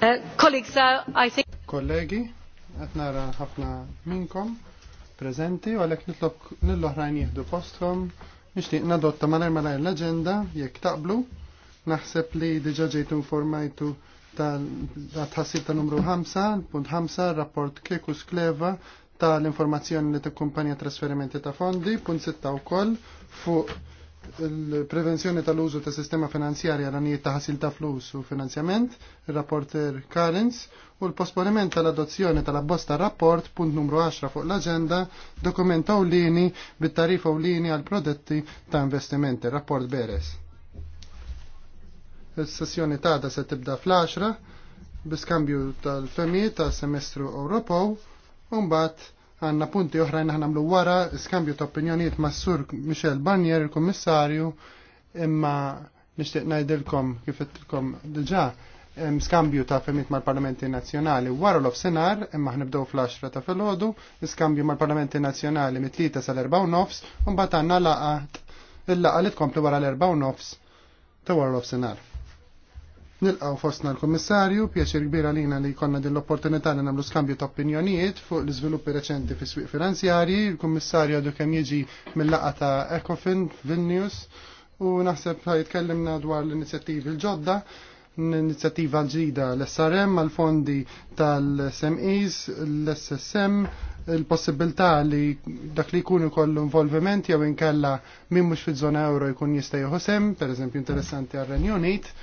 Uh, uh, Kollegi, qed nara ħafna minnkom prezenti, u għalhekk nitlob lill-oħrajn jieħdu postkom nixtieq nadotta malajr malajr l agenda jekk taqblu. Naħseb li diġà ġejtu informajtu tal-tħassib ta' numru 5.5, punt rapport Kekus Kleva tal-informazzjoni li tikkumpanija trasferimenti ta' fondi, punt 6 wkoll fuq il-prevenzjoni tal-użu ta' sistema finanzjarja l għanijiet ta' ħasil ta' flus u finanzjament, il-rapporter Karens, u l-posponiment tal-adozzjoni tal-abbosta rapport, punt numru 10 fuq l-agenda, dokumenta u lini bit-tarifa u lini għal prodotti ta' investimenti, rapport Beres. Il-sessjoni ta' da se tibda fl-10, biskambju tal-femi ta' semestru Ewropew, un-bat għanna punti oħrajn għamlu wara skambju ta' opinjoniet ma' sur Michel Barnier, il-kommissarju, imma nishtiq najdilkom kif għettilkom diġa skambju ta' femmit mal-parlamenti nazjonali wara l-ofsenar, imma ħnibdow fl-10 ta' fil-ħodu, skambju mal-parlamenti nazjonali mit-3 sal-4 nofs, un bat għanna il-laqa li tkompli wara l-4 nofs ta' wara l-ofsenar. Nilqaw fostna l-Kommissarju, pjaċir kbir għalina li konna din l-opportunità li nagħmlu skambju ta' opinjonijiet fuq l-iżviluppi reċenti fis swieq finanzjarji. Il-Kummissarju għadu kemm jiġi mill-laqgħa ta' Ecofin Vilnius u naħseb jitkellimna dwar l-inizjattivi l-ġodda, l-inizjattiva l-ġdida l-SRM, għal-fondi tal-SMEs, l-SSM, il-possibilità li dak li jkunu ikollu involviment jew inkella minn mhux fiż-żona euro jkun jista' joħosem, pereżempju interessanti għar-Renju Unit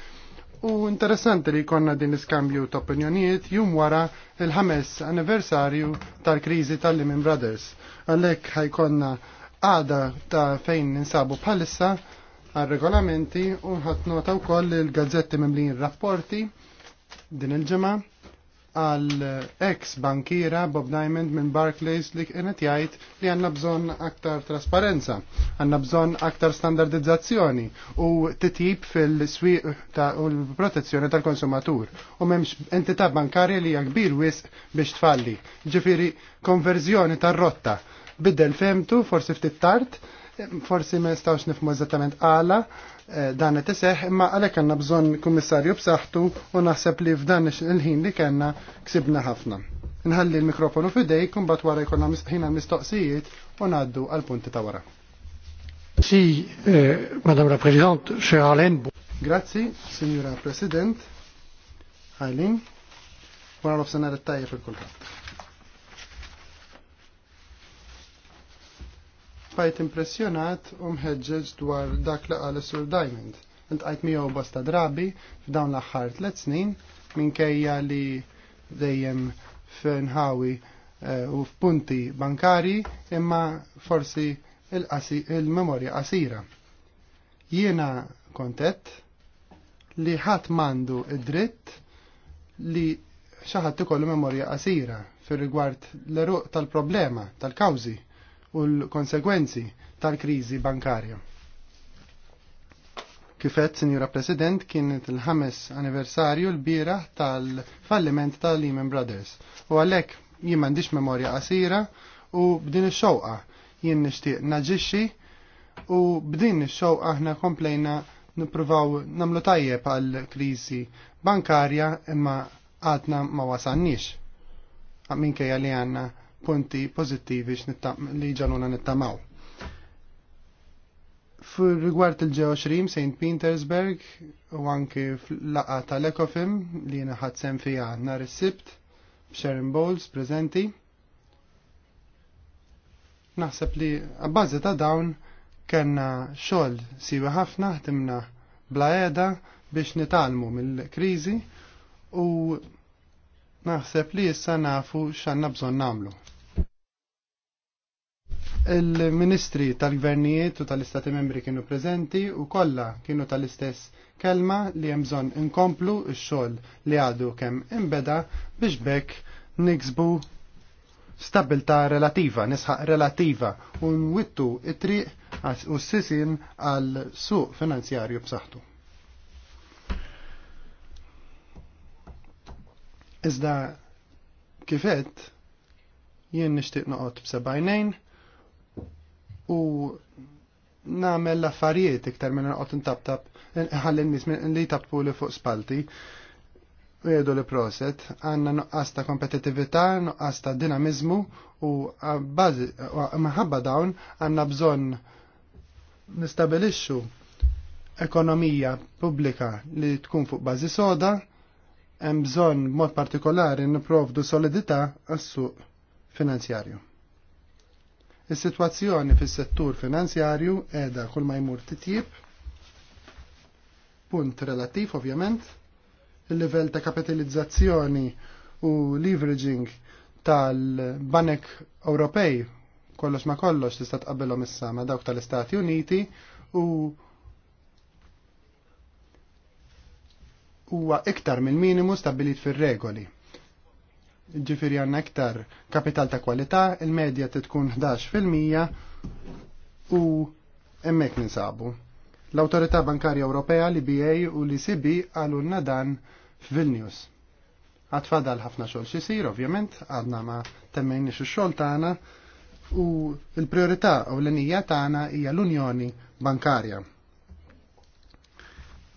U interessanti li konna din l-iskambju ta' opinjonijiet jum wara il-ħames anniversarju tal-krizi tal-Lehman Brothers. Għalek ħajkonna għada ta' fejn ninsabu bħalissa għal-regolamenti u ħat nota u koll il-gazzetti memlin rapporti din il-ġemma għal ex bankiera Bob Diamond minn Barclays li kienet jgħid li għandna bżonn aktar trasparenza, għandna bżonn aktar standardizzazzjoni u titjib fil-swieq u l-protezzjoni tal-konsumatur. U m'hemmx entità bankarja li hija kbir wisq biex tfalli. Ġifieri konverżjoni tar-rotta. Biddel femtu, forsi ftit tard, forsi ma stawx nifmu eżattament għala, Eh, dan qed iseħħ imma għalhekk għandna bżonn kummissarju b'saħħtu u naħseb li f'dan il-ħin li kellna ksibna ħafna. Nħalli l-mikrofonu f'idejk u mbagħad wara jkollna ħina mistoqsijiet u ngħaddu għal punti ta' wara. Si, eh, Madam la President, cher Alain. Grazzi, Signora President. Alain. Buona nofsenar tajja fil-kulħadd. bqajt impressjonat u mħeġġeġ dwar dak li qal sur Diamond. Intqajt għu bosta drabi f'dawn l-aħħar tliet snin minkejja li dejjem f'nħawi eh, u f'punti bankari imma forsi il-memorja qasira. Jiena kontet li ħadd mandu id-dritt li xi ħadd ikollu memorja qasira fir rigward l-eruq tal-problema, tal-kawżi u l-konsegwenzi tal-krizi bankarja. Kifet, Sinjura President, kienet il-ħames anniversarju l-bira tal-falliment ta' Lehman Brothers. U għalek jien m'għandix memorja qasira u b'din il xewqa jien nixtieq naġixxi u b'din il xewqa aħna komplejna nippruvaw namlu tajjeb għal kriżi bankarja imma għadna ma wasalniex. Minkejja li għandna punti pozittivi li ġaluna nittamaw. Fur rigward il-20 St. Petersburg u anki fl-laqa tal-Ekofim li naħat sem fija nar is-sibt f'Sharon Bowls prezenti. Naħseb li għabbażi ta' dawn kena xogħol siwi ħafna ħtimna bla qiegħda biex nitalmu mill-kriżi u naħseb li issa nafu x'għandna bżonn nagħmlu Il-ministri tal-gvernijiet u tal-istati membri kienu prezenti u kollha kienu tal-istess kelma li hemm bżonn inkomplu x-xogħol li għadu kemm imbeda biex bekk niksbu stabilta relativa, nisħaq relativa u nwittu it-triq u s-sisin għal suq finanzjarju b'saħħtu. Iżda kifet jien nixtieq noqgħod b'sebajnejn u namel l-affarijiet iktar minn għot ntabtab, nis minn li tabtu li fuq spalti, u jedu li proset, għanna nuqqas ta' kompetitivita, nuqqas ta' dinamizmu, u maħabba dawn għanna bżon nistabilixxu ekonomija pubblika li tkun fuq bażi soda, hemm bżonn mod partikolari nipprovdu solidità għas-suq finanzjarju. Is-sitwazzjoni fis-settur finanzjarju qiegħda kull ma jmur titjib. Punt relattiv ovvjament. Il-livell ta' kapitalizzazzjoni u leveraging tal-Banek Ewropej kollox ma kollox tista' tqabbilhom issa ma dawk tal-Istati Uniti u huwa iktar mill-minimu stabbilit fir-regoli ġifiri għanna iktar kapital ta' kwalità, il-medja titkun 11% u emmek ninsabu. L-Autorità Bankarja Ewropea li BA u li CB għalunna nadan f'Vilnius. Għatfadal ħafna xol xisir, ovvjament, għadna ma temmejni xol tagħna u l-priorità u l-enija tagħna hija l-Unjoni Bankarja.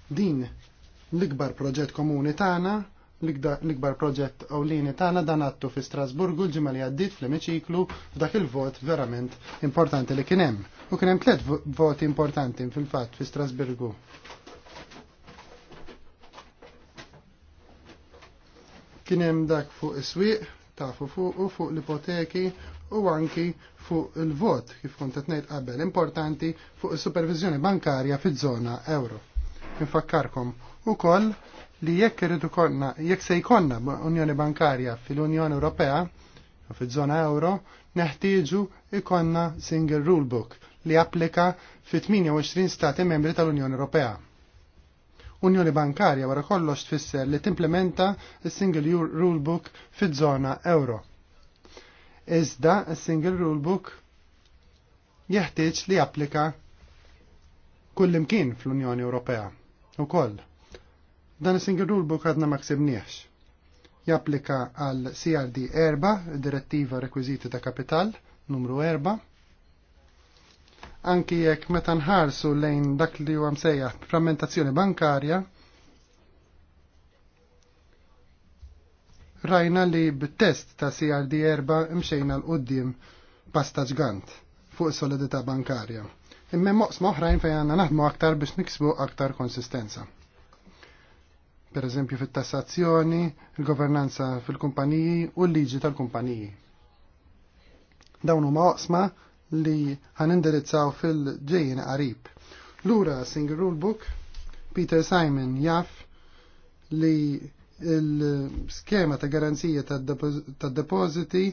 Din l-ikbar proġett komuni tagħna l-ikbar proġett ewlieni tagħna dan għattu fi Strasburgu l-ġimgħa li għaddiet fl-emiċiklu f'dak il-vot verament importanti li kien hemm. U kien hemm tliet voti importanti fil-fatt fi Strasburgu. Kien hemm dak fuq is-swieq, ta' fuq u fuq l-ipoteki u anki fuq il-vot kif kont qed ngħid qabel importanti fuq is-supervizjoni bankarja fiż-żona euro. Infakkarkom ukoll li jekk irridu konna, jekk se jkonna Unjoni Bankarja fil-Unjoni Ewropea u fil-żona euro, neħtieġu ikonna Single Rulebook li applika fi 28 stati membri tal-Unjoni Ewropea. Unjoni Bankarja wara kollox tfisser li timplementa il-Single Rulebook fil-żona euro. Iżda il-Single Rulebook jeħtieġ li applika kullimkien fl-Unjoni Ewropea u koll Dan is-single rulebook għadna ma ksibniex. Japplika għal CRD 4, Direttiva Rekwiziti ta' Kapital, numru 4. Anki jekk meta nħarsu lejn dak li huwa msejjaħ frammentazzjoni bankarja, rajna li bit-test ta' CRD 4 imxejna l-qoddim pasta ġgant fuq solidità bankarja. Imma moqs moħrajn fejn għanna naħdmu aktar biex niksbu aktar konsistenza per eżempju fit-tassazzjoni, il-governanza fil-kumpaniji u l-liġi tal-kumpaniji. Dawn huma oqsma li ħanindirizzaw fil-ġejjin qarib. Lura Single Rulebook, Peter Simon jaff li l-skema ta' garanzija ta' depositi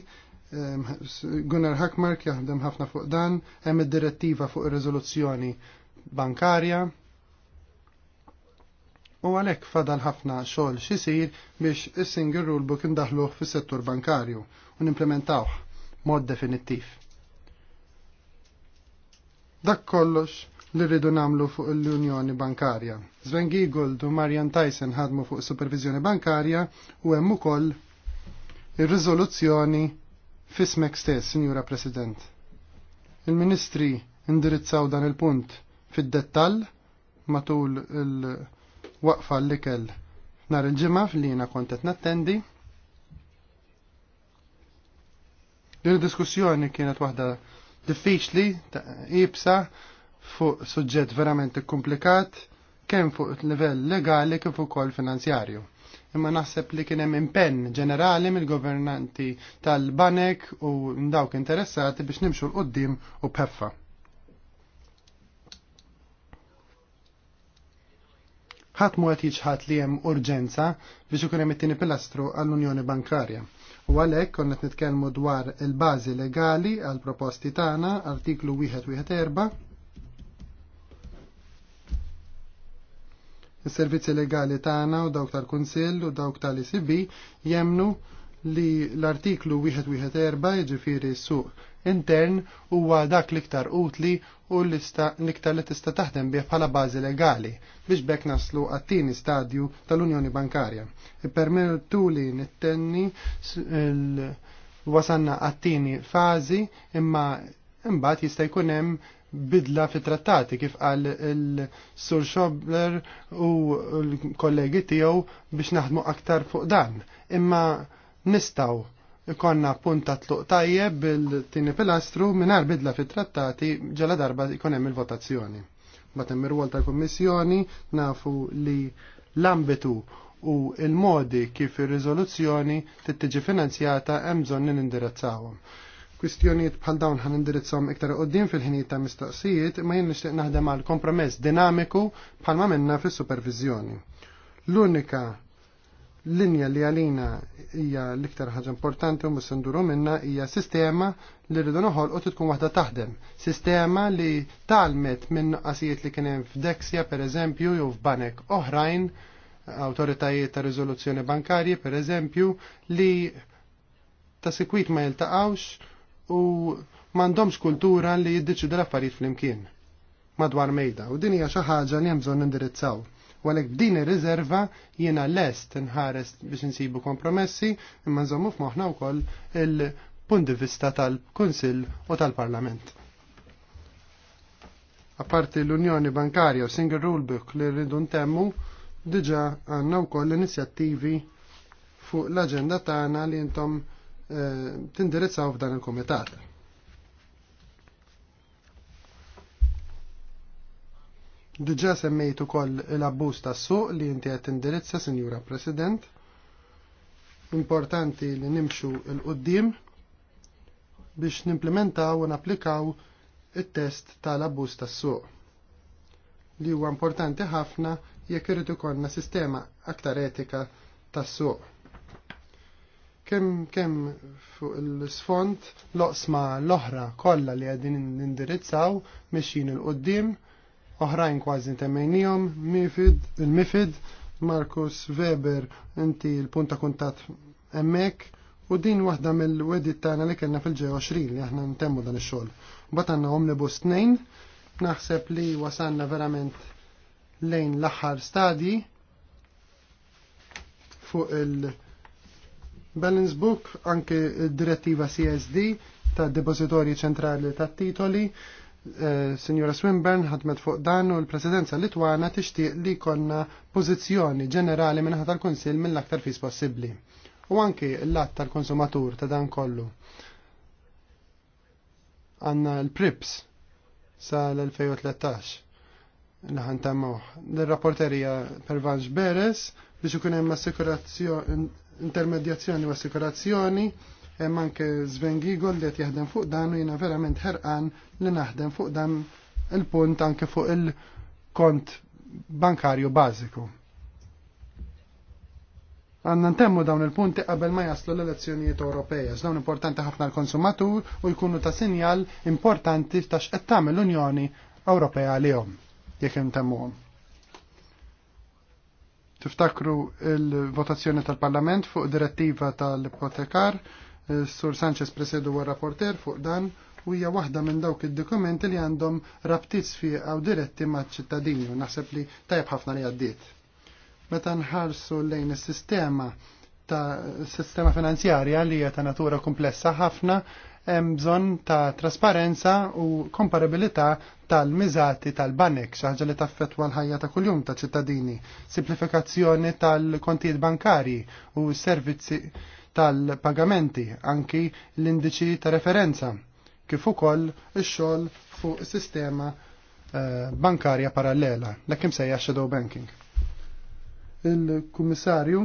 Gunnar Hackmark jaħdem ħafna fuq dan, hemm id-direttiva fuq ir-riżoluzzjoni bankarja, u għalhekk fadal ħafna xogħol xisir biex is-single rulebook indaħluh fis-settur bankarju u nimplementawh mod definittiv. Dak kollox li rridu namlu fuq l-Unjoni Bankarja. Sven Giegold u Marian Tyson ħadmu fuq supervizjoni bankarja u hemm ukoll ir-riżoluzzjoni fismek stess, Signora President. Il-Ministri indirizzaw dan il-punt fid-dettall matul il- waqfa l-ikel nar il-ġimgħa fil lina kont qed nattendi. Din diskussjoni kienet waħda diffiċli, ibsa, fuq suġġett verament komplikat, kemm fuq livell legali kif ukoll finanzjarju. Imma naħseb li kien hemm impenn ġenerali mill-governanti tal-banek u dawk interessati biex nimxu l-qoddim u bħeffa. ħadd mu qed li jem urġenza biex u kunem it-tieni pilastru għall-Unjoni Bankarja. U għalhekk konna qed nitkellmu dwar il-bażi legali għal proposti tagħna artiklu 114 Is-servizzi legali tagħna u dawk tal-Kunsill u dawk tal-ICB jemnu li l-artiklu 114 jiġifieri s-suq intern huwa dak liktar utli u l-iktar li tista' taħdem bih bħala bażi legali biex bekk naslu għattini stadju tal-Unjoni Bankarja. Ippermettu li nittenni wasanna għattini fażi imma imbagħad jista' jkun hemm bidla fit trattati kif għal il-Sur Schobler u l-kollegi tiegħu biex naħdmu aktar fuq dan. Imma nistaw ikonna punta tluq tajjeb bil-tini pilastru minar bidla fit-trattati ġala darba ikonem hemm il-votazzjoni. Batem ir-rwol tal-Kummissjoni nafu li l-ambitu u il-modi kif ir-riżoluzzjoni tittiġi finanzjata hemm bżonn nindirizzawhom. Kwistjonijiet bħal dawn ħan indirizzom iktar qoddim fil-ħinijiet ta' mistoqsijiet ma jien nixtieq naħdem għal kompromess dinamiku bħalma minna fis-supervizjoni. L-unika linja li għalina hija l-iktar ħaġa importanti u missenduru minna hija sistema li rridu noħol u tkun waħda taħdem. Sistema li talmet minn qasijiet li kien hemm f'Dexja pereżempju jew f'banek oħrajn awtoritajiet ta' riżoluzzjoni bankarji pereżempju li ta' sikwit ma jiltaqawx u m'għandhomx kultura li jiddeċidu l-affarijiet flimkien madwar mejda u din hija xi ħaġa li hemm bżonn indirizzaw U għalhekk b'din ir-riserva jiena lest nħares biex insibu kompromessi imma nżommu f'moħħna wkoll il-punt di vista tal-Kunsill u tal-Parlament. Apparti l-Unjoni Bankarja u Single Rulebook li rridu ntemmu, diġa għandna wkoll inizjattivi fuq l-aġenda tagħna li intom eh, tindirizzaw f'dan il-Kumitat. Diġa semmejtu koll l abbus tas suq li jinti qed indirizza, Sinjura President. Importanti li nimxu l-qoddim biex nimplementaw u napplikaw it-test tal abbus tas suq li huwa importanti ħafna jekk irid ikollna sistema aktar etika tas-suq. Kemm kemm fuq l-sfond loqsma l-oħra kollha li qegħdin nindirizzaw meċin il qoddim oħrajn kważi temmejnijom, il-Mifid, Markus Weber, inti l-punta kuntat emmek, u din waħda mill-wedit tagħna li kellna fil-G20 li aħna ntemmu dan ix-xogħol. Bat għandna omnibus tnejn, naħseb li wasanna verament lejn l-aħħar stadji fuq il-Balance Book, anke il-direttiva CSD ta' depozitorji ċentrali ta' titoli, Eh, Signora Swinburne ħadmet fuq dan u l-Presidenza Litwana tixtieq li konna pożizzjoni ġenerali minħa tal-Kunsill mill-aktar fis possibbli. U anke l-att tal-konsumatur ta' dan kollu. Għanna l-PRIPS sal-2013 li ħan tammuħ. L-rapporterija Pervanġ Beres biex ikun hemm assikurazzjoni intermedjazzjoni u assikurazzjoni hemm anke Sven Gigol li qed jaħdem fuq dan u jiena verament ħerqan li naħdem fuq dan il-punt anke fuq il-kont bankarju bażiku. Għanna ntemmu dawn il-punti qabel ma jaslu l-elezzjonijiet Ewropeja, dawn importanti ħafna l-konsumatur u jkunu ta' sinjal importanti ta' x'qed tagħmel l-Unjoni Ewropea għalihom jekk intemmuhom. Tiftakru il-votazzjoni tal-Parlament fuq direttiva tal-ipotekar Sur Sanchez presedu għal rapporter fuq dan u hija waħda minn dawk id-dokumenti li għandhom rabtiz fi għaw diretti ma' ċittadini u naħseb li tajb ħafna li għaddiet. Meta nħarsu lejn is-sistema ta' sistema finanzjarja li hija ta' natura komplessa ħafna hemm bżonn ta' trasparenza u komparabilità tal-miżati tal-banek, xi ħaġa li taffetwa l-ħajja ta' kuljum ta' ċittadini, simplifikazzjoni tal-kontijiet bankari u servizzi tal-pagamenti, anki l-indiċi ta' referenza, kif ukoll ix-xogħol fuq sistema eh, bankarja parallela, l-kim sejja shadow banking. Il-kummissarju,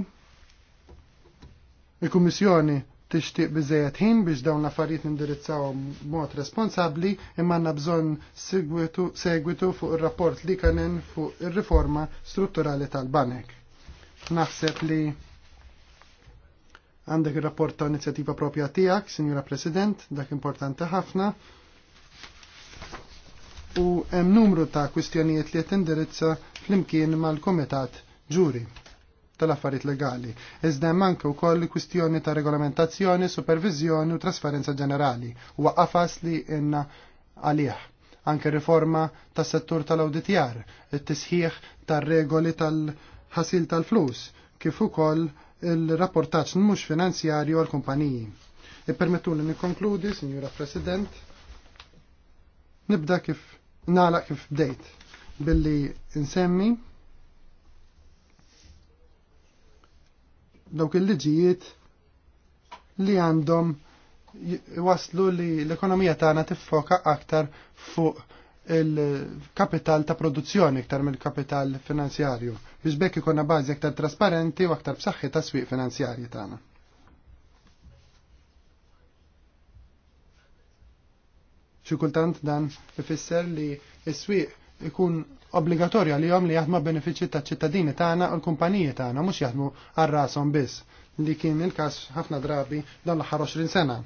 il-kummissjoni tixtieq biżejjed ħin biex dawn l-affarijiet nindirizzaw mod responsabbli imma għandna bżonn segwitu fuq ir-rapport li kanen fuq ir-riforma strutturali tal-banek. Naħseb li Għandek il-rapport ta' inizjattiva propja tijak, Signora President, dak importanti ħafna. U hemm numru ta' kwistjonijiet li qed indirizza flimkien mal-Kumitat Ġuri tal-affarijiet legali. Iżda hemm anke wkoll kwistjoni ta' regolamentazzjoni, supervizjoni u trasparenza ġenerali u qafas li inna għalih. Anke riforma tas settur tal-auditjar, it-tisħiħ tar-regoli tal-ħasil tal-flus, kif ukoll il-rapportaċ mhux finanzjarju għal kumpaniji. Ippermettu e li nikkonkludi, Signora President, nibda kif nala kif bdejt billi nsemmi dawk il-liġijiet li għandhom waslu li l-ekonomija tagħna tiffoka aktar fuq il-kapital ta' produzzjoni iktar mill-kapital finanzjarju biex bekk ikonna bażi aktar trasparenti u aktar b'saħħi ta' swieq finanzjarji tagħna. Xi kultant dan ifisser li s-swieq ikun li jom li jaħdmu benefiċċji taċ-ċittadini tagħna u l-kumpaniji tagħna mhux jaħdmu għal rashom biss li kien il-każ ħafna drabi dan l-aħħar 20 sena.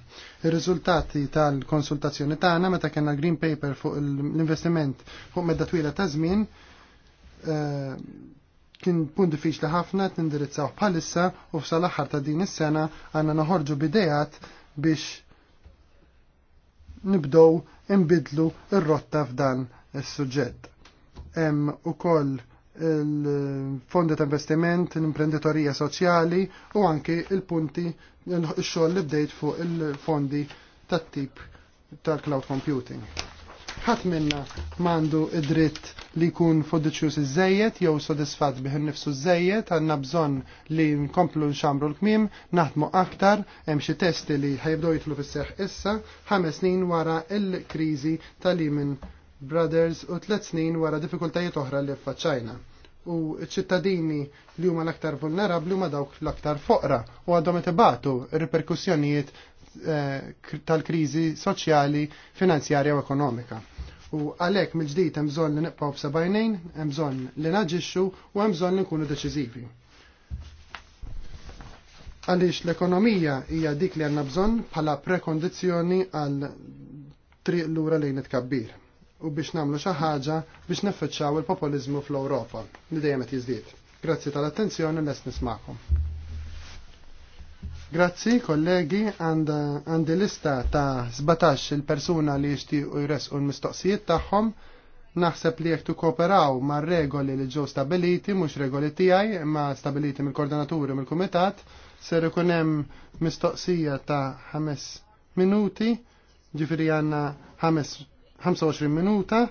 Ir-riżultati tal-konsultazzjoni tagħna meta kellna green paper fuq l-investiment fuq medda twila ta' żmien eh, kien punt diffiċli ħafna tindirizzaw bħalissa u f'sal-aħħar ta' din is-sena għandna noħorġu bidejat biex nibdow imbidlu ir-rotta f'dan is-suġġett hemm ukoll il-fondi ta' investiment, l-imprenditorija soċjali u anki il-punti il-xogħol li bdejt fuq il-fondi tat-tip tal-cloud computing. Ħadd minna m'għandu id-dritt li jkun fuddiċjuż iż-żejjed jew sodisfatt bih innifsu żejjed għandna bżonn li nkomplu nxamru l-kmim, naħdmu aktar, hemm xi testi li ħajbdew jitlu fis-seħħ issa ħames snin wara l kriżi tal-imin Brothers u tliet snin wara diffikultajiet oħra li faċċajna. U ċ-ċittadini li huma l-aktar vulnerabli huma dawk l-aktar foqra u għadhom ibatu r reperkussjonijiet eh, tal-kriżi soċjali, finanzjarja u ekonomika. U għalhekk mill ġdid hemm bżonn li nibqgħu b'sebgħinejn, hemm bżonn li naġixxu u hemm bżonn li nkunu deċiżivi. Għaliex l-ekonomija hija dik li għandna bżonn bħala prekondizzjoni għal triq lura lejn it-kabbir u biex namlu xi ħaġa biex niffiċċaw il-populizmu fl-Ewropa li dejjem qed jiżdied. Grazzi tal-attenzjoni les nismakom. Grazzi kollegi għandi lista ta' 17 il-persuna li jixtiequ jresqu l-mistoqsijiet tagħhom naħseb li jekk kooperaw ma' regoli li ġew stabiliti, mhux regoli tiegħi, imma stabiliti mill-koordinaturi mill-kumitat, ser ikun hemm mistoqsija ta' ħames minuti, ġifieri għandna ħames 25 minuta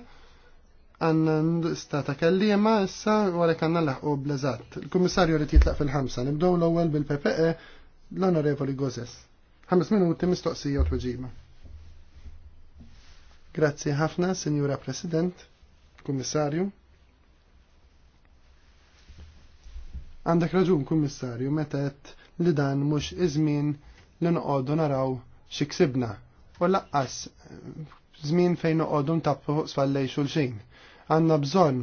għanna stata kellima issa għalek kanna laħqo blazat. Il-Kummissarju li titlaq fil-ħamsa, nibdow l-ewwel bil-PPE l-Onorevoli Gozes. 5 minuti mistoqsija u tweġiba. Grazzi ħafna, Signora President, Kummissarju. Għandak raġun, Kummissarju, meta li dan mhux iż-żmien li noqogħdu naraw xi ksibna u laqqas żmien fejn noqogħdu fuq sfallej xulxin. Għandna bżonn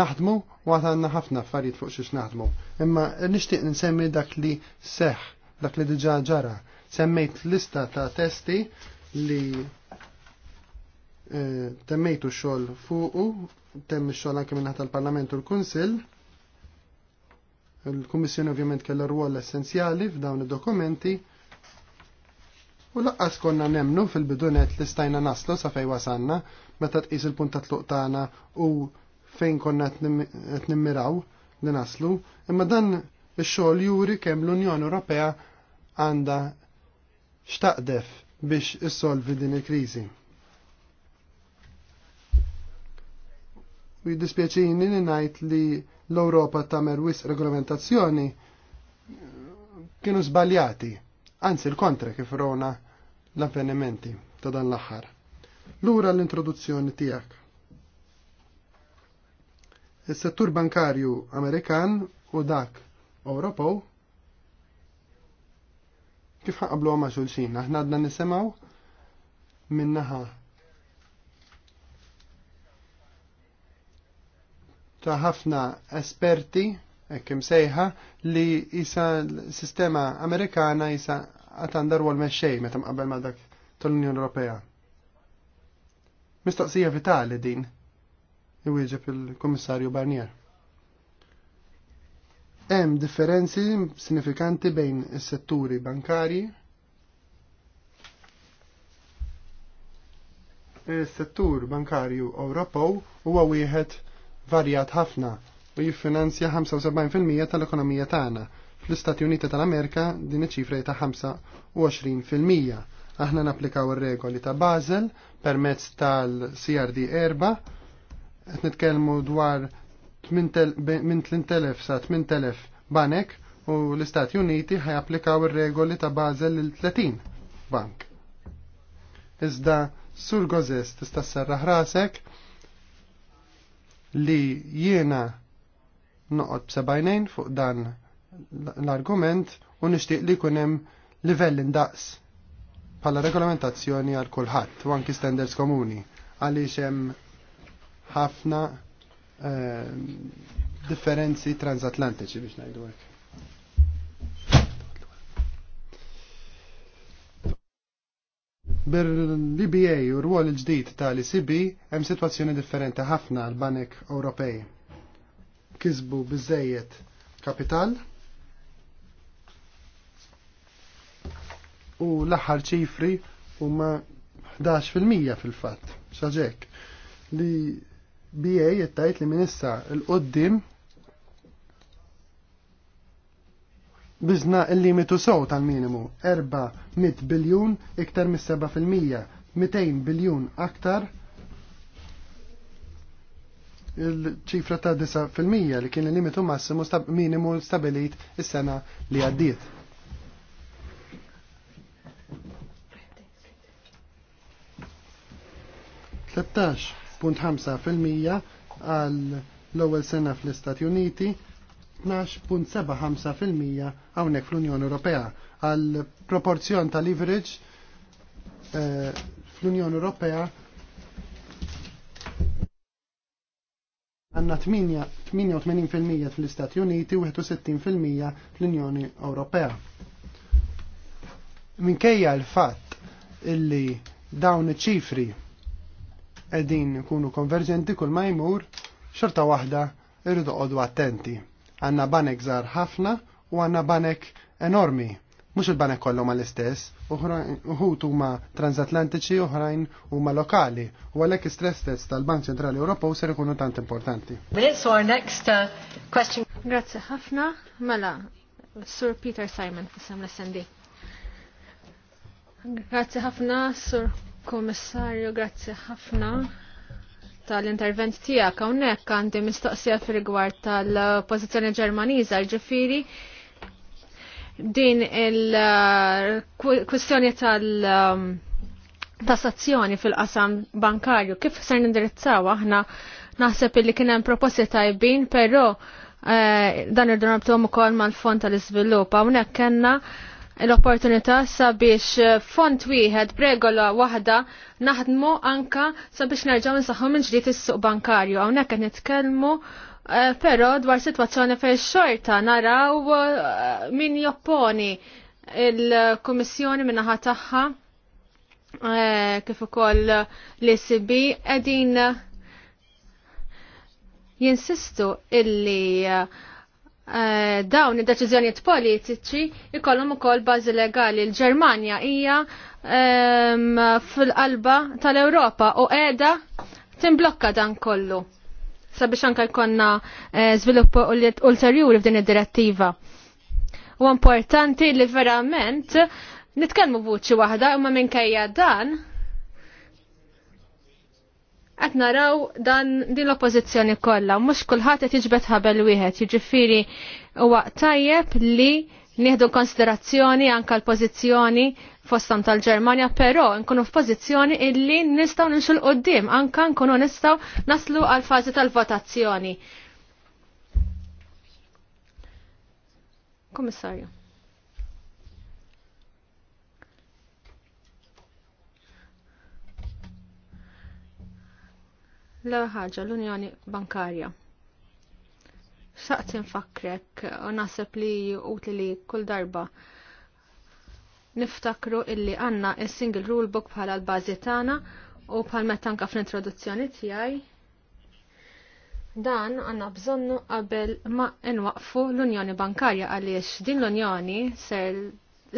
naħdmu u għad għandna ħafna affarijiet fuq xiex naħdmu. Imma nixtieq nsemmi dak li seħ, dak li diġà ġara. Semmejt lista ta' testi li eh, temmejtu xogħol fuqu, temm ix-xogħol anke minn tal-Parlament u l-Kunsill. Il-Kummissjoni ovvjament kellha rwol essenzjali f'dawn id-dokumenti U laqqas konna nemnu fil-bidunet li stajna naslu sa fej wasanna, meta tqis il-punta tluq tagħna u fejn konna qed nimmiraw li naslu, imma dan ix-xogħol juri kemm l-Unjoni Ewropea għandha xtaqdef biex issolvi din il-kriżi. u jiddispieċini li najt li l-Europa tamer wis regolamentazzjoni kienu zbaljati anzi l-kontra kif rona l-avvenimenti ta' dan l-aħħar. Lura l-introduzzjoni tiegħek. Is-settur bankarju Amerikan u dak Ewropew kif ħaqablu ma' xulxin, aħna għadna nisimgħu minnaħa ta' ħafna esperti ekkim sejħa li jisa sistema Amerikana jisa għatandar għal meċċej meta mqabbel ma dak tal-Unjoni Ewropea. Mistaqsija vitali din, iwieġeb il-Komissarju Barnier. Hemm differenzi sinifikanti bejn is-setturi bankarji is-settur bankarju Ewropew huwa wieħed varjat ħafna u jiffinanzja 75% tal-ekonomija tagħna. Fl-Istati Uniti tal-Amerika din iċ-ċifra ta' 25%. Aħna napplikaw ir-regoli ta' Basel permezz tal-CRD erba' qed nitkellmu dwar minn 3000 sa 8000 banek u l-Istati Uniti ħajapplikaw ir-regoli ta' Basel il 30 bank. Iżda sur gozes tista' serraħ rasek li jiena noqot b'sebajnejn fuq dan l-argument u nixtieq li jkun hemm livell indaqs bħala regolamentazzjoni għal kulħadd u anki standards komuni għaliex hemm ħafna eh, differenzi transatlantiċi biex ngħidu hekk. bil-BBA u r-ruol il-ġdid tal-ICB hemm situazzjoni differenti ħafna l-banek Ewropej kisbu bizzejiet kapital u l-aħħar ċifri huma 11% fil-fatt xaġek li BA jittajt li minissa l-qoddim bizna il-limitu sow tal-minimu 400 biljun iktar mis-7% 200 biljun aktar il-ċifra ta' 9% li kien il-limitu massimu stab minimu stabilit is-sena li għaddiet. punt 13.5% għal l-ewwel sena fl-Istati Uniti, 12.75% hawnhekk fl-Unjoni Ewropea għal proporzjon ta' leverage eh, fl-Unjoni Ewropea għanna 88% fl-Istati Uniti u 61% fl-Unjoni Ewropea. Minkejja l-fatt illi dawn iċ-ċifri qegħdin ikunu konverġenti kull ma jmur, xorta waħda irridu qogħdu attenti. Għanna banek zar ħafna u għandna banek enormi Mux il-banek ma l istess uħut huma transatlantiċi, uħrajn huma lokali, u għalek stress test tal-Bank Ċentrali Ewropew ser ikunu tant importanti. This or next uh, question. Grazie ħafna, mela, Sur Peter Simon, fissam l-SND. Grazie ħafna, Sur Komissarju, grazie ħafna tal-intervent tijak, għonek għandi mistoqsija fil-rigward tal-pozizjoni ġermaniza, ġifiri, din il-kwistjoni tal-tassazzjoni um, fil-qasam bankarju, kif ser nindirizzaw aħna naħseb li kienem proposti tajbin, pero eh, dan ir-donabtom ukoll mal-fond tal-iżvilupp hawnhekk kena l-opportunità sabiex font wieħed bregola waħda naħdmu anka sabiex nerġgħu nsaħħu minn ġdid is-suq bankarju. Hawnhekk qed nitkellmu Eh, Pero dwar situazzjoni fej xorta naraw eh, min jopponi il-Komissjoni minnaħa taħħa eh, kif ukoll l-ECB qegħdin jinsistu illi dawn id-deċiżjonijiet politiċi ikollhom ukoll bażi legali. L-Ġermanja hija fil-qalba tal-Ewropa u qiegħda timblokka dan kollu biex anka jkonna eh, żvilupp ulterjuri f'din id-direttiva. U importanti li verament nitkellmu vuċi waħda imma minkejja dan qed naraw dan din l-oppożizzjoni kollha, mhux kulħadd qed jiġbed ħabel wieħed, jiġifieri huwa tajjeb li nieħdu konsiderazzjoni anka l-pożizzjoni fostam tal-Ġermanja, però nkunu f'pożizzjoni illi nistgħu ninsu l-qoddim, anka nkunu nistgħu naslu għal fażi tal-votazzjoni. Komissarju. l ħaġa l-Unjoni Bankarja. Saqt infakrek u nasib li utli li kull darba niftakru illi għanna il-single rule book bħala l-bazi tagħna u bħal meta fl-introduzzjoni tiegħi. Dan għanna bżonnu qabel ma nwaqfu l-Unjoni Bankarja għaliex din l-Unjoni ser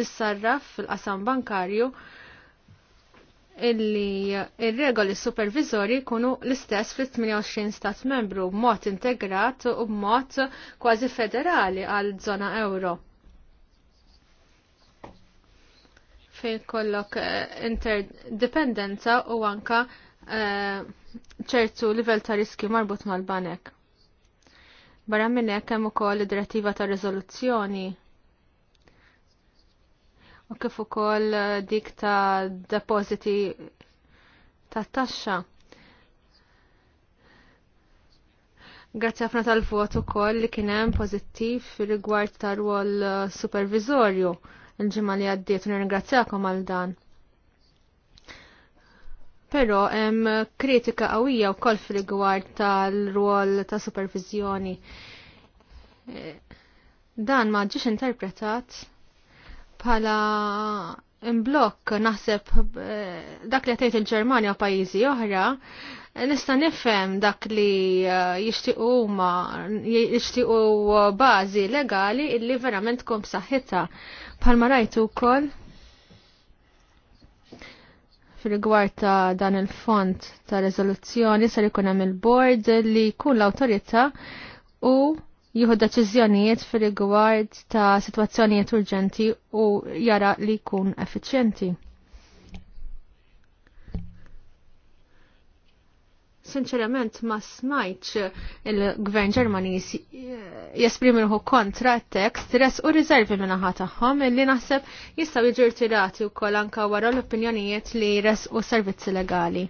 issarraf fil-qasam bankarju illi il-regoli supervizori kunu l-istess fl-28 stat membru b'mod integrat u b'mod kważi federali għal zona euro. fejn kollok eh, interdependenza u anka eh, ċertu livell ta' riski marbut mal-banek. Barra minn hekk hemm ukoll id-direttiva ta' riżoluzzjoni u kif ukoll eh, dik ta' depositi ta' taxxa. Grazzi ħafna tal-vot ukoll li kien hemm pożittiv rigward tar-rwol supervizorju. Uh, il-ġimma li għaddiet u nirringrazzjakom għal dan. Però hemm kritika qawwija wkoll fil-rigward tal-rwol ta' supervizjoni. E, dan ma ġiex interpretat bħala imblok naħseb e, dak li għatajt il-Ġermanja pajjiżi oħra, nista nifhem dak li e, jixtiequ ma jixtiequ bażi legali illi verament kom saħħitha Palma rajtu kol fil-gwar ta' dan il-font ta' rezoluzzjoni sar ikun hemm il-board li jkun l-awtorità u jieħu deċiżjonijiet fil-gwar ta' sitwazzjonijiet urġenti u jara li jkun effiċjenti. sinċerament ma smajċ il-gvern ġermanis eh, jesprimi ruħu kontra t-tekst, res u rizervi minna taħħom illi naħseb jistaw iġur tirati u kolanka wara l-opinjonijiet li res u servizzi legali.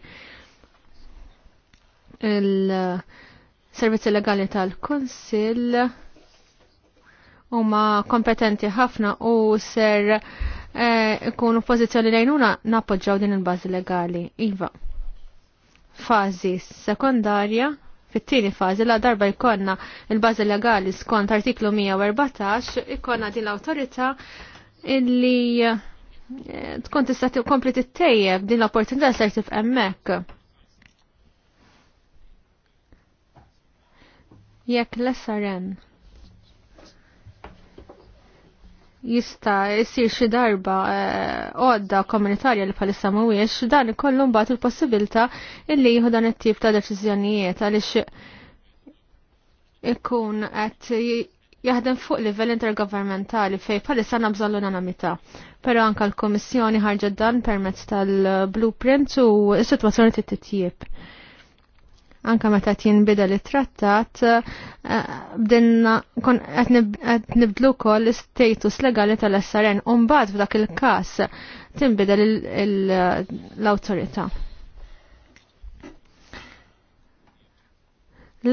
Il-servizzi legali tal-Konsil huma kompetenti ħafna u ser eh, ikunu pozizjoni lejnuna napoġġaw din il-bazi legali. Iva fażi sekondarja fit-tieni fażi la darba jkollna il-bażi legali skont artiklu 114 ikonna din l-awtorità illi eh, tkun tista' tkompli tittejjeb din l-opportunità ser hemmhekk. Jekk l-SRN. jista jisir xi darba eh, għodda komunitarja li palissa mhuwiex dan ikollu mbagħad il-possibilità illi jieħu dan it-tip ta' deċiżjonijiet għaliex ikun qed jaħdem fuq livell intergovernmentali fej palissa għandna bżonn l Però anke l-Kummissjoni ħarġet dan permezz tal-blueprint u s-sitwazzjoni titjieb anka meta jinbidel it-trattat eh, bdenna kon qed nibdlu wkoll l-istatus legali tal-SRN u mbagħad f'dak il-każ tinbidel l-awtorità.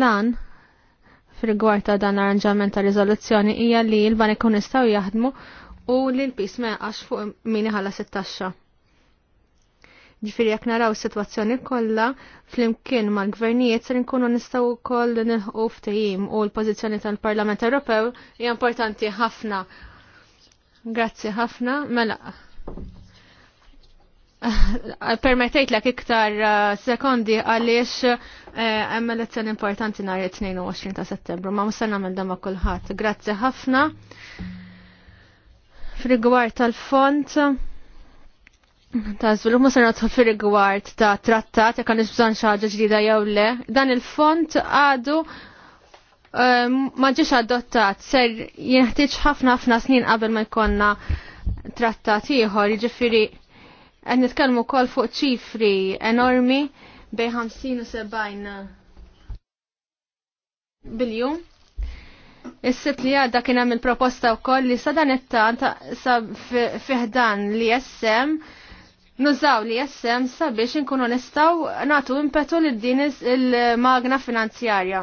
Lan f'rigward ta' dan l-arranġament ta' riżoluzzjoni hija li l-banek jistgħu jaħdmu u li l-pis meqax fuq min iħalla taxxa Ġifiri jekk naraw is-sitwazzjoni kollha flimkien mal-gvernijiet se nkunu nistgħu wkoll nilħu ftehim u l-pożizzjoni tal-Parlament Ewropew hija importanti ħafna. Grazzi ħafna. Mela. Permettejt l iktar uh, sekondi għaliex uh, hemm elezzjoni importanti nhar 22 ta' Settembru, ma mhux se nagħmel dan ma' kulħadd. Grazzi ħafna. Frigwar tal-font. Ta' zvilup ma' sarna tħol rigward ta' trattat, jek għandix bżon xaġa ġdida jew le, dan il-font għadu ehm, ma ġiex adottat, ser jeħtieġ ħafna ħafna snin qabel ma jkonna trattat ieħor, jiġifieri qed nitkellmu wkoll fuq ċifri enormi bej 50 u 70 biljum. Is-sitt li għadda kien hemm il-proposta wkoll li sa dan it-tant sa fiħdan li jessem nużaw li jessem sabiex inkunu nistaw natu impetu li din il-magna finanzjarja.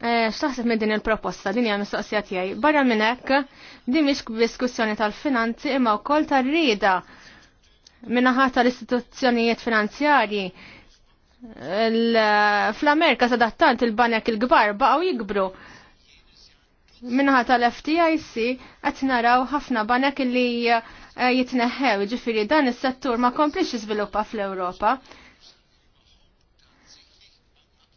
E, xtaħseb minn din il-proposta, din hija mistoqsija tiegħi. Barra minn hekk, din miex diskussjoni tal-finanzi imma wkoll tal rieda minnaħat tal-istituzzjonijiet finanzjarji fl-Amerika sadattant il-banek il-gbar baqgħu jikbru minnaħa tal-FTIC qed naraw ħafna banek li eh, jitneħħew, ġifiri dan is-settur ma komplix jiżviluppa fl-Ewropa.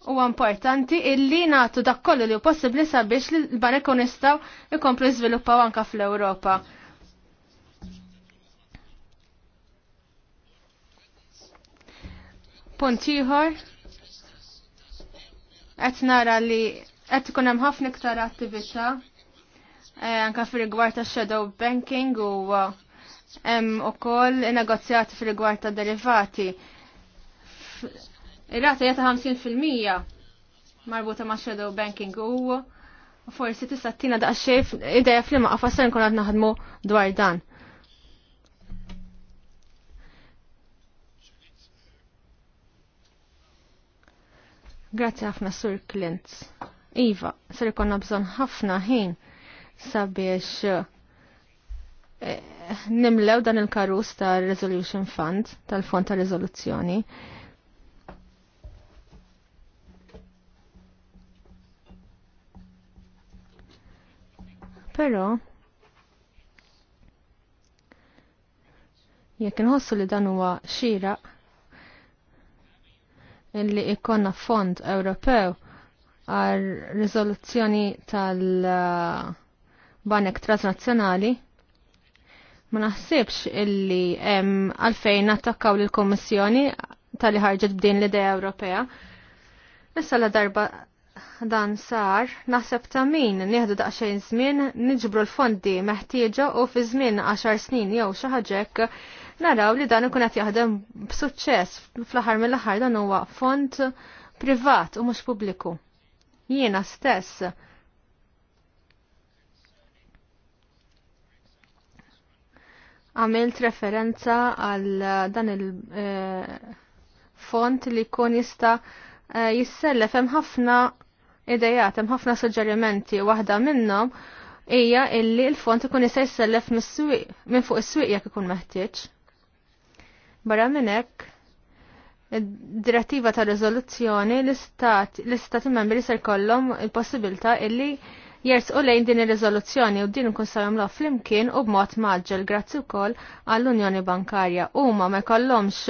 Huwa importanti illi nagħtu dak kollu li hu possibbli sabiex li l-banek jistgħu jkomplu jiżviluppaw anke fl-Ewropa. Punt ieħor qed nara li qed ikun hemm ħafna iktar attività eh, anke fir-rigward ta' shadow banking u eh, hemm ukoll negozjati fir-rigward ta' derivati. Ir-rata hija ta' 50% marbuta ma' shadow banking u forsi tista' tina daqsxejn idea fl-imma nkun qed naħdmu dwar dan. Grazie ħafna Sur Klintz. Iva, ser ikonna bżon ħafna ħin sabiex eh, nimlew dan il-karus ta' Resolution Fund, tal-Fond ta' rezoluzzjoni. Pero, jekk nħossu li dan huwa xira illi ikonna fond Ewropew għal rizoluzzjoni tal-banek transnazzjonali ma naħsibx illi għalfejn attakkaw l komissjoni tal-li ħarġet b'din l-idea Ewropea. Issa la darba dan sar, naħseb ta' min nieħdu daqsxejn żmien niġbru l-fondi meħtieġa u fi żmien 10 snin jew xi ħaġek naraw li dan ikun qed jaħdem b'suċċess fl-aħħar mill-aħħar dan huwa fond privat u mhux pubbliku jiena stess għamilt referenza għal eh, dan il-font eh, li kun jista eh, jissellef hemm ħafna idejat, hemm ħafna suġġerimenti waħda minnhom hija illi l-font ikun jista' jissellef minn fuq is-swieq jekk ikun meħtieġ. Barra minn hekk direttiva ta' rezoluzzjoni l-istati membri ser kollom il-possibilta illi jersqu lejn din ir-riżoluzzjoni u din nkun sawjem la flimkien u b'mod maġġel grazzi wkoll għall-Unjoni Bankarja. Huma ma jkollhomx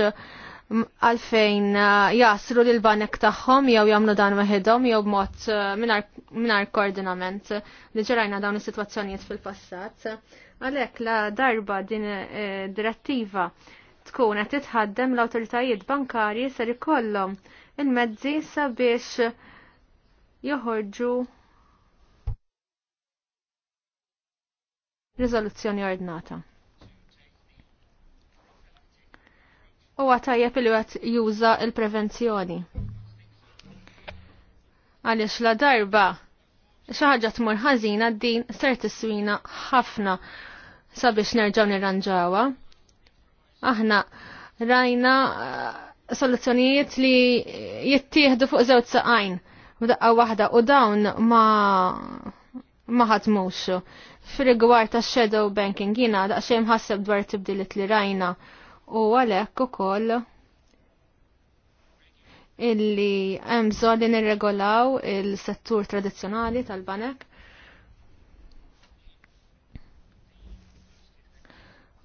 għalfejn uh, jasru l banek tagħhom jew jagħmlu dan weħidhom jew b'mod uh, mingħajr koordinament li ġerajna dawn is-sitwazzjonijiet fil-passat. Għalhekk la darba din eh, direttiva tkun qed titħaddem l-awtoritajiet bankarji ser ikollhom il-mezzi sabiex joħorġu riżoluzzjoni ordnata. Huwa tajjeb li għat juża l prevenzjoni Għaliex la darba xi ħaġa tmur ħażina din ser tiswina ħafna sabiex nerġgħu nirranġawha. Aħna rajna eh, soluzzjonijiet li jittieħdu fuq żewġ saqajn u daqqa waħda u dawn ma maħat muxu. fil gwar ta' shadow banking jina daqsxejn ħasseb dwar tibdilit li rajna u għalhekk ukoll illi hemm bżonn li nirregolaw il-settur tradizzjonali tal-banek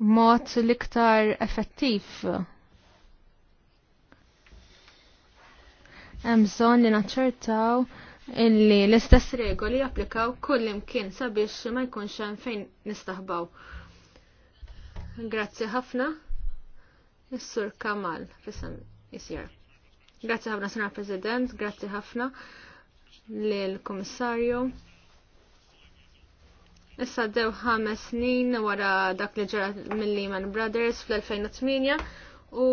mod l-iktar effettiv. Hemm bżonn li naċċertaw illi l-istess regoli japplikaw kull imkien sabiex ma jkunx hemm fejn nistaħbaw. Grazzi ħafna. Is-Sur Kamal fisem isir. Grazzi ħafna Sena President, grazzi ħafna lill-Kummissarju. Issa dew ħames snin wara dak li ġara mill Lehman Brothers fl-2008 u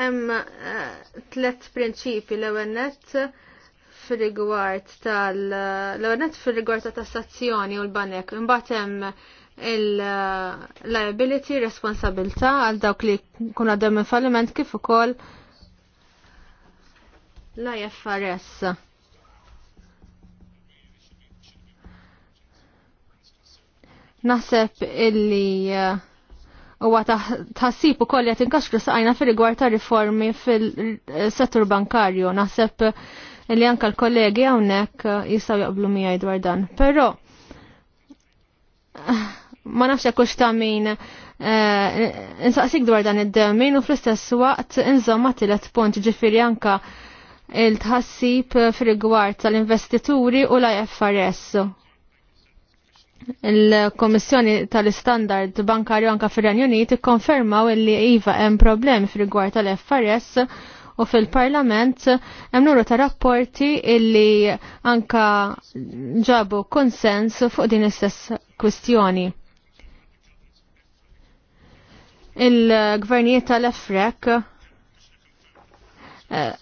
hemm eh, eh, tlet prinċipi l-ewwel nett fir-rigward tal l-ewwel nett fir-rigward ta' tassazzjoni u l-banek. Imbagħad hemm il-liability, responsabilità għal dawk li kun għadhom falliment kif ukoll l-IFRS. Naħseb illi eh, huwa taħsib ukoll għat inkaxkru saqajna fil rigward ta' riformi fil-settur bankarju. Naħseb illi anke l-kollegi hawnhekk eh, jistgħu jaqblu mija dwar dan. Però eh, ma nafx kux ta' min insaqsik dwar dan id-demin u fl-istess waqt inżomma tielet punt ġifieri anka il-tħassib fil-rigward tal-investituri u l-IFRS il-Komissjoni tal-Istandard Bankarju anka fir-Renju Unit ikkonfermaw illi iva hemm problemi fir-rigward tal-FRS u fil-Parlament hemm nuru ta' rapporti illi anka ġabu konsens fuq din istess kwistjoni. Il-gvernijiet tal-Efrek eh,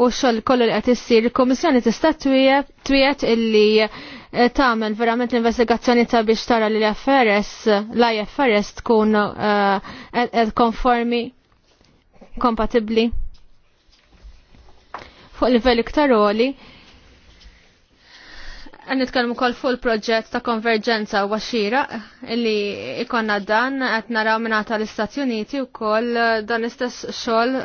u xoll kollu li qed issir, il-Komissjoni tista' twiet illi Eh, tagħmel verament l-investigazzjoni ta' biex tara li l-IFRS l-IFRS tkun eh, konformi kompatibbli fuq livell iktar għoli. Għan itkallmu kol fuq il-proġett ta' konverġenza u għaxira li ikonna dan għet naraw minna tal-Istati Uniti u kol dan istess xol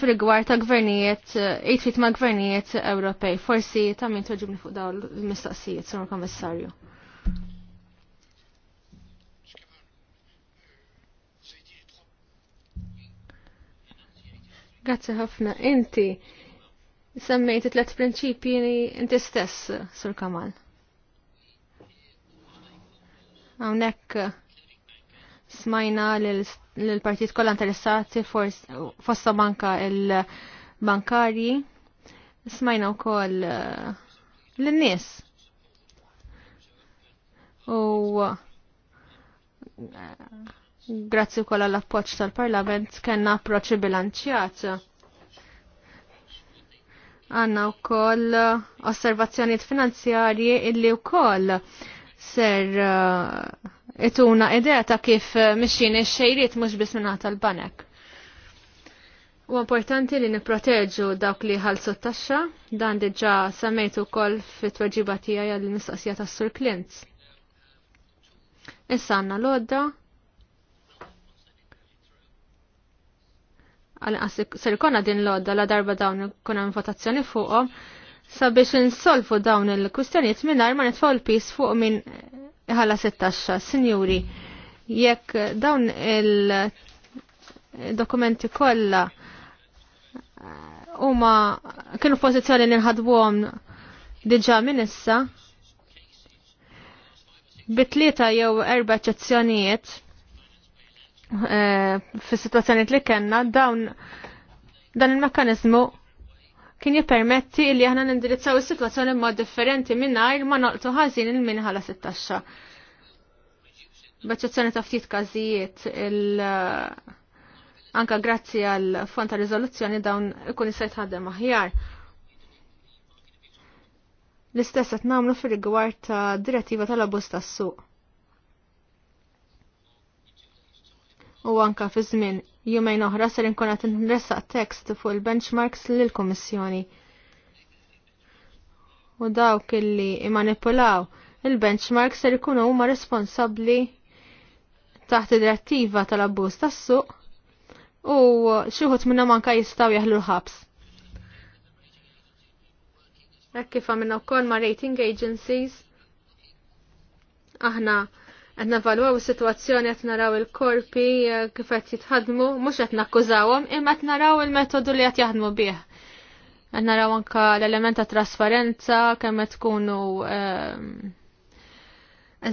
fil-gwar ta' gvernijiet, jitfit eh, ma' gvernijiet Ewropej. Forsi ta' minn toġibni fuq daw l-mistaqsijiet, Sr. komissarju. Grazie ħafna. Inti semmejt tlet prinċipi inti stess, Sur Kamal. Hawnhekk Smajna l-partijiet kollha interessati fossa manka il-bankarji. Smajna wkoll eh, l-nies. U eh, grazzi wkoll għall-appoġġ tal-Parlament kellna approċċi bilanċjat għanna u koll osservazzjoniet finanzjarji illi u koll ser uh, ituna idea ta' kif eh, mixin il xejriet mhux biss tal-banek. U importanti li nipproteġu dawk li ħalsu t-taxxa, dan diġà semmejtu wkoll fit-tweġiba tiegħi l mistoqsija tas-Sur Klint. Issa għandna l-odda ser ikonna din l-odda la darba dawn kuna votazzjoni fuqhom sabiex insolfu dawn il kustjoniet mingħajr ma nitfgħu l-pis fuq minn Ħala 16. Sinjuri, jekk dawn il-dokumenti kollha uh, ma kienu pożizzjoni nħadbu diġà minn issa bitlieta jew erba' eċċezzjonijiet uh, fis-sitwazzjonijiet li kellna dawn dan il-mekkaniżmu kien jippermetti li aħna nindirizzaw is-sitwazzjoni mod differenti mingħajr ma noqtu ħażin il-minħala sit-taxxa. B'eċċezzjoni ta' ftit każijiet il- anka grazzi għal fond ta' riżoluzzjoni dawn ikun jista' jitħaddem aħjar. L-istess qed nagħmlu fir-rigward ta' direttiva tal-abbuż tas-suq. U anka fi żmien Jumejn oħra ser inkun qed nressaq tekst fuq il-benchmarks lill-Kummissjoni. U dawk illi imanipulaw il-benchmarks ser ikunu huma responsabbli taħt id-direttiva tal-abbuż tas-suq u xieħut minna manka jistaw jahlu l-ħabs. Ekk kif għamilna wkoll ma' rating agencies aħna għedna valwaw situazzjoni għet naraw il-korpi eh, kif jitħadmu, mux għet nakkużawom, imma għet naraw il-metodu li għet jaħdmu bieħ. Għet naraw anka l-element ta' trasparenza, kemm għet tkunu eh,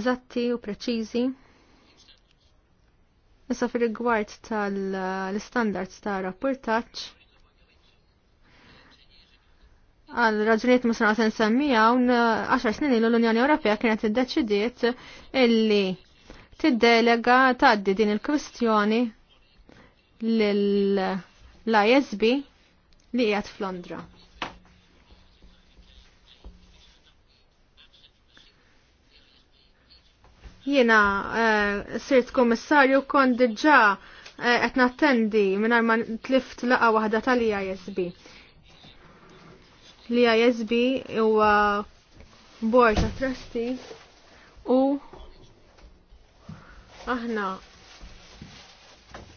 eżatti u preċizi. Issa fil-rigward tal-standards ta' rapportaċ, għal raġunijiet ma għasen nsemmija un 10 uh, snin ilu l-Unjoni Ewropea kienet iddeċidiet illi tiddelega tgħaddi din il-kwistjoni l-ISB li qiegħed f'Londra. Jiena uh, sirt kummissarju kont diġà uh, qed nattendi mingħajr ma tlift laqa waħda tal-ISB li ISB huwa board of trustees u aħna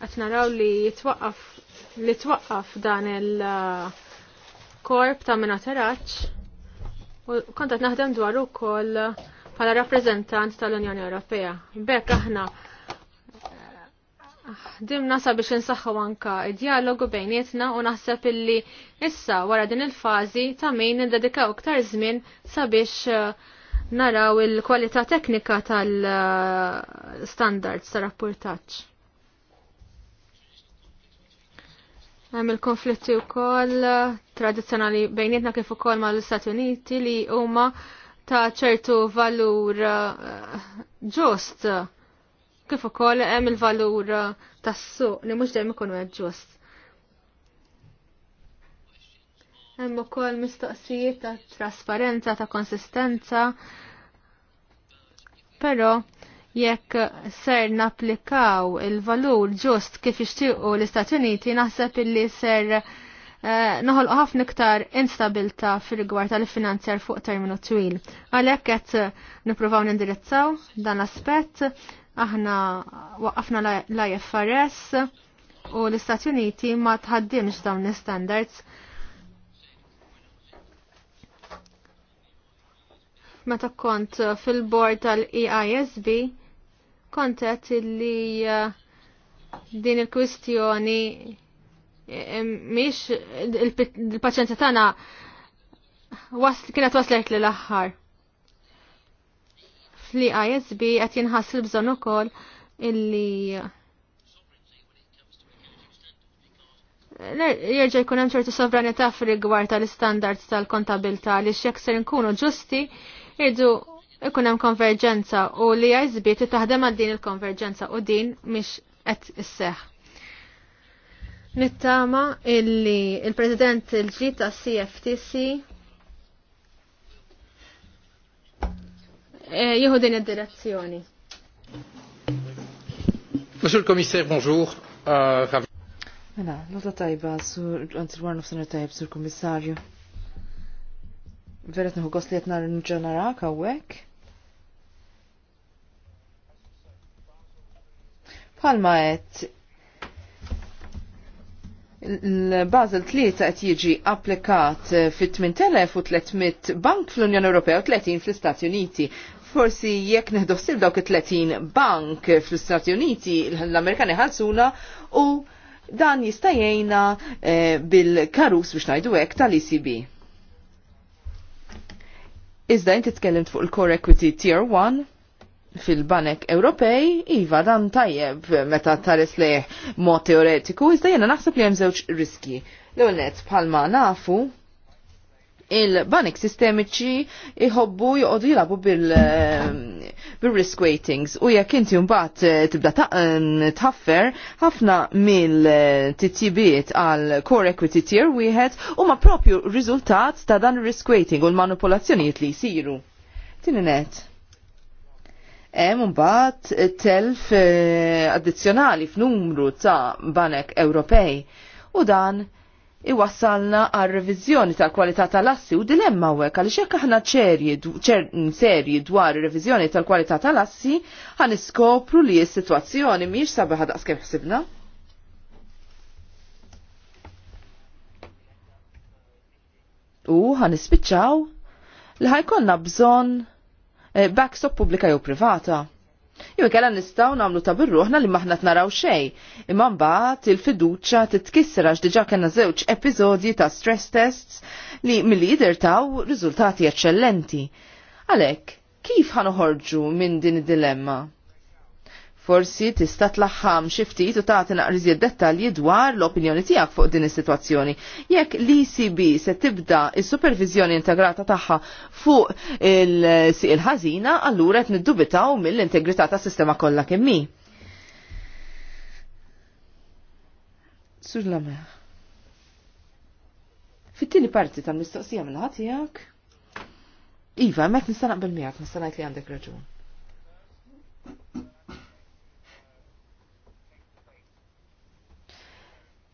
qed naraw li jitwaqqaf li twaqqaf dan il-korp ta' taraċ u kontat naħdem dwar ukoll bħala rappreżentant tal-Unjoni Ewropea. Bekk aħna nasa sabiex insaħħu anka dialogu bejnietna u naħseb illi issa wara din il-fażi ta' min indedikaw iktar żmien sabiex eh, naraw il-kwalità teknika tal-standards ta' rapportaċ. Hemm il-konflitti wkoll eh, tradizzjonali bejnietna kif ukoll mal-Istati Uniti li huma ta' ċertu valur eh, ġust. Uh, kif ukoll hemm il-valur tas-suq li mhux dejjem ikun wieħed ġust. Hemm ukoll mistoqsijiet ta' trasparenza, ta' konsistenza. Però jekk ser napplikaw il-valur ġust kif jixtiequ l-Istati Uniti naħseb illi ser eh, noħolqu ħafna iktar instabilta fir-rigward tal-finanzjar fuq terminu twil. Għalhekk qed nippruvaw nindirizzaw dan l-aspett aħna waqqafna l-IFRS u l-Istati Uniti ma tħaddimx dawn l-standards. Meta kont fil-bord tal-EISB, kontet li uh, din il-kwistjoni eh, miex il paċenti tagħna kienet waslet l aħħar li ISB qed jinħass bżon bżonn ukoll illi jerġa' jkun hemm ċertu sovranità fir-rigward tal-istandards tal-kontabilta li x'jekk ser nkunu ġusti irdu jkun hemm konverġenza u li ISB titaħdem għal din il-konverġenza u din mhix qed isseħħ. Nittama illi il-President il-ġdid tas-CFTC Eh, jieħu din id-direzzjoni. Monsieur le commissaire, bonjour. Euh, mela, nota tajba, sur, għantil warnu f-sanar tajb, sur kommissarju. Verret nħu għos li l nġenarak kawwek? Palma għet, l-Basel 3 qed jiġi applikat fit-8300 bank fl-Unjoni Ewropea u 30 fl-Istati Uniti. Forsi jekk neħdossib dawk it-30 bank fl-Istati Uniti l-Amerikani ħalsuna u dan jista' jgħinna eh, bil-karus biex ngħidu hekk tal-ECB. Iżda inti tkellimt fuq il-Core Equity Tier 1 fil-Banek Ewropej, iva dan tajjeb meta tares leh mod teoretiku, iżda jena naħseb li hemm żewġ riski. L-ewwel net bħalma nafu il-banik sistemiċi iħobbu joqodu jilabu bil-risk ehm, weightings u jekk inti mbagħad eh, tibda ehm, tħaffer ħafna mill-titjibiet għal core equity tier wieħed huma propju riżultat ta' dan risk weighting u l-manipolazzjonijiet li jsiru. Tininet. net. Hemm mbagħad telf eh, addizzjonali f'numru ta' banek Ewropej u dan iwassalna għal revizjoni tal-kwalità tal-assi u dilemma għek għal xekk aħna serji dwar revizjoni tal-kwalità tal-assi għan iskopru li s-situazzjoni miex sabiħa daqskem ħsibna. U għan ispiċċaw li ħajkonna bżon eh, backstop pubblika jew privata. Jew kella nistgħu nagħmlu ta' birruħna li maħna naraw xejn, imma mbagħad il-fiduċja titkisser għax diġà kellna żewġ episodji ta' stress tests li mill-lider taw riżultati eċċellenti. Għalhekk, kif ħanoħorġu minn din id-dilemma? forsi tista' tlaħħam xi ftit u tagħti naqriżjed dettalji dwar l-opinjoni tiegħek fuq din is-sitwazzjoni. Jekk l-ECB se tibda s-supervizjoni integrata tagħha fuq il-siq il-ħażina, allura qed niddubitaw mill-integrità tas-sistema kollha kemm hi. Sur la meħ. Fit-tieni parti tal-mistoqsija mill tiegħek. Iva, mek nista' naqbel miegħek, nista' ngħid li għandek raġun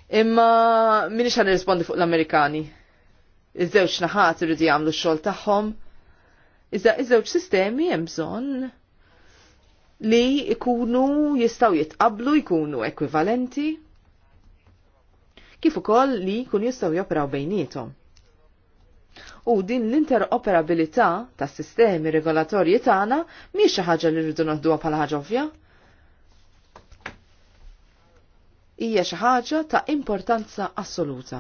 Imma minix għan rispondi fuq l-Amerikani. Iż-żewġ naħat irridu jagħmlu x-xogħol tagħhom. Iżda iż-żewġ sistemi hemm bżonn li ikunu jistaw jitqablu, jkunu ekwivalenti. Kif ukoll li jkunu jistaw jopraw bejnietom. U din l-interoperabilità tas sistemi regolatorji tagħna mhix xi ħaġa li rridu noħduha bħala ħaġa ovvja hija xi ħaġa ta' importanza assoluta.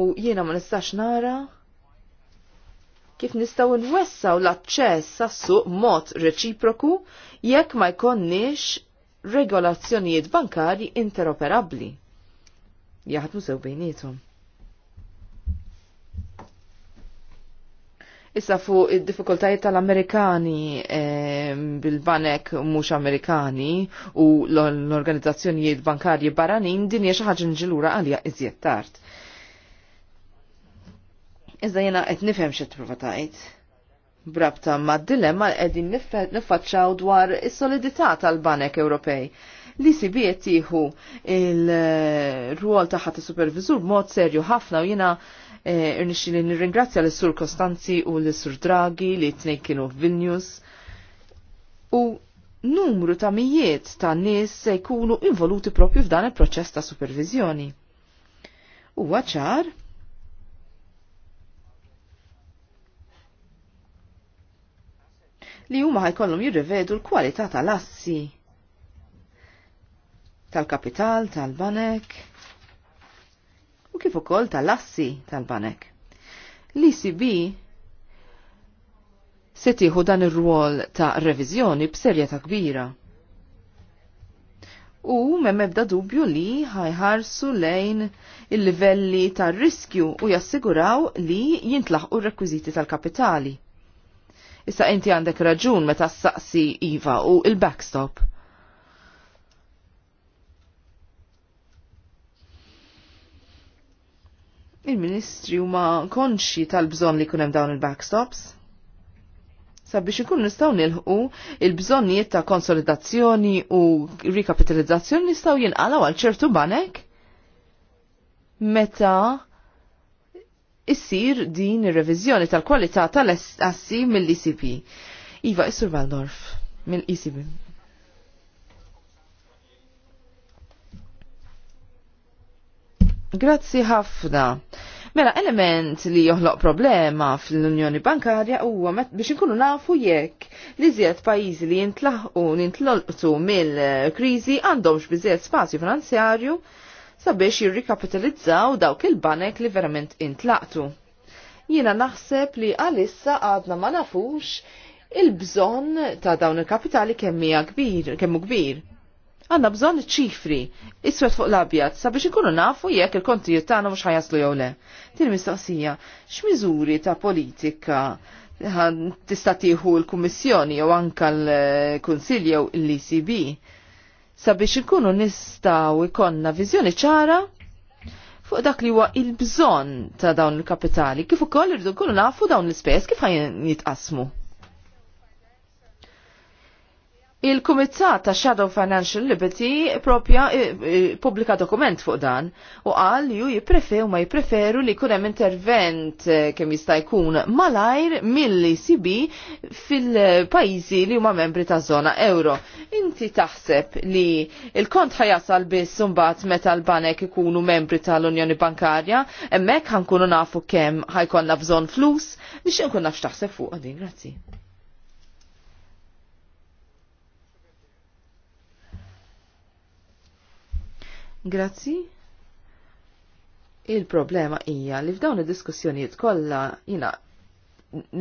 U jiena ma nistax nara kif nistgħu nwessaw l-aċċess għas-suq mod reċiproku jekk ma jkonniex regolazzjonijiet bankari interoperabbli. Jaħdmu sew bejniethom. Issa fu id-diffikultajiet tal-Amerikani bil-banek mhux Amerikani u l-organizzazzjonijiet bankarji barranin din hija xi ħaġa nġilura għalija iżjed tard. Iżda jiena qed nifhem xi tipprova tgħid. Brabta mad dilemma qegħdin niffaċċaw dwar is-solidità tal-banek Ewropej li si tieħu il-rwol taħat is-supervizur b'mod serju ħafna u jiena Eh, irnixi li nirringrazzja l-Sur Kostanzi u l-Sur Draghi li t-nej kienu Vilnius u numru ta' mijiet ta' nis se jkunu involuti propju f'dan il-proċess ta' supervizjoni. U ċar li huma ħajkollhom jirrivedu l-kwalità tal-assi tal-kapital, tal-banek, u kif ukoll tal-assi tal-banek. L-ECB se tieħu dan ir-rwol ta' reviżjoni b'serjetà kbira. U memm ebda dubju li ħajħarsu lejn il-livelli tar riskju u jassiguraw li jintlaħqu r-rekwiżiti tal-kapitali. Issa inti għandek raġun meta s-saqsi Iva u il-backstop il-ministri huma konxi tal-bżon li kunem dawn il-backstops? Sabiex ikun nistaw nilħu il-bżonnijiet ta' konsolidazzjoni u rikapitalizzazzjoni nistaw jinqalaw għal ċertu banek? Meta issir din ir-reviżjoni tal-kwalità tal-assi mill-ECP. Iva, Issur Waldorf, mill-ECB. Grazzi ħafna. Mela, element li joħloq problema fl-Unjoni Bankarja huwa biex inkunu nafu jekk li żied pajjiżi li jintlaħqu nintlolqtu mill-kriżi għandhomx biżejjed spazju finanzjarju sabiex jirrikapitalizzaw dawk il-banek li verament intlaqtu. Jiena naħseb li għalissa għadna ma nafux il-bżonn ta' dawn il-kapitali kemm kbir, kemmu kbir għandna bżonn ċifri, iswet fuq l-abjad, sabiex ikunu nafu jekk il konti jittana mhux ħajaslu jew le. Tieni mistoqsija, x'miżuri ta' politika tista' tieħu l-Kummissjoni jew anka l kunsill jew l-ECB sabiex ikunu nistaw ikonna viżjoni ċara fuq dak li huwa il-bżonn ta' dawn il-kapitali, kif ukoll irridu nkunu nafu dawn l-ispejjeż kif ħajn jitqasmu il kumitat ta' Shadow Financial Liberty propja eh, eh, publika dokument fuq dan u qal li ju jippreferu ma jippreferu li kunem intervent eh, kemm jista' jkun malajr mill sibi fil-pajjiżi li huma membri ta' zona euro. Inti taħseb li il-kont ħajasal biss imbagħad meta l-banek ikunu membri tal-Unjoni Bankarja, hemmhekk ħankunu nafu kemm ħajkonna bżonn flus, nix nkun nafx taħseb fuq din, grazzi. Grazzi. Il-problema hija li f'dawn id-diskussjonijiet kollha jina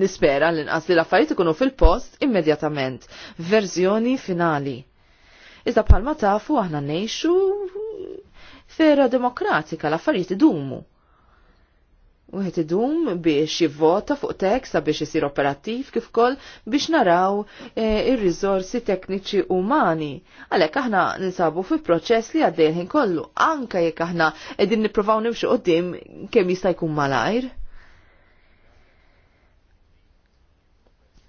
nispera l-inqas li l-affarijiet ikunu fil-post immedjatament, verżjoni finali. Iżda bħalma tafu aħna ngħixu fera demokratika l-affarijiet idumu u għet idum biex jivvota fuq tek sabiex jisir operattiv kif kol biex naraw e, ir-rizorsi tekniċi umani. Għalek aħna ninsabu fi proċess li għaddejħin kollu, anka jek aħna edin niprofaw nimxu għoddim kemm jista' jkun malajr.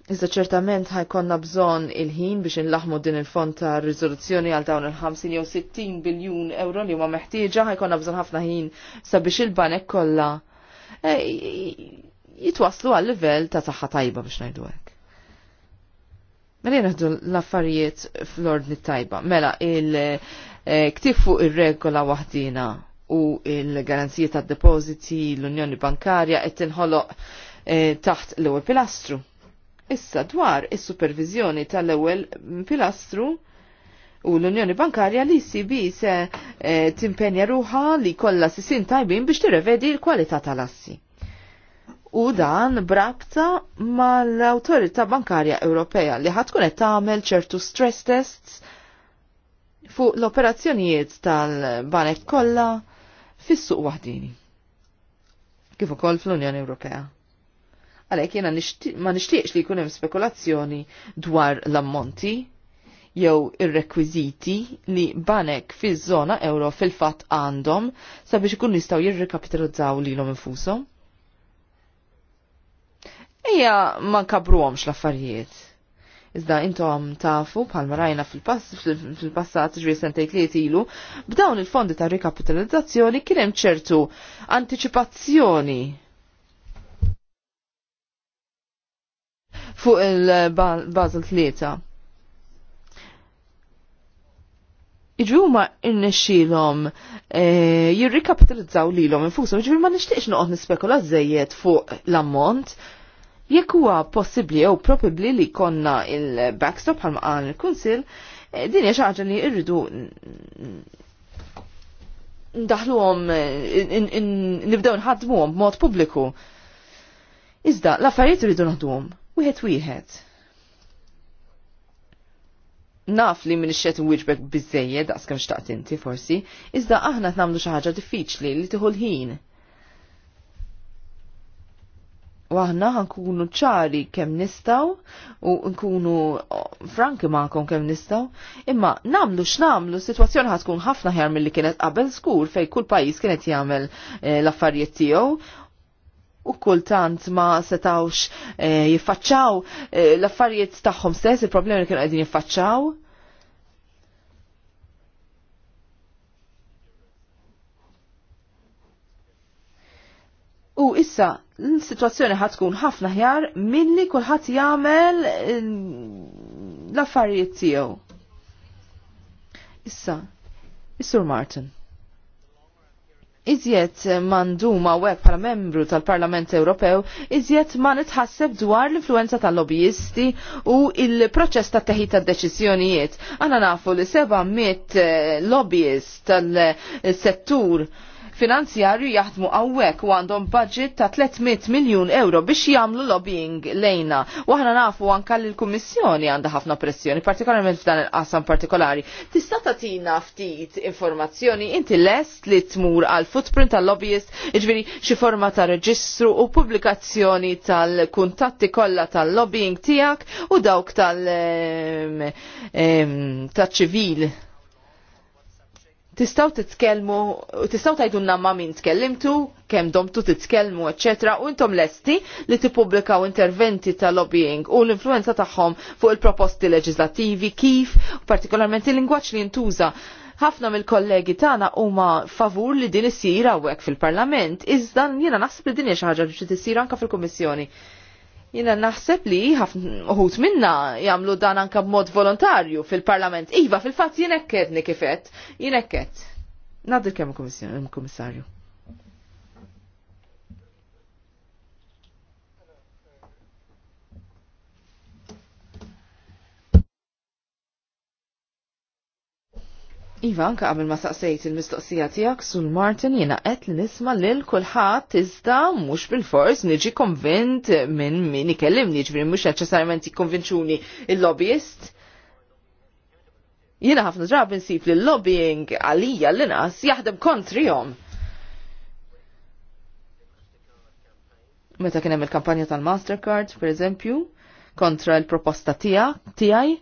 Iżda ċertament ħajkonna bżon il-ħin biex nlaħmu din il-fond ta' rizoluzzjoni għal dawn il-50 jew 60 biljun euro li huma meħtieġa ħajkonna bżon ħafna ħin sabiex il-banek kollha Eh, jitwaslu għal livell ta' saħħa tajba biex ngħidu hekk. Mela l-affarijiet fl-ordni tajba. Mela il-ktif eh, fuq ir-regola waħdina u il-garanzija tad depoziti l-Unjoni Bankarja qed tinħoloq eh, taħt l-ewwel pilastru. Issa dwar is-supervizjoni tal-ewwel pilastru U l-Unjoni Bankarja li CB se e, timpenja ruħa li kollha sin tajbin biex tirrevedi l-kwalità tal-assi. U dan brabta mal-Awtorità Bankarja Ewropea li ħatkun qed tagħmel ċertu stress tests fuq l-operazzjonijiet tal-banek kollha fis-suq waħdini. Kif ukoll fl-Unjoni Ewropea Għalhekk jiena ma nixtiex li jkun hemm spekulazzjoni dwar l-ammonti jew ir-rekwiżiti li banek fiż-żona euro fil-fatt għandhom sabiex ikun jistgħu jirrikapitalizzaw lilhom infushom? Ejja ma nkabruhomx l-affarijiet. Iżda intom tafu bħalma rajna fil-passat ġri sentejt li ilu, b'dawn il-fondi ta' rikapitalizzazzjoni kien hemm ċertu anticipazzjoni fuq il-Basel 3 iġuma innexxilhom eh, jirrikapitalizzaw lilhom infushom, ġifieri ma nixtieqx noqgħod nispekula żejjed fuq l-ammont. Jekk huwa possibbli jew probabbli li konna il-backstop bħalma qal il-Kunsill, eh, din hija xi ħaġa li rridu ndaħluhom eh, nibdew nħaddmuhom b'mod pubbliku. Iżda, l-affarijiet irridu naħduhom wieħed wieħed naf li minn xet wieġbek bizzejje daqs kem xtaqt inti forsi, iżda aħna tnamlu xi ħaġa diffiċli li tieħu ħin. U aħna ħankunu ċari kemm nistaw u nkunu franki ma'kom kemm nistaw, imma namlu x'namlu situazzjoni ħatkun ħafna ħjar milli kienet qabel skur fej kull pajjiż kienet jagħmel eh, l-affarijiet tiegħu u kultant ma setawx e, jiffaċċaw e, l-affarijiet tagħhom stess, il-problemi li kienu qegħdin jiffaċċaw. U issa l-situazzjoni ħad tkun ħafna ħjar milli kulħadd jagħmel eh, l-affarijiet tiegħu. Issa, Is-Sur Martin iżjed manduma web bħala membru tal-Parlament Ewropew, iżjed ma nitħasseb dwar l-influenza tal-lobbyisti u il-proċess ta' teħid ta' deċiżjonijiet. Għana nafu li seba' mit eh, lobbyist tal-settur finanzjarju jaħdmu għawek u għandhom budget ta' 300 miljon euro biex jagħmlu lobbying lejna. U aħna nafu għanka li l-Kummissjoni għandha ħafna pressjoni, partikolarment f'dan il-qasam partikolari. Tista' tagħtina ftit informazzjoni inti lest li tmur għal footprint tal-lobbyist, jiġifieri xi forma ta' reġistru u pubblikazzjoni tal-kuntatti kollha tal-lobbying tiegħek u dawk tal- ta' tistaw titkellmu, tistaw tajdunna ma' min tkellimtu, kem domtu titkellmu, etc. U intom lesti li tipublikaw interventi ta' lobbying u l-influenza tagħhom fuq il-proposti leġislativi, kif, partikolarment il-lingwaċ li jintuża. Ħafna mill-kollegi tagħna huma favur li din issir hawnhekk fil-Parlament, iżda jiena naħseb li din hija xi ħaġa li tisir anke fil-Kummissjoni. Jina naħseb li uħut minna jamlu dan anka b'mod volontarju fil-parlament. Iva, fil-fat jenekket nikifet, jenekket. Nadir kemm komissarju. Iva, anka għamil ma saqsejt il-mistoqsija tiegħek sul Martin jena qed li nisma' lil kulħadd iżda mhux bil-fors niġi konvint minn min ikellimni, minn mhux neċessarjament jikkonvinċuni il-lobbyist. Jiena ħafna drabi nsib li l-lobbying għalija l-inqas jaħdem kontrihom. Meta kien hemm il-kampanja tal-Mastercard, pereżempju, kontra l-proposta tiegħi,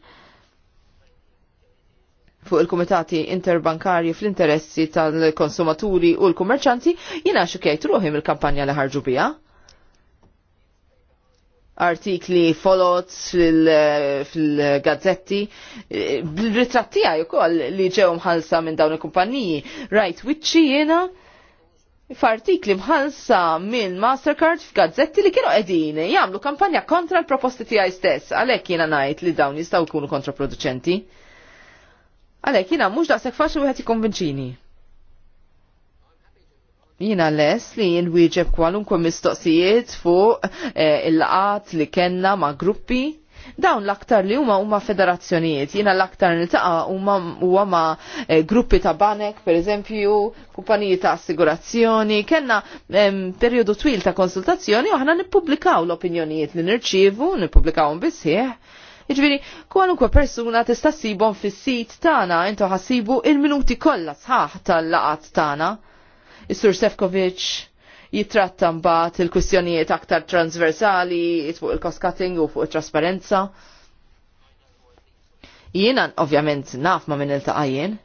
fuq il-Kumitati Interbankarji fl-interessi tal-konsumaturi u l-kummerċanti jina xukjajt ruħim il-kampanja li ħarġu bija. Artikli folot fil-gazzetti, bil-ritratti għaj ukoll li ġew mħalsa minn dawn il kumpanniji Rajt, wicċi jena f'artikli mħalsa minn Mastercard f'gazzetti li kienu qegħdin jagħmlu kampanja kontra l-proposti tiegħi stess, għalhekk jiena ngħid li dawn jistgħu jkunu kontraproduċenti. Għalek, jina mux daqsek faċli u għet jikonvinċini. Jina les li wieġeb kwalunkwe mistoqsijiet fuq eh, il-laqat li kenna ma' gruppi dawn l-aktar li huma huma federazzjonijiet, jiena l-aktar niltaqa huma huwa ma eh, gruppi ta' banek, per eżempju, kumpaniji ta' assigurazzjoni, kellna perjodu twil ta' konsultazzjoni u aħna nippubblikaw l-opinjonijiet li nirċievu, nippubblikawhom bisħieħ Iġviri, kwalunkwe persuna tista' sibhom fis-sit tagħna intu ħassibu il-minuti kollha sħaħ tal-laqat tagħna. Is-Sur Sefkovic jitratta mbagħad il-kwistjonijiet aktar transversali fuq il-cost cutting u fuq it-trasparenza. Jiena ovvjament naf ma minn il taqajjen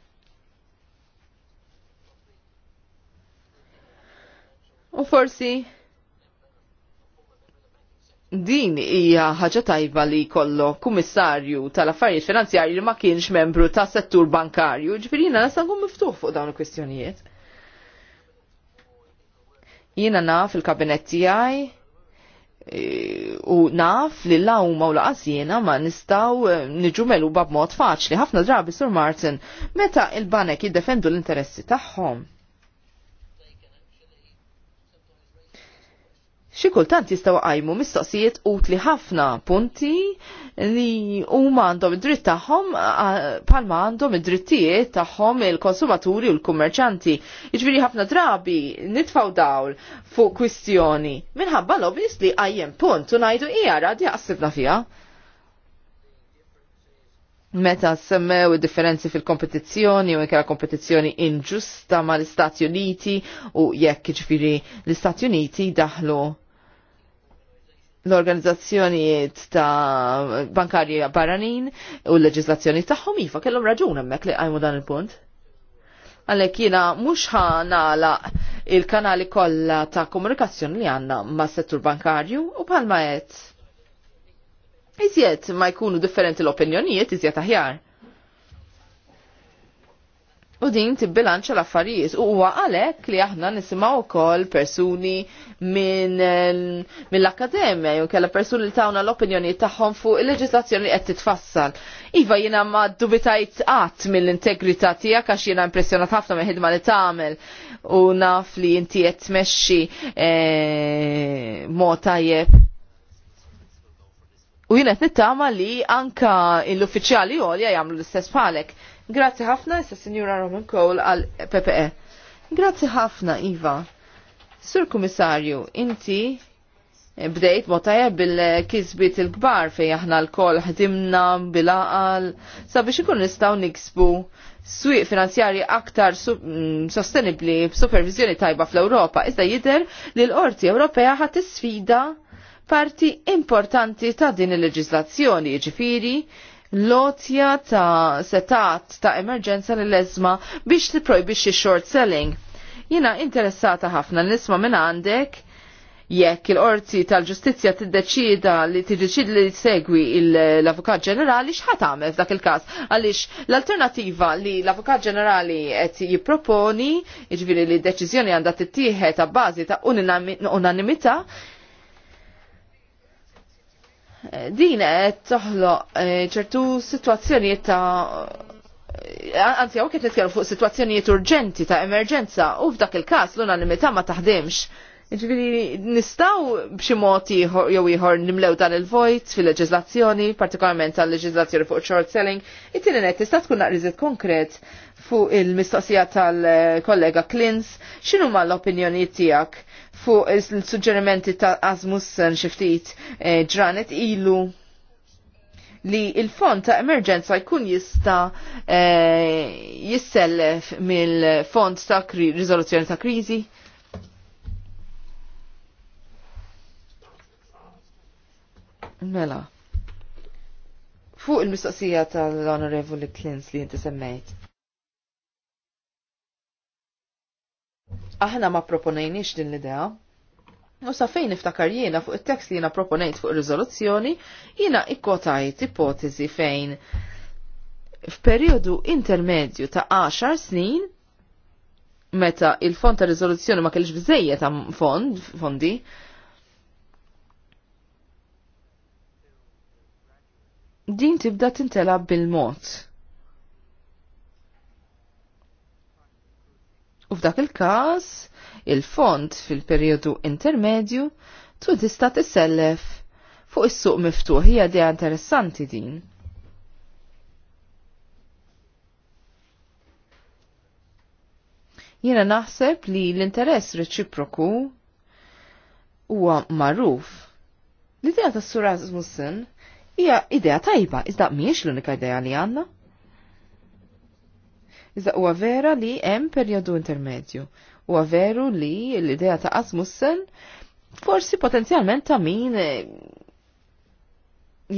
U forsi din hija ħaġa tajba li kollo kummissarju tal-affarijiet finanzjarji li ma kienx membru ta' settur bankarju, ġifiri jiena nasa nkun miftuħ fuq dawn il-kwistjonijiet. Jiena naf il-kabinett tiegħi e, u naf li l huma u laqas jiena ma nistaw e, niġu meluba b'mod faċli. Ħafna drabi Sur Martin, meta il-banek jiddefendu l-interessi tagħhom xi kultant jistgħu qajmu mistoqsijiet utli ħafna punti li huma għandhom id-dritt tagħhom palma għandhom id-drittijiet tagħhom il-konsumaturi u l-kummerċanti. Jiġifieri ħafna drabi nitfgħu dawl fuq kwistjoni minħabba lobbies li qajjem punt u ngħidu hija radi qassibna fiha. Meta semmew differenzi fil-kompetizzjoni u jekk kompetizzjoni inġusta mal istati Uniti u jekk ġifiri l istati Uniti daħlu l-organizzazzjonijiet ta' bankarji barranin u l-leġizlazzjoni tagħhom iva kellhom raġun hemmhekk li qajmu dan il-punt. Għalhekk jiena mhux ħanala il-kanali kollha ta' komunikazzjoni li għandna mas settur bankarju u bħalma jett. Iżjed ma jkunu differenti l-opinjonijiet iżjed aħjar u din tibbilanċa l-affarijiet u huwa għalhekk li aħna nisimgħu wkoll persuni minn mill-akademja jew kellha persuni li tawna l-opinjoni tagħhom fuq il-leġislazzjoni qed titfassal. Iva jiena ma dubitajt qatt mill-integrità tiegħek għax jiena impressjonat ħafna meħidma li tagħmel u naf li inti qed tmexxi e, mod tajjeb U jienet nittama li anka l-uffiċjali għolja jagħmlu l-istess palek. Grazzi ħafna issa Sinjura Roman Cole għal PPE. Grazzi ħafna Iva. Sur Kummissarju, inti bdejt motajja bil-kizbit il-kbar fej aħna l-kol ħdimna bil-aqal sabiex ikun nistaw niksbu swieq finanzjari aktar mm, sostenibli supervizjoni tajba fl-Ewropa. Iżda jider li l-Qorti Ewropea ħat sfida parti importanti ta' din il-leġizlazzjoni, ġifiri lotja ta' setat ta' emerġenza li lezma biex tiprojbixxi short selling. Jina interessata ħafna nisma' minn għandek jekk il-qorti tal-ġustizja tiddeċida li tiddeċid li segwi l-Avukat Ġenerali x'ħat għamel f'dak il-każ għaliex l-alternativa li l-Avukat Ġenerali qed jipproponi, jiġifieri li d-deċiżjoni għandha tittieħed ta' bażi ta' unanimità, din qed toħloq eh, ċertu sitwazzjonijiet ta' eh, anzi hawn qed nitkellmu fuq sitwazzjonijiet urġenti ta' emerġenza u f'dak il-każ l-unanimità ma taħdimx. Ġifieri nistgħu b'xi mod jew ieħor nimlew dan il-vojt fil-leġiżlazzjoni, partikolarment tal-leġiżlazzjoni fuq short selling, it-tieni net tista' tkun naqriżet konkret fuq il-mistoqsija tal-kollega Klins, x'inhuma l-opinjonijiet tiegħek? fuq il-suġġerimenti ta' Asmussen xiftit eh, ġranet ilu li il-fond ta' emerġenza jkun jista eh, jissellef mill-fond ta' rizoluzzjoni ta' krizi? Mela. Fuq il-mistoqsija tal-Onorevoli Klins li jinti semmejt Aħna ma proponejniex din l-idea. U sa fejn niftakar jiena fuq it-tekst li jiena proponejt fuq ir riżoluzzjoni, jiena ikkotajt ipotezi fejn f'perjodu intermedju ta' 10 snin meta il-fond ta' riżoluzzjoni ma kellix biżejjed ta' fond, fondi, din tibda tintela bil-mod U f'dak il-każ, il-fond fil-perjodu intermedju tu tista' tisellef fuq is-suq miftuħ hija dea interessanti din. Jiena naħseb li l-interess reċiproku huwa magħruf. L-idea tas-Sur Asmussen hija idea tajba, iżda mhijiex l-unika idea li għandna. Iżda huwa vera li hemm perjodu intermedju. Huwa veru li l-idea ta' Asmussen forsi potenzjalment ta' min eh,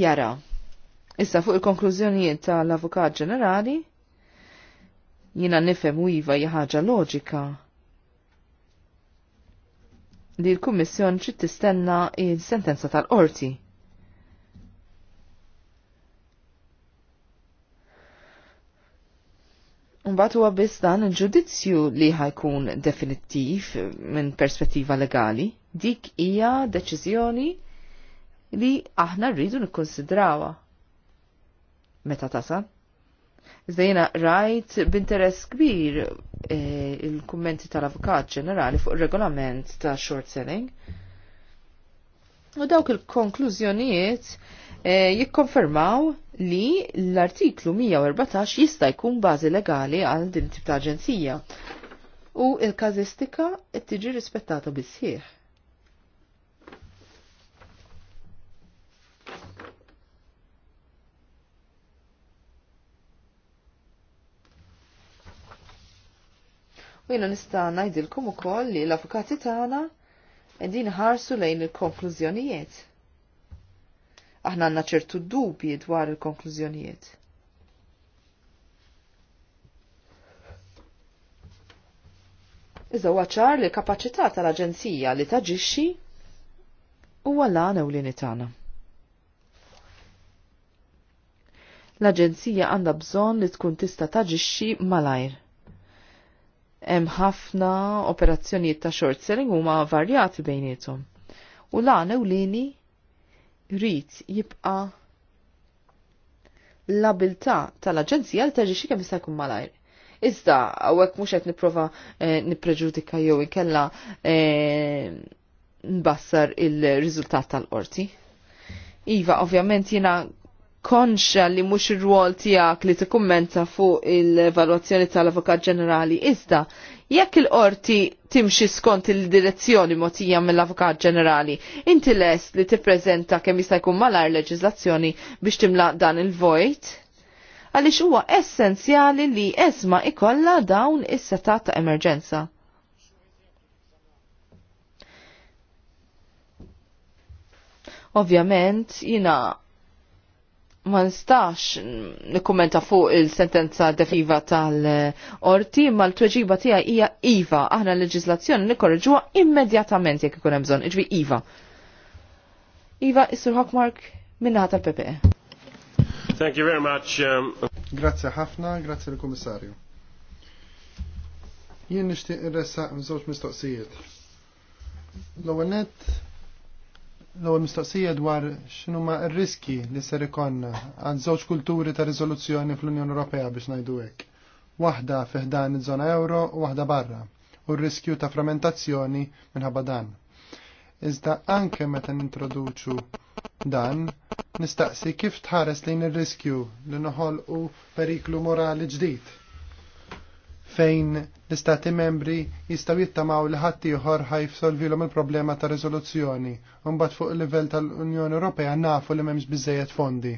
jara. Issa fuq il-konklużjonijiet tal-Avukat Ġenerali, jina nifhem u iva ħaġa loġika li l-Kummissjon ċit tistenna il-sentenza tal-qorti. Mbagħad huwa biss dan il-ġudizzju li ħajkun definittiv minn perspettiva legali. Dik hija deċiżjoni li aħna rridu nikkonsidrawha. Meta tasal? Iżda jiena rajt b'interess kbir eh, il-kummenti tal-Avukat Ġenerali fuq ir-regolament ta' short selling. U dawk il-konklużjonijiet Eh, jikkonfermaw li l-artiklu 114 jista' jkun bażi legali għal din tip ta' aġenzija u il-kazistika tiġi rispettata bisħieħ. U jina nista' ngħidilkom ukoll li l-avukati tagħna qegħdin ħarsu lejn il-konklużjonijiet aħna għanna ċertu dubi dwar il-konklużjonijiet. Iżda ċar li kapaċità tal-Aġenzija li taġixxi huwa l-għana u tagħna. L-Aġenzija għandha bżonn li tkun tista' taġixxi malajr hemm ħafna operazzjonijiet ta' short selling huma varjati bejniethom. U l-għana u lini rrit jibqa l-abilta tal-Aġenzija li terġi xi kemm jista' jkun malajr. Iżda hawnhekk mhux qed nipprova eh, nippreġudika jew inkella eh, nbassar il-riżultat tal-qorti. Iva, ovvjament jiena konxa li mhux ir-rwol tiegħek li tikkummenta fuq il-valwazzjoni tal-Avukat Ġenerali iżda Jekk il-qorti timxi skont il-direzzjoni motija mill-Avukat Ġenerali, inti lest li tippreżenta kemm jista' jkun malar leġiżlazzjoni biex timla dan il-vojt? Għaliex huwa essenzjali li esma ikolla dawn is-setat ta' emerġenza. Ovvjament, jina ma nistax nikkumenta fuq il-sentenza defiva tal-orti, ma l-tweġiba tija hija IVA. Aħna l-leġizlazzjoni nikorreġuwa immedjatament jekk ikun hemm bżonn, iġbi IVA. Iva, issur Hockmark, minna tal-PPE. Thank you very much. Um... Grazie ħafna, grazie l-Komissarju. Jien nixtieq irressaq żewġ mistoqsijiet. L-ewwel nett l-ewwel mistoqsija dwar x'inhuma r-riski li ser ikonna għal żewġ kulturi ta' riżoluzzjoni fl-Unjoni Ewropea biex ngħidu hekk. Waħda fiħdan iż-żona euro u waħda barra u r-riskju ta' frammentazzjoni minħabba dan. Iżda anke meta nintroduċu dan, nistaqsi kif tħares lejn ir-riskju li noħolqu periklu morali ġdid fejn l-istati membri jistaw jittamaw li ħadd ieħor ħajfsolvilhom il-problema ta' riżoluzzjoni u mbagħad fuq il-livell tal-Unjoni Ewropea nafu li m'hemmx bizzejet fondi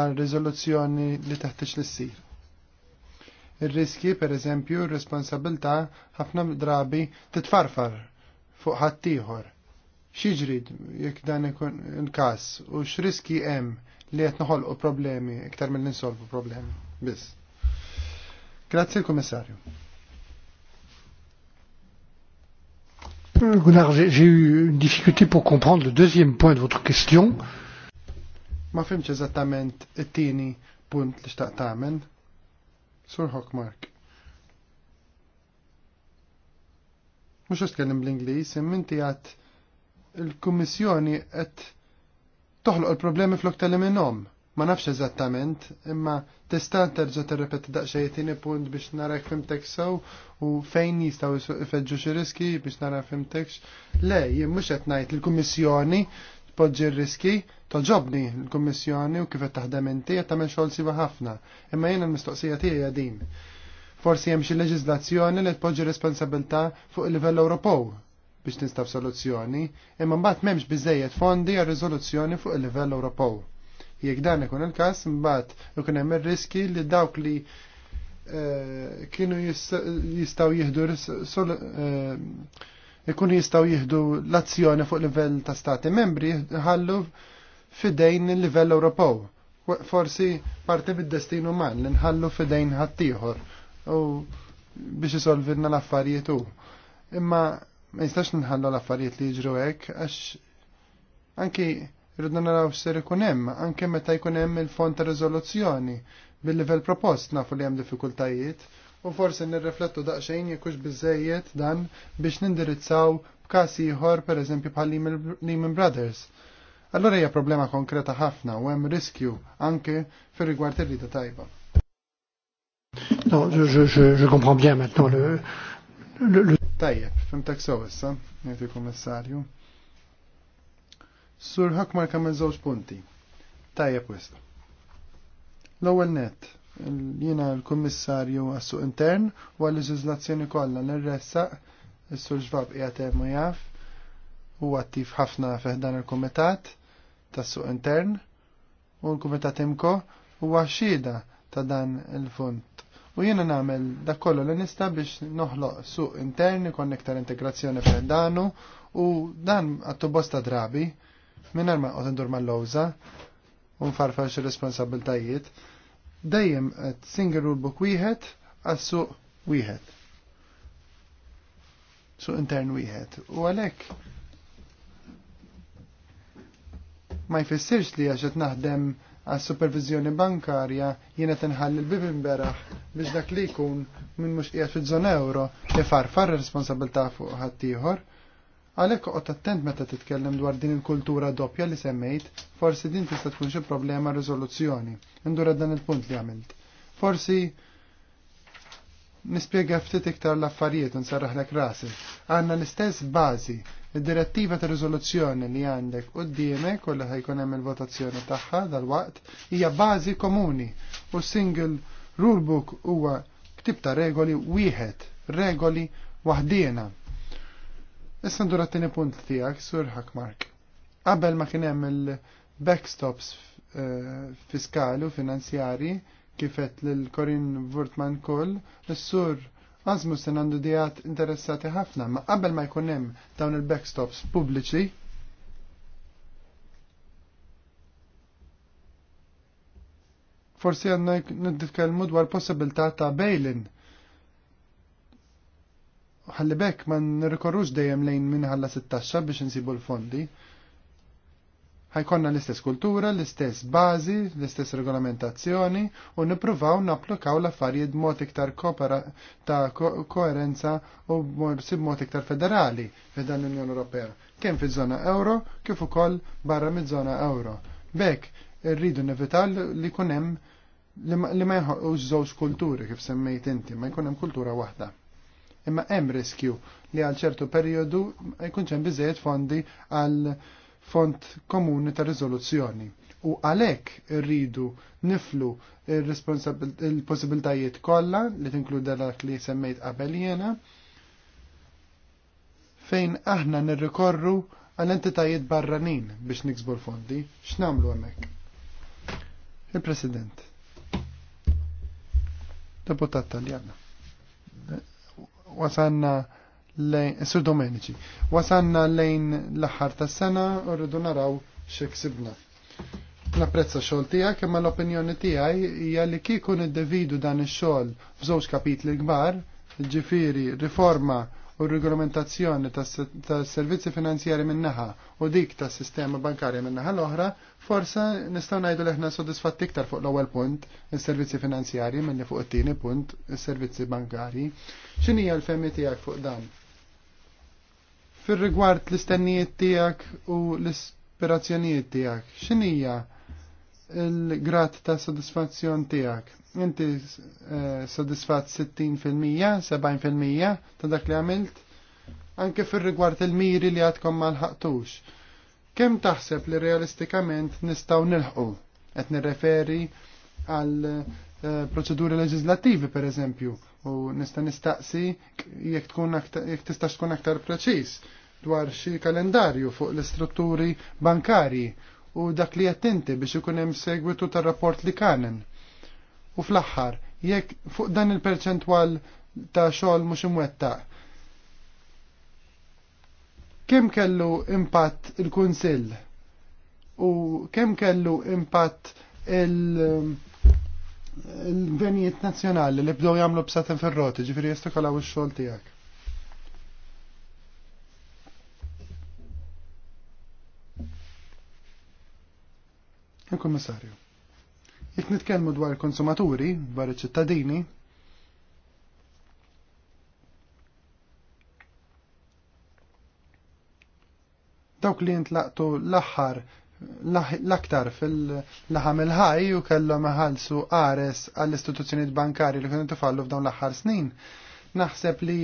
għal riżoluzzjoni li teħtieġ li sir Ir-riski, per eżempju, r responsabilta ħafna drabi titfarfar fuq ħattijħor. Xieġrid, jekk dan ikun il-każ u x'riski hemm li qed u problemi iktar mill-insolvu problemi. Biss. Grazie il euh, Gunnar, j'ai eu une difficulté pour comprendre le deuxième point de votre question. Ma fimx eżattament it-tieni punt li xtaq tagħmel. Sur Hockmark. Mhux qed kellim bl inglis imma inti għad il-Kummissjoni qed toħloq il-problemi fl tal-minnhom. Ma nafx eżattament, imma tista' terġa' tirrepeti daqsxejn punt biex nara fimtek sew u fejn jistgħu ifeġġu xi riski biex nara fimtekx. Le, jien mhux qed ngħid il-Kummissjoni tpoġġi r-riski, toġobni l-Kummissjoni u kif qed taħdem inti qed tagħmel xogħol siva ħafna. Imma jien l-mistoqsija tiegħi din. Forsi hemm xi leġiżlazzjoni li tpoġġi responsabilità fuq il-livell Ewropew biex tinstab soluzzjoni, imma mbagħad m'hemmx biżejjed fondi għal riżoluzzjoni fuq il-livell Ewropew. Jekk dan ikun il-każ, mbagħad ikun hemm ir-riski li dawk li eh, kienu jistgħu jieħdu eh, ikun jistgħu jieħdu l-azzjoni fuq livell ta' stati membri ħallu fidejn il-livell Ewropew. Forsi parti bid-destin uman li nħallu fidejn ħaddieħor u biex isolvilna l-affarijiet hu. Imma ma jistax nħallu l-affarijiet li jiġru hekk għax anki rridna naraw x'ser ikun hemm anke meta jkun hemm il-fond ta' riżoluzzjoni bil-livell propost nafu li hemm diffikultajiet u forsi nirriflettu daqsxejn jekkux biżejjed dan biex nindirizzaw b'każ ieħor pereżempju bħal Lehman Brothers. Allora hija problema konkreta ħafna u hemm riskju anke fir-rigward ir-rida tajba. Non, je, je, je, je comprends bien maintenant le... le, le... Tajjeb, fimtek sew issa, jgħidu il-kummissarju. Sur Hakmar kamel żewġ punti. Tajja kwest. L-ewwel net, jiena l-Kummissarju għas-Suq Intern u għall-leġiżlazzjoni kollha nirressaq is-Sur Ġvab qiegħed hemm jaf u attiv ħafna dan il-Kumitat tas-Suq Intern u l-Kumitat Imko huwa xhieda ta' dan il fund U jiena nagħmel dak kollu li nista' biex noħloq suq interni kon iktar integrazzjoni danu, u dan għattu bosta drabi minn ma qod indur mal-lowża u nfarfar xi responsabiltajiet dejjem qed single rule book wieħed għassu suq wieħed. Su intern wieħed. U għalhekk ma jfissirx li għax qed naħdem għas supervizjoni bankarja jiena tinħalli l-bib imberaħ biex dak li jkun minn mhux qiegħed fiż-żona euro ifarfar ir-responsabilità fuq ħaddieħor. Għalhekk qod attent meta titkellem dwar din il-kultura doppja li semmejt, forsi din tista' tkun xi problema riżoluzzjoni. Indura dan il-punt li għamilt. Forsi nispjega ftit iktar l-affarijiet u nsarraħlek rasi. Għandna l-istess bażi, id-direttiva ta' riżoluzzjoni li għandek quddiemek u li ħajkun hemm il-votazzjoni tagħha dal-waqt hija bażi komuni u single rulebook huwa ktib ta' regoli wieħed, regoli waħdiena Issa ndur għattini punt tijak, sur Mark. Qabel ma kienem il-backstops eh, fiskali u finanzjari kifet l-Korin Wurtman Koll, s-sur sen għandu dijat interessati ħafna, ma qabel ma jkunem dawn il-backstops pubbliċi, forsi għanna nitkelmu dwar possibilità ta' bail-in ħalli bekk ma nirrikorrux dejjem lejn minħalla 16 biex insibu l-fondi. Ħajkonna l-istess kultura, l-istess bażi, l-istess regolamentazzjoni u nippruvaw napplikaw l-affarijiet b'mod iktar ta' koerenza u b'mod iktar federali f'dan l-Unjoni Ewropea, kemm fiż-żona euro kif ukoll barra miż-żona euro. Bekk irridu nevitaw li kun hemm li ma jħoqux żewġ kulturi kif semmejt inti, ma jkun hemm kultura waħda imma hemm riskju li għal ċertu perjodu jkunx hemm biżejjed fondi għal fond komuni ta' riżoluzzjoni. U għalhekk irridu niflu il-possibiltajiet kollha li tinkludi dak li semmejt qabel jiena fejn aħna nirrikorru għal entitajiet barranin biex niksbu l-fondi, x'namlu hemmhekk? Il-President. Deputat Taljana wasanna lejn, Sir Domenici, wasanna lejn l aħħar tas sena u rridu naraw xeksibna. Napprezza xogħol tiegħek imma l-opinjoni tiegħi hija li kieku niddividu dan ix-xogħol f'żewġ kapitli kbar, jiġifieri riforma u regolamentazzjoni tas servizzi finanzjari minnaħa u dik tas sistema bankarja minnaħa l-oħra, forsa nistgħu ngħidu li aħna sodisfatti iktar fuq l-ewwel punt, is-servizzi finanzjari milli fuq it-tieni punt, is-servizzi bankarji. X'inhi l-femmi tiegħek fuq dan? Fir-rigward l-istennijiet tiegħek u l-ispirazzjonijiet tiegħek, x'inhija l-grad ta' sodisfazzjon tiegħek? inti sodisfat 60%, 70% ta' dak li għamilt, anke fil-rigward il-miri li għadkom ma l-ħaqtux. Kem taħseb li realistikament nistaw nilħu? Et nirreferi għal eh, proċeduri leġizlativi, per eżempju, u nista nistaqsi jek tistax tkun aktar preċis dwar xi kalendarju fuq l-istrutturi bankari u dak li jattinti biex ikun hemm segwitu tar-rapport li kanen U fl-aħħar, jekk fuq dan il-perċentwal ta' xogħol mhux imwettaq. Kemm kellu impatt il-Kunsill u kemm kellu impatt il- venijiet nazzjonali li bdew jagħmlu b'saten fir-roti, ġifieri jistakolaw ix-xogħol tiegħek. Il-Kummissarju. Jek nitkellmu dwar il-konsumaturi, dwar iċ-ċittadini, dawk li jintlaqtu l-aħħar l-aktar fil-laħam il-ħaj u kellhom iħallsu għares għall-istituzzjonijiet bankari li kienu tifallu f'dawn l-aħħar snin. Naħseb li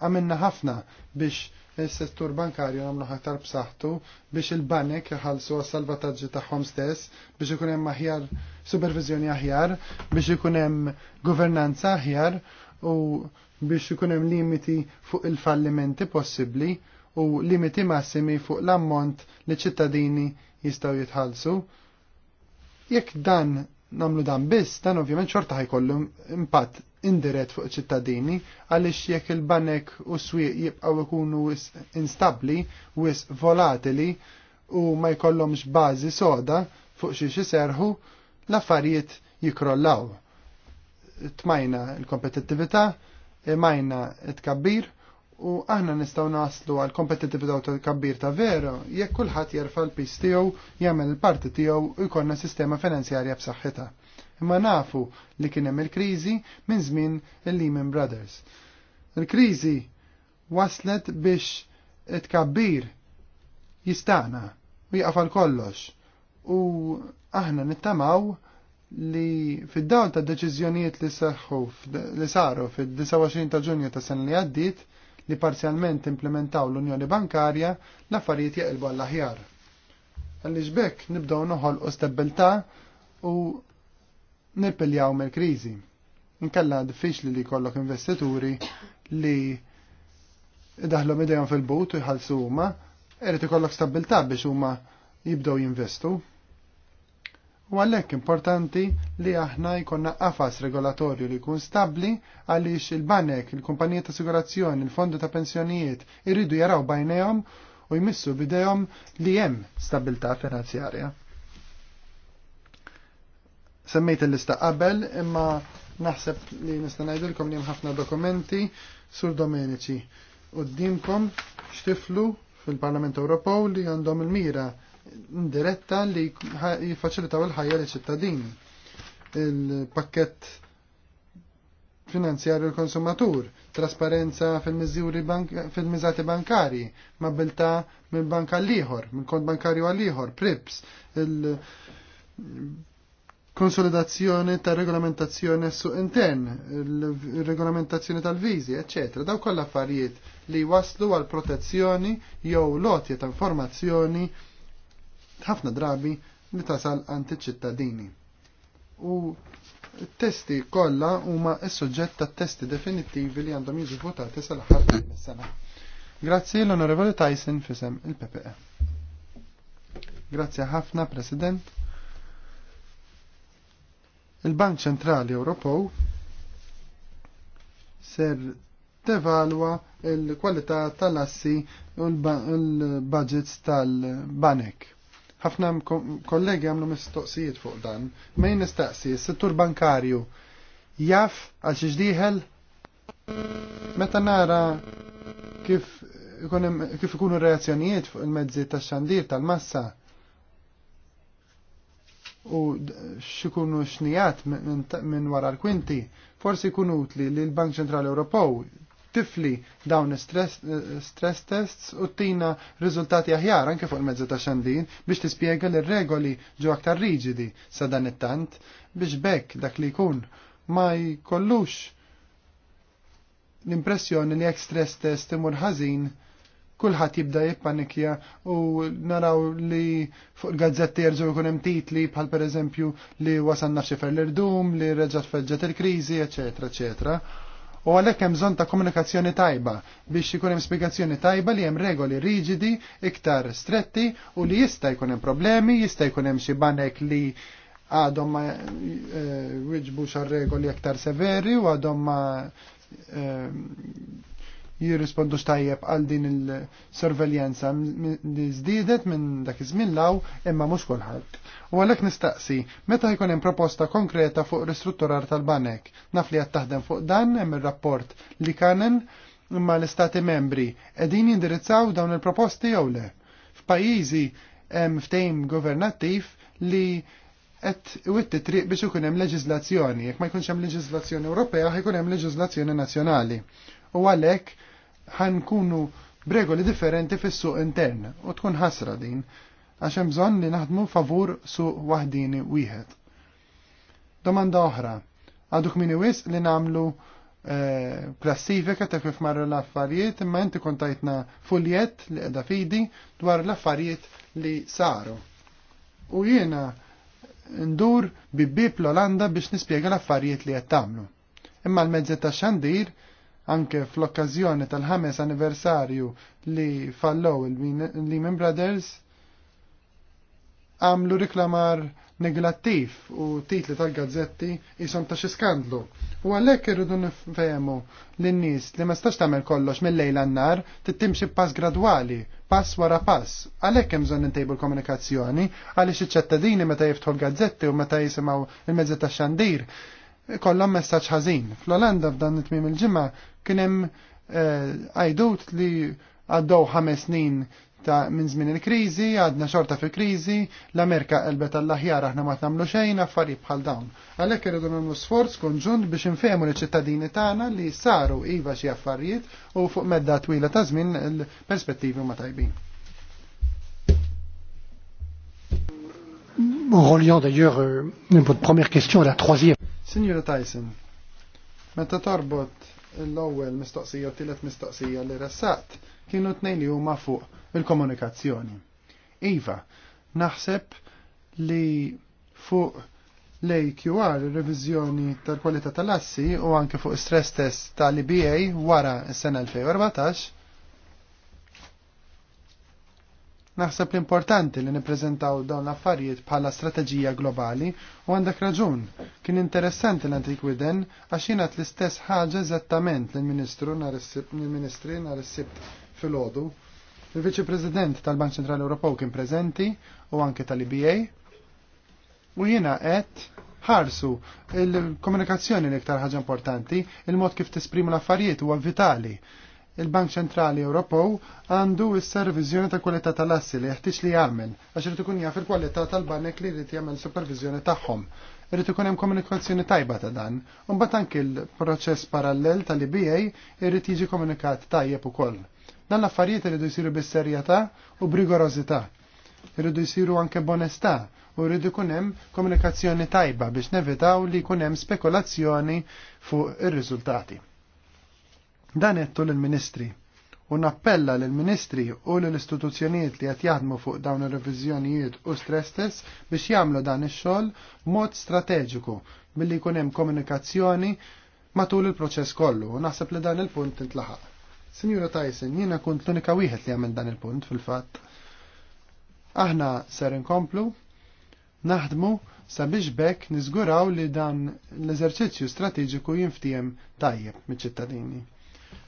għamilna ħafna biex il-settur bankarju nagħmlu ħatar b'saħħtu biex il-banek jħallsu għas-salvataġġi tagħhom stess, biex ikun hemm aħjar supervizjoni aħjar, biex ikun hemm governanza aħjar u biex ikun hemm limiti fuq il-fallimenti possibbli u limiti massimi fuq l-ammont li ċittadini jistgħu jitħallsu. Jekk dan namlu dan biss, dan ovvjament xorta ħajkollu impatt indirett fuq ċittadini għaliex jekk il-banek u swieq jibqgħu ikunu instabli, wis volatili u ma jkollhomx bażi soda fuq xi serħu l-affarijiet jikrollaw. Tmajna l-kompetittività, imajna t-kabbir u aħna nistgħu naslu għal daw ta' kabbir ta' vera jekk kulħadd jerfa' l-pis tiegħu, jagħmel il-parti tiegħu u jkollna sistema finanzjarja b'saħħitha. Imma nafu li kien hemm il-kriżi minn żmien il-Lehman Brothers. Il-kriżi waslet biex it-kabbir jistana u jaqfal kollox u aħna nittamaw li fid dawl ta' deċiżjonijiet li saħħu li saru fid-29 ta' ġunju ta' sen li għaddit li parzjalment implementaw l-Unjoni Bankarja l-affarijiet jaqilbu għall-aħjar. Għalli ġbek nibdaw noħol u stabilta u nirpiljaw mill kriżi Nkella diffiċli li kollok investituri li daħlhom idejhom fil-but u jħallsu huma, irid ikollok stabilta biex huma jibdew jinvestu. U għalhekk importanti li aħna jkollna qafas regolatorju li jkun stabbli għaliex il-banek, il-kumpanija ta' assigurazzjoni, il-fondi ta' pensjonijiet irridu jaraw bajnejhom u jmissu bidejhom li hemm stabilità finanzjarja. Semmejt il-lista qabel imma naħseb li nista' ngħidilkom li hemm ħafna dokumenti sur domeniċi. Qudiemkom xtiflu fil-Parlament Ewropew li għandhom il-mira diretta li jiffaċilitaw il-ħajja li ċittadini. Il-pakket finanzjarju l-konsumatur, trasparenza fil-mizzuri fil-mizzati bankari, mobilta mill bank għall-ieħor, mill kont bankarju għall-ieħor, PRIPS, il konsolidazzjoni ta' regolamentazzjoni su intern, regolamentazzjoni tal-vizi, ecc. Daw kolla affarijiet li waslu għal protezzjoni jew lotja ta' informazzjoni ħafna drabi li tasal għand ċittadini U t-testi kollha huma s-suġġett ta' testi definittivi li għandhom jiġu votati sal ħar sena. Grazzi l onorevole Tyson fisem il-PPE. Grazzi ħafna, President. Il-Bank Ċentrali Ewropew ser tevalwa l kwalità tal-assi u l-budgets tal-banek ħafna kollegi għamlu mistoqsijiet fuq dan. Mejn nistaqsi, s-settur bankarju jaf għal xieġdiħel? Meta nara kif, kif ikunu reazzjonijiet fuq il-mezzi tax xandir tal-massa u xikunu xnijat minn wara l-kwinti, forsi jkun utli li l-Bank Ċentrali Ewropew tifli dawn stress, stress tests u tina riżultati aħjar anke fuq il-mezzu ta' xandin biex tispjega li regoli ġu aktar riġidi sa dan it-tant biex bekk dak li jkun ma jkollux l-impressjoni li jekk stress test imur ħażin kulħadd jibda jippanikja u naraw li fuq il-gazzetti jerġgħu jkun hemm titli bħal pereżempju li wasanna f'xifer l-irdum, li reġgħet feġġet il-kriżi, eċetera, eċetera. U għalhekk hemm bżonn ta' komunikazzjoni tajba biex ikun hemm spjegazzjoni tajba li hemm regoli riġidi, iktar stretti u li jista' jkun hemm problemi, jista' jkun hemm xi banek li għadhom ma eh, wieġbux għal regoli aktar severi u għadhom ma eh, jirrispondu stajjeb għal din il sorveljenza li żdiedet minn dak iż-żmien law imma mhux kulħadd. U għalhekk nistaqsi, meta jkun hemm proposta konkreta fuq ristrutturar tal-banek, naf li qed taħdem fuq dan hemm ir-rapport li kanen imma l-istati membri qegħdin jindirizzaw dawn il-proposti jew le. F'pajjiżi hemm ftehim governattiv li qed witti triq biex ikun hemm leġiżlazzjoni. Jekk ma jkunx hemm leġiżlazzjoni Ewropea, ħajkun hemm leġiżlazzjoni nazzjonali u għalhekk ħankunu bregoli differenti fis-suq intern u tkun ħasra din għax hemm bżonn li naħdmu favur suq waħdini wieħed. Domanda oħra, għaduk minni wis li nagħmlu eh, klassifika ta' kif marru l-affarijiet, imma inti kontajtna fuljet li qiegħda fidi dwar l-affarijiet li saru. U jiena ndur bibib l-Olanda biex nispjega l-affarijiet li qed tagħmlu. Imma l-mezzi ta' xandir anke fl-okkażjoni tal-ħames anniversarju li fallow il-Lehman Brothers għamlu riklamar neglattif u titli tal-gazzetti jisom ta' xi skandlu. U għalhekk irridu nifhemu lin-nies li ma stax tagħmel kollox mill-lejl għan-nar tittimxi pass gradwali, pass wara pass. Għalhekk hemm bżonn intejbu l-komunikazzjoni għaliex iċ ċettadini meta jiftħu l-gazzetti u meta jisimgħu il-mezzi tax-xandir kollha messaġġ ħażin. Fl-Olanda f'dan it-tmiem il-ġimgħa Kien hemm eh, għajdut li għaddew ħames snin ta' minn żmien il-kriżi, għadna xorta fil-kriżi, l-Amerika qelbet tal-aħjar aħna ma tagħmlu xejn affarijiet bħal dawn. Għalhekk irridu nagħmlu sforz konġunt biex infehmu liċ-ċittadini tagħna li saru iva xi affarijiet u fuq medda twila ta' żmien il-perspettivi huma tajbin. Reliant d'ailleurs euh, votre première question à la troisième. Signora Tyson, meta torbot l-ewwel mistoqsija u tielet mistoqsija li ressaqt kienu tnejn li huma fuq il-komunikazzjoni. Iva, naħseb li fuq l-AQR, revizjoni tal-kwalità tal-assi u anke fuq stress test tal-IBA wara s-sena 2014, Naħseb l-importanti li nippreżentaw dawn l-affarijiet bħala strateġija globali u għandek raġun. Kien interessanti l-antik widen għax jingħat l-istess ħaġa eżattament lill-Ministru l ministri nhar is-Sibt filgħodu. Il-Viċi President tal-Bank Ċentrali Ewropew kien preżenti u anke tal-IBA u jiena qed ħarsu il-komunikazzjoni l-iktar ħaġa importanti, il-mod kif tisprimu l-affarijiet huwa vitali il-Bank Ċentrali Ewropew għandu issa reviżjoni ta' kwalità tal-assi li jeħtieġ li jagħmel għax irid ikun jaf il-kwalità tal-banek li jrid jagħmel supervizjoni tagħhom. Irid ikun hemm komunikazzjoni tajba ta' dan, u mbagħad anke l-proċess parallel tal-IBA irid jiġi komunikat tajjeb ukoll. Dan l-affarijiet iridu jsiru bis-serjetà u b'rigorożità. Iridu jsiru anke b'onestà u rridu jkun hemm komunikazzjoni tajba biex nevitaw li jkun hemm spekulazzjoni fuq ir-riżultati. Dan jettu l-ministri. U nappella l-ministri u l-istituzzjonijiet li għet jaħdmu fuq dawn il-revizjonijiet u stress test biex jamlu dan ix-xogħol mod strateġiku billi jkun hemm komunikazzjoni matul il-proċess kollu u naħseb li dan il-punt intlaħaq. Signora Tyson, jiena kunt l-unika wieħed li għamil dan il-punt fil-fatt. Aħna ser inkomplu, naħdmu sabiex bekk niżguraw li dan l-eżerċizzju strateġiku jinftijem tajjeb miċ-ċittadini.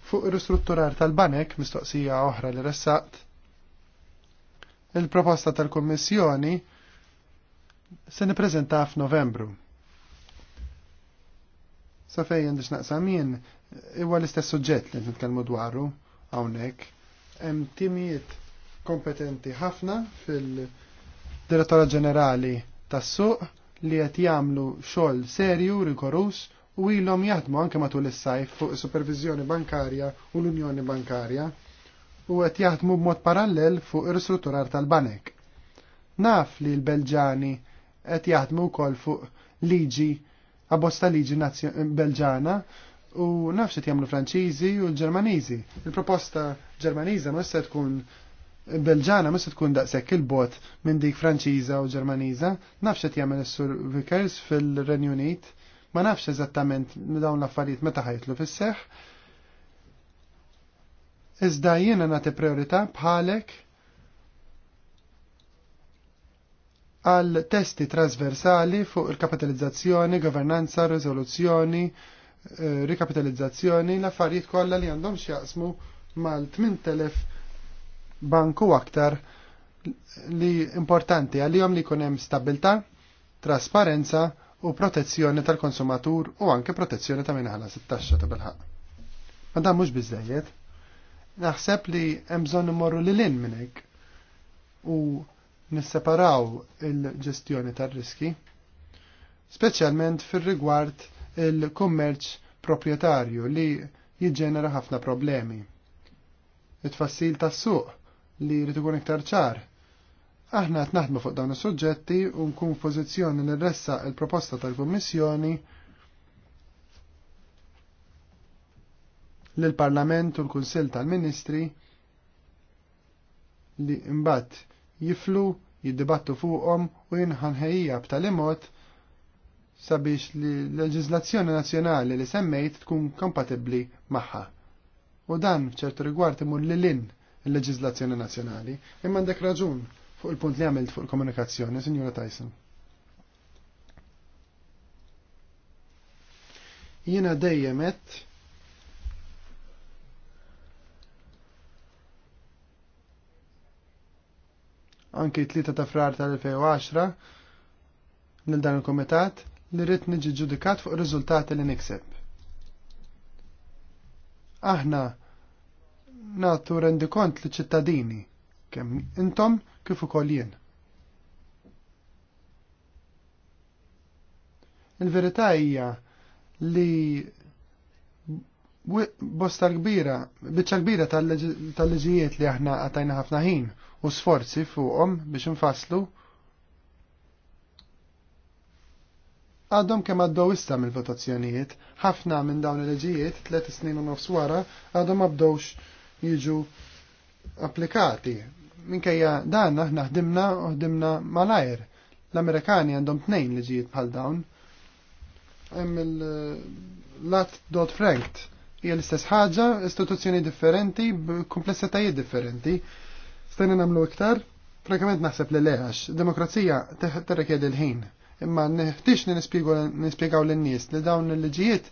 Fuq ristrutturar tal-banek, mistoqsija oħra li ressaqt, il-proposta tal-Kommissjoni se niprezenta f'Novembru. Sa fejn għandix naqsam jien, huwa l-istess suġġett li nitkellmu dwaru hawnhekk. Hemm timijiet kompetenti ħafna fil-Direttora Ġenerali tas-suq li qed jagħmlu xogħol serju rigorus u ilhom jaħdmu anke matul is-sajf fuq supervizjoni bankarja u l-Unjoni Bankarja u qed jaħdmu b'mod parallel fuq ir-ristrutturar tal-banek. Naf li l-Belġani qed jaħdmu wkoll fuq liġi abbosta liġi Belġana u nafx qed jagħmlu Franċiżi u l-Ġermaniżi. Il-proposta Ġermaniża ma se tkun Belġana se tkun daqshekk il-bot minn dik Franċiża u Ġermaniża, nafx qed jagħmel is-Sur Vickers fil-Renju Unit Ma nafx eżattament dawn l-affarijiet meta ħajtlu fis seħħ Iżda jiena nagħti priorità bħalek għal testi trasversali fuq il-kapitalizzazzjoni, governanza, riżoluzzjoni, eh, rikapitalizzazzjoni, l-affarijiet kollha li għandhom x'jaqsmu mal-8000 banku aktar li importanti għalihom li jkun hemm stabilta, trasparenza u protezzjoni tal-konsumatur u anke protezzjoni ta' minħala sit-taxxa ta' bil Ma dan mhux biżejjed. Naħseb li hemm bżonn immorru lil hinn minn hekk u nisseparaw il-ġestjoni tar-riski, speċjalment fir-rigward il-kummerċ proprjetarju li jiġġenera ħafna problemi. It-tfassil tas-suq li jrid ikun iktar ċar Aħna qed naħdmu fuq dawn is-suġġetti u nkun pożizzjoni nirressa il-proposta tal-Kummissjoni lill parlament u l-Kunsill tal-Ministri li mbagħad jiflu, jiddibattu fuqhom u jinħanħejja b'tali mod sabiex li l-leġiżlazzjoni nazzjonali li semmejt tkun kompatibbli magħha. U dan f'ċertu rigward imur lil in il-leġiżlazzjoni nazzjonali. Imma għandek raġun fuq il-punt li għamilt fuq il-komunikazzjoni, Signora Tyson. Jiena dejjem qed anki 3 ta' frar tal-2010 lil dan il-komitat li rrid niġi ġudikat fuq riżultati li nikseb. Aħna natu rendikont li ċittadini kemm intom kif ukoll jien. Il-verità hija li bosta kbira, biċċa kbira tal-leġijiet li aħna għatajna ħafna ħin u sforzi fuqhom biex infasslu. għadhom kemm għaddew issa mill-votazzjonijiet, ħafna minn dawn il-leġijiet tliet snin u nofs wara għadhom għabdowx jiġu applikati minkejja dan aħna ħdimna u ħdimna malajr. L-Amerikani għandhom tnejn liġijiet bħal dawn. Hemm il-Lat Dot frankt hija l-istess ħaġa, istituzzjoni differenti, b'kumplessitajiet differenti. Stajna nagħmlu iktar? Frankament naħseb li leħax, demokrazija terrekjed il-ħin. Imma neħtiex nispjegaw lin nies li dawn il-liġijiet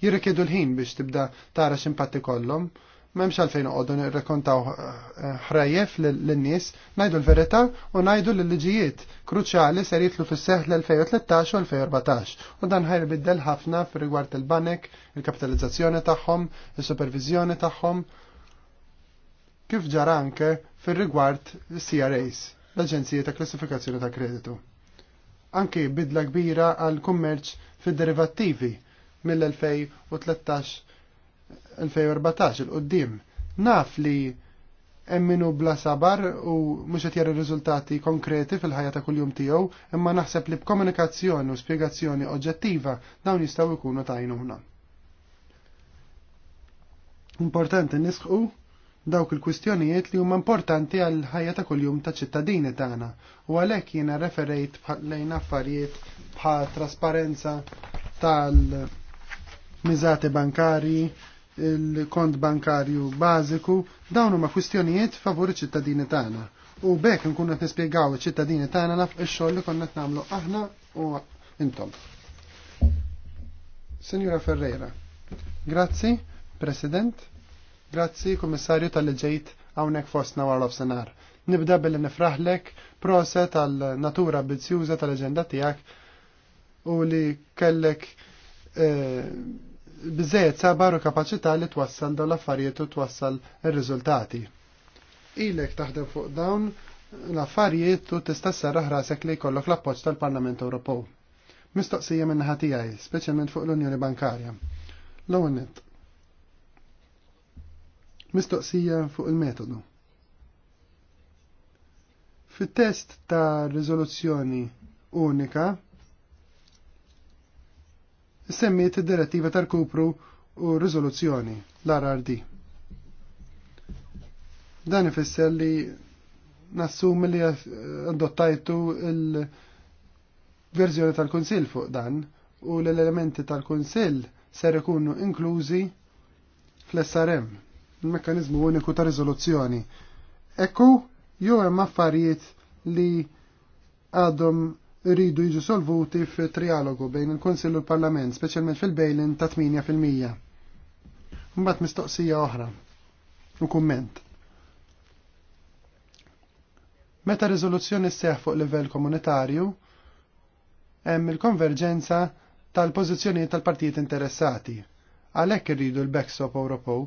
jirrikjedu l-ħin biex tibda tara x'impatti kollhom. kollom memx għalfejn uqodu nirrekontaw eh, ħrajjef l-nies, najdu l-verita u najdu l-liġijiet kruċali ser jitlu fis-seħ l-2013 u l 2014. U dan ħajr biddel ħafna fir-rigward il-banek, il-kapitalizzazzjoni tagħhom, il-supervizjoni tagħhom, kif ġara anke fir-rigward CRAs, l-Aġenzija ta' Klassifikazzjoni ta' Kreditu. Anki bidla kbira għal kummerċ fid-derivattivi mill-2013 2014 il-qoddim. Naf li emminu bla sabar u mhux qed jara riżultati konkreti fil-ħajja ta' kuljum tiegħu, imma naħseb li b'komunikazzjoni u spjegazzjoni oġġettiva dawn jistgħu jkunu tajnuna. Importanti nisħu dawk il-kwistjonijiet li huma importanti għal ħajja ta' kuljum ta' ċittadini tagħna u għalhekk jiena referejt lejn affarijiet bħal trasparenza tal-miżati bankarji, il-kont bankarju bażiku, dawn huma kwistjonijiet favur iċ-ċittadini tagħna. U bekk nkunu qed nispjegaw iċ-ċittadini tagħna naf ix-xogħol li konna qed nagħmlu aħna u intom. Sinjura Ferreira, grazzi, President, grazzi Kummissarju tal liġejt hawnhekk fostna wara l-ofsenar. Nibda billi nifraħlek prose tal-natura bizzjuża tal-aġenda tiegħek u li kellek eh, bizzejet sabar u kapacità li twassal dawn l-affarijiet u twassal il riżultati Ilek taħdem fuq dawn l-affarijiet u tista' serraħ rasek li jkollok l-appoġġ tal-Parlament Ewropew. Mistoqsija minn għaj, speċjalment fuq l-Unjoni Bankarja. L-ewwel nett. Mistoqsija fuq il-metodu. Fit-test ta' riżoluzzjoni unika semmiet id-direttiva tal-kupru u Rizoluzzjoni l-RRD. Dan ifisser li nassum li adottajtu il-verżjoni tal-Kunsill fuq dan u l-elementi tal-Kunsill ser ikunu inklużi fl-SRM, il-mekkanizmu uniku ta' Rizoluzzjoni. Ekku jew hemm affarijiet li għadhom rridu jiġu solvuti f-trialogu bejn il-Konsil u l-Parlament, specialment fil-bejlin ta' 8%. Mbatt mistoqsija oħra u kumment. Meta riżoluzzjoni seħ fuq livell komunitarju, hemm il-konverġenza tal-pożizzjonijiet tal-partijiet interessati, għalhekk irridu l-backstop Ewropew,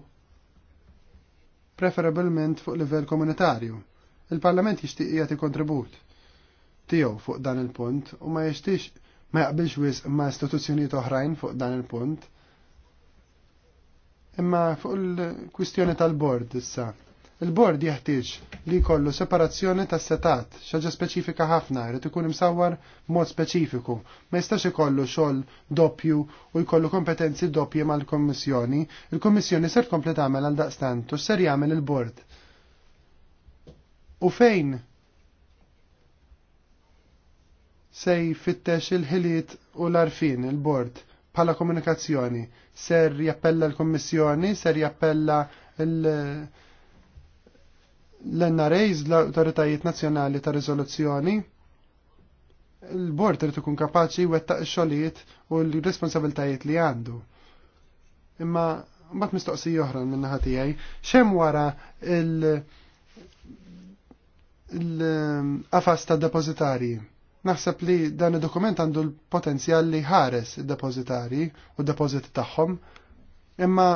preferabilment fuq livell komunitarju. Il-Parlament jixtieq jagħti kontribut tiegħu fuq dan il-punt u ma jixtiex ma jaqbilx wis ma' istituzzjonijiet oħrajn fuq dan il-punt. Imma fuq il-kwistjoni tal-bord issa. Il-bord jeħtieġ li jkollu separazzjoni ta' setat xaġa speċifika ħafna jrid ikun imsawwar mod speċifiku. Ma jistax ikollu xogħol doppju u jkollu kompetenzi doppji mal-Kommissjoni. Il-Kommissjoni ser tkompli tagħmel għal daqstant u ser jagħmel il-bord. U fejn se jfittex il-ħiliet u l-arfin, il-bord, bħala komunikazzjoni. Ser jappella l-Kommissjoni, ser jappella l-NRAs, l-Autoritajiet Nazzjonali ta' Rizoluzzjoni. Il-bord irid ikun kapaċi wettaq xogħlijiet u l-responsabiltajiet li għandu. Imma mbagħad mistoqsija oħra minn naħa tiegħi, xemm wara il- l-qafas ta' depozitarji Naħseb li dan id-dokument għandu l-potenzjal li ħares id-depozitari u d-depozit tagħhom, imma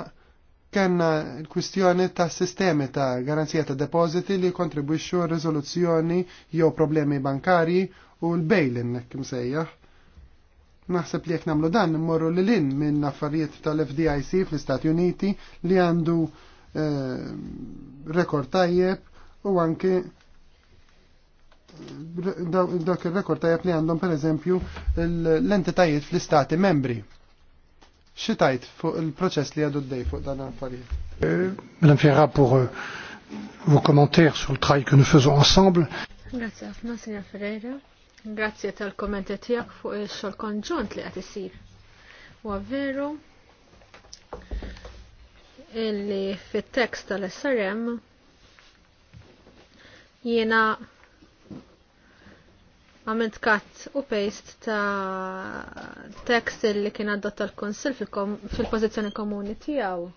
kena l-kwistjoni ta' sistemi ta' garanzija ta' depoziti li kontribwixxu r jew problemi bankari u l-bail-in kim sejja. Naħseb li jekk nagħmlu dan immorru l lin minn affarijiet tal-FDIC fl-Istati Uniti li għandu eh, rekord tajjeb u anke dak il-rekord tajab li għandhom per eżempju l-entitajiet fl-istati membri. Xitajt fuq il-proċess li għadu d-dej fuq dan l-affarijiet? Eh, Madame Ferra, pour euh, vos commentaires sur le travail que nous faisons ensemble. Grazie ħafna, Signor Ferreira. Grazie tal-kommenti tijak fuq il-xol konġunt li għat isir. U veru illi fit-tekst tal-SRM jiena għamilt cut u paste ta' tekst li kien adotta l-konsil fil-pozizjoni komuni tijaw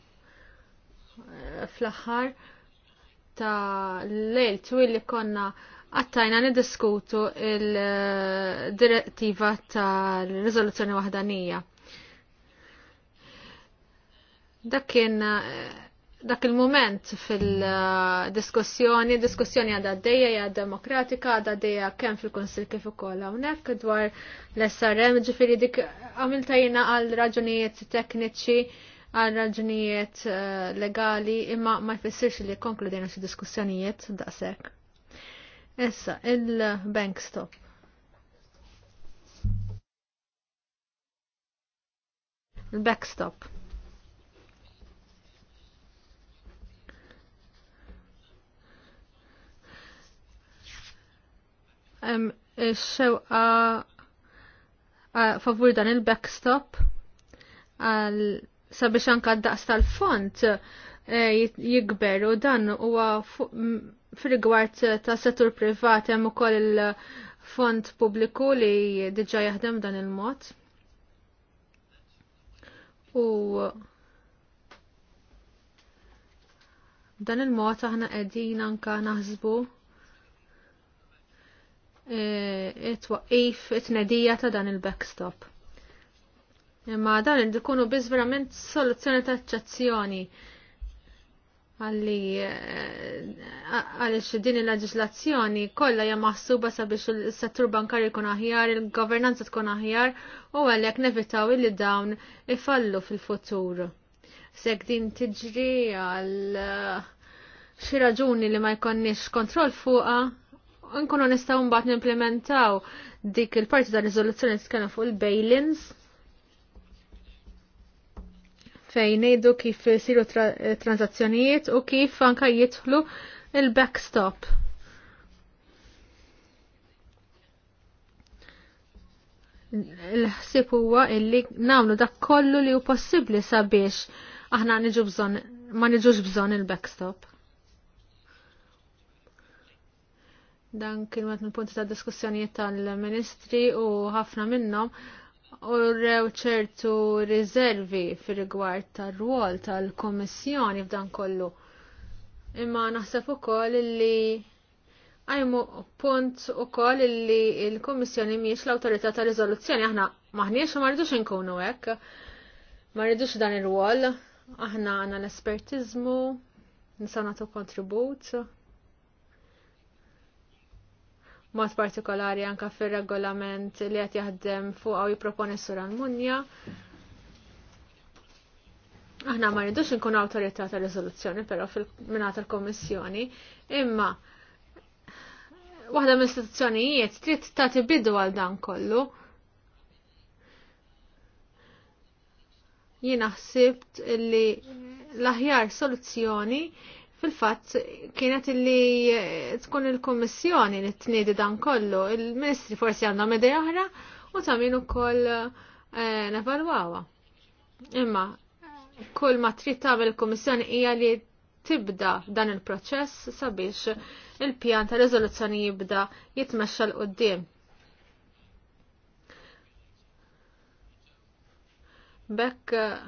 fl-axar ta' lejl twil li konna għattajna nidiskutu il-direttiva ta' rizoluzzjoni wahdanija. Dak kien dak il-moment fil-diskussjoni, diskussjoni għadha d deja għadda demokratika, għadha d deja kem fil-konsil kif ukoll hawnhekk dwar l-SRM, ġifieri dik għamiltajna għal raġunijiet tekniċi, għal raġunijiet eh, legali, imma ma jfissirx li konkludejna xie diskussjonijiet daqshekk. Issa, il-bank stop. Il-backstop. xewqa favur dan il-backstop għal sabiex anka daqs tal-font e, jikber u dan huwa fil-rigward ta' settur privat hemm ukoll il-fond pubbliku li diġà jaħdem dan il-mod. U dan il-mod aħna qegħdin anka naħsbu Eh, it waqif it-nedija ta' dan il-backstop. Imma dan id-dikunu biz verament soluzzjoni ta' eccezzjoni għalli eh, għalli din il-leġislazzjoni kolla hija maħsuba sabiex il-settur bankari jkun aħjar, il-governanza tkun aħjar u għalhekk nevitaw li dawn ifallu fil-futur. Sek din tiġri għal eh, xi raġuni li ma jkonniex kontroll fuqha nkunu nistgħu mbagħad nimplementaw dik il-parti ta' riżoluzzjoni tkellem fuq il-bailins fejn ngħidu kif isiru eh, transazzjonijiet u kif anke jidħlu il-backstop. il ħsib huwa illi nagħmlu dak kollu li hu possibbli sabiex aħna niġu bżonn ma niġux bżonn il-backstop. Dan kien wieħed mill-punti ta' diskussjonijiet tal-Ministri u ħafna minnhom u rew ċertu riservi fir-rigward tar-rwol tal komissjoni f'dan kollu. Imma naħseb ukoll li għajmu punt u koll li il-Komissjoni miex l-autorità ta' rizoluzzjoni, aħna maħniex u marridux nkunu hekk, marridux dan ir-rwol, aħna għandna l-espertizmu, nisa nagħtu kontribut mod partikolari anka fil-regolament li għat jaħdem fuq għaw jiproponi suran munja. Aħna ma rridux nkun autorità ta' rizoluzzjoni, pero fil-minat tal-Komissjoni, imma waħda mill-istituzzjonijiet trid tagħti bidu għal dan kollu. Jien ħsibt li l-aħjar soluzzjoni fil-fatt kienet li eh, tkun il-Kommissjoni li t tniedi dan kollu, il-Ministri forsi għandhom idea oħra u tamin ukoll eh, nevalwawa. Imma kull ma trid tagħmel il-Kummissjoni hija li tibda dan il-proċess sabiex il-pjan ta' riżoluzzjoni jibda jitmexxa l qoddim Bekk eh,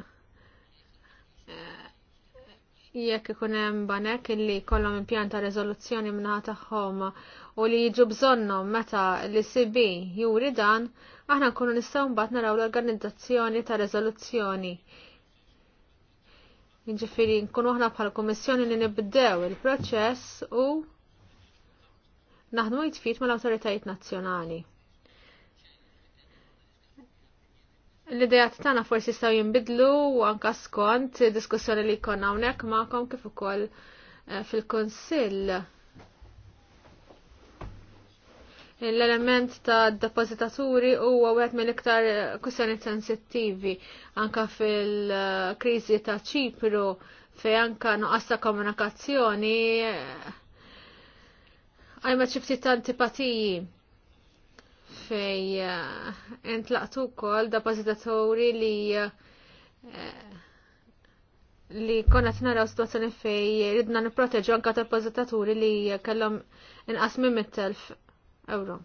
jekk ikun hemm banek illi jkollhom impjanta riżoluzzjoni minnaħa tagħhom u li jiġu bżonnhom meta li CB juri dan, aħna nkunu nistgħu mbagħad naraw l-organizzazzjoni ta' riżoluzzjoni. Jiġifieri nkunu aħna bħal kummissjoni li nibdew il-proċess u naħdmu jitfit mal-awtoritajiet nazzjonali. L-idejat tagħna forsi jistgħu jinbidlu u anka skont diskussjoni li konna hawnhekk ma'kom kif ukoll eh, fil-Kunsill. L-element ta' depozitaturi huwa wieħed mill-iktar kwistjoni sensittivi anka fil-kriżi ta' Ċipru fej anka nuqqas ta' komunikazzjoni eh, għajma ċifti ta' antipatiji fej eh, laqtu kol depozitatori li eh, li konna t-naraw situazzjoni fej ridna niproteġu anka depozitaturi li kellhom inqas minn mittelf euro.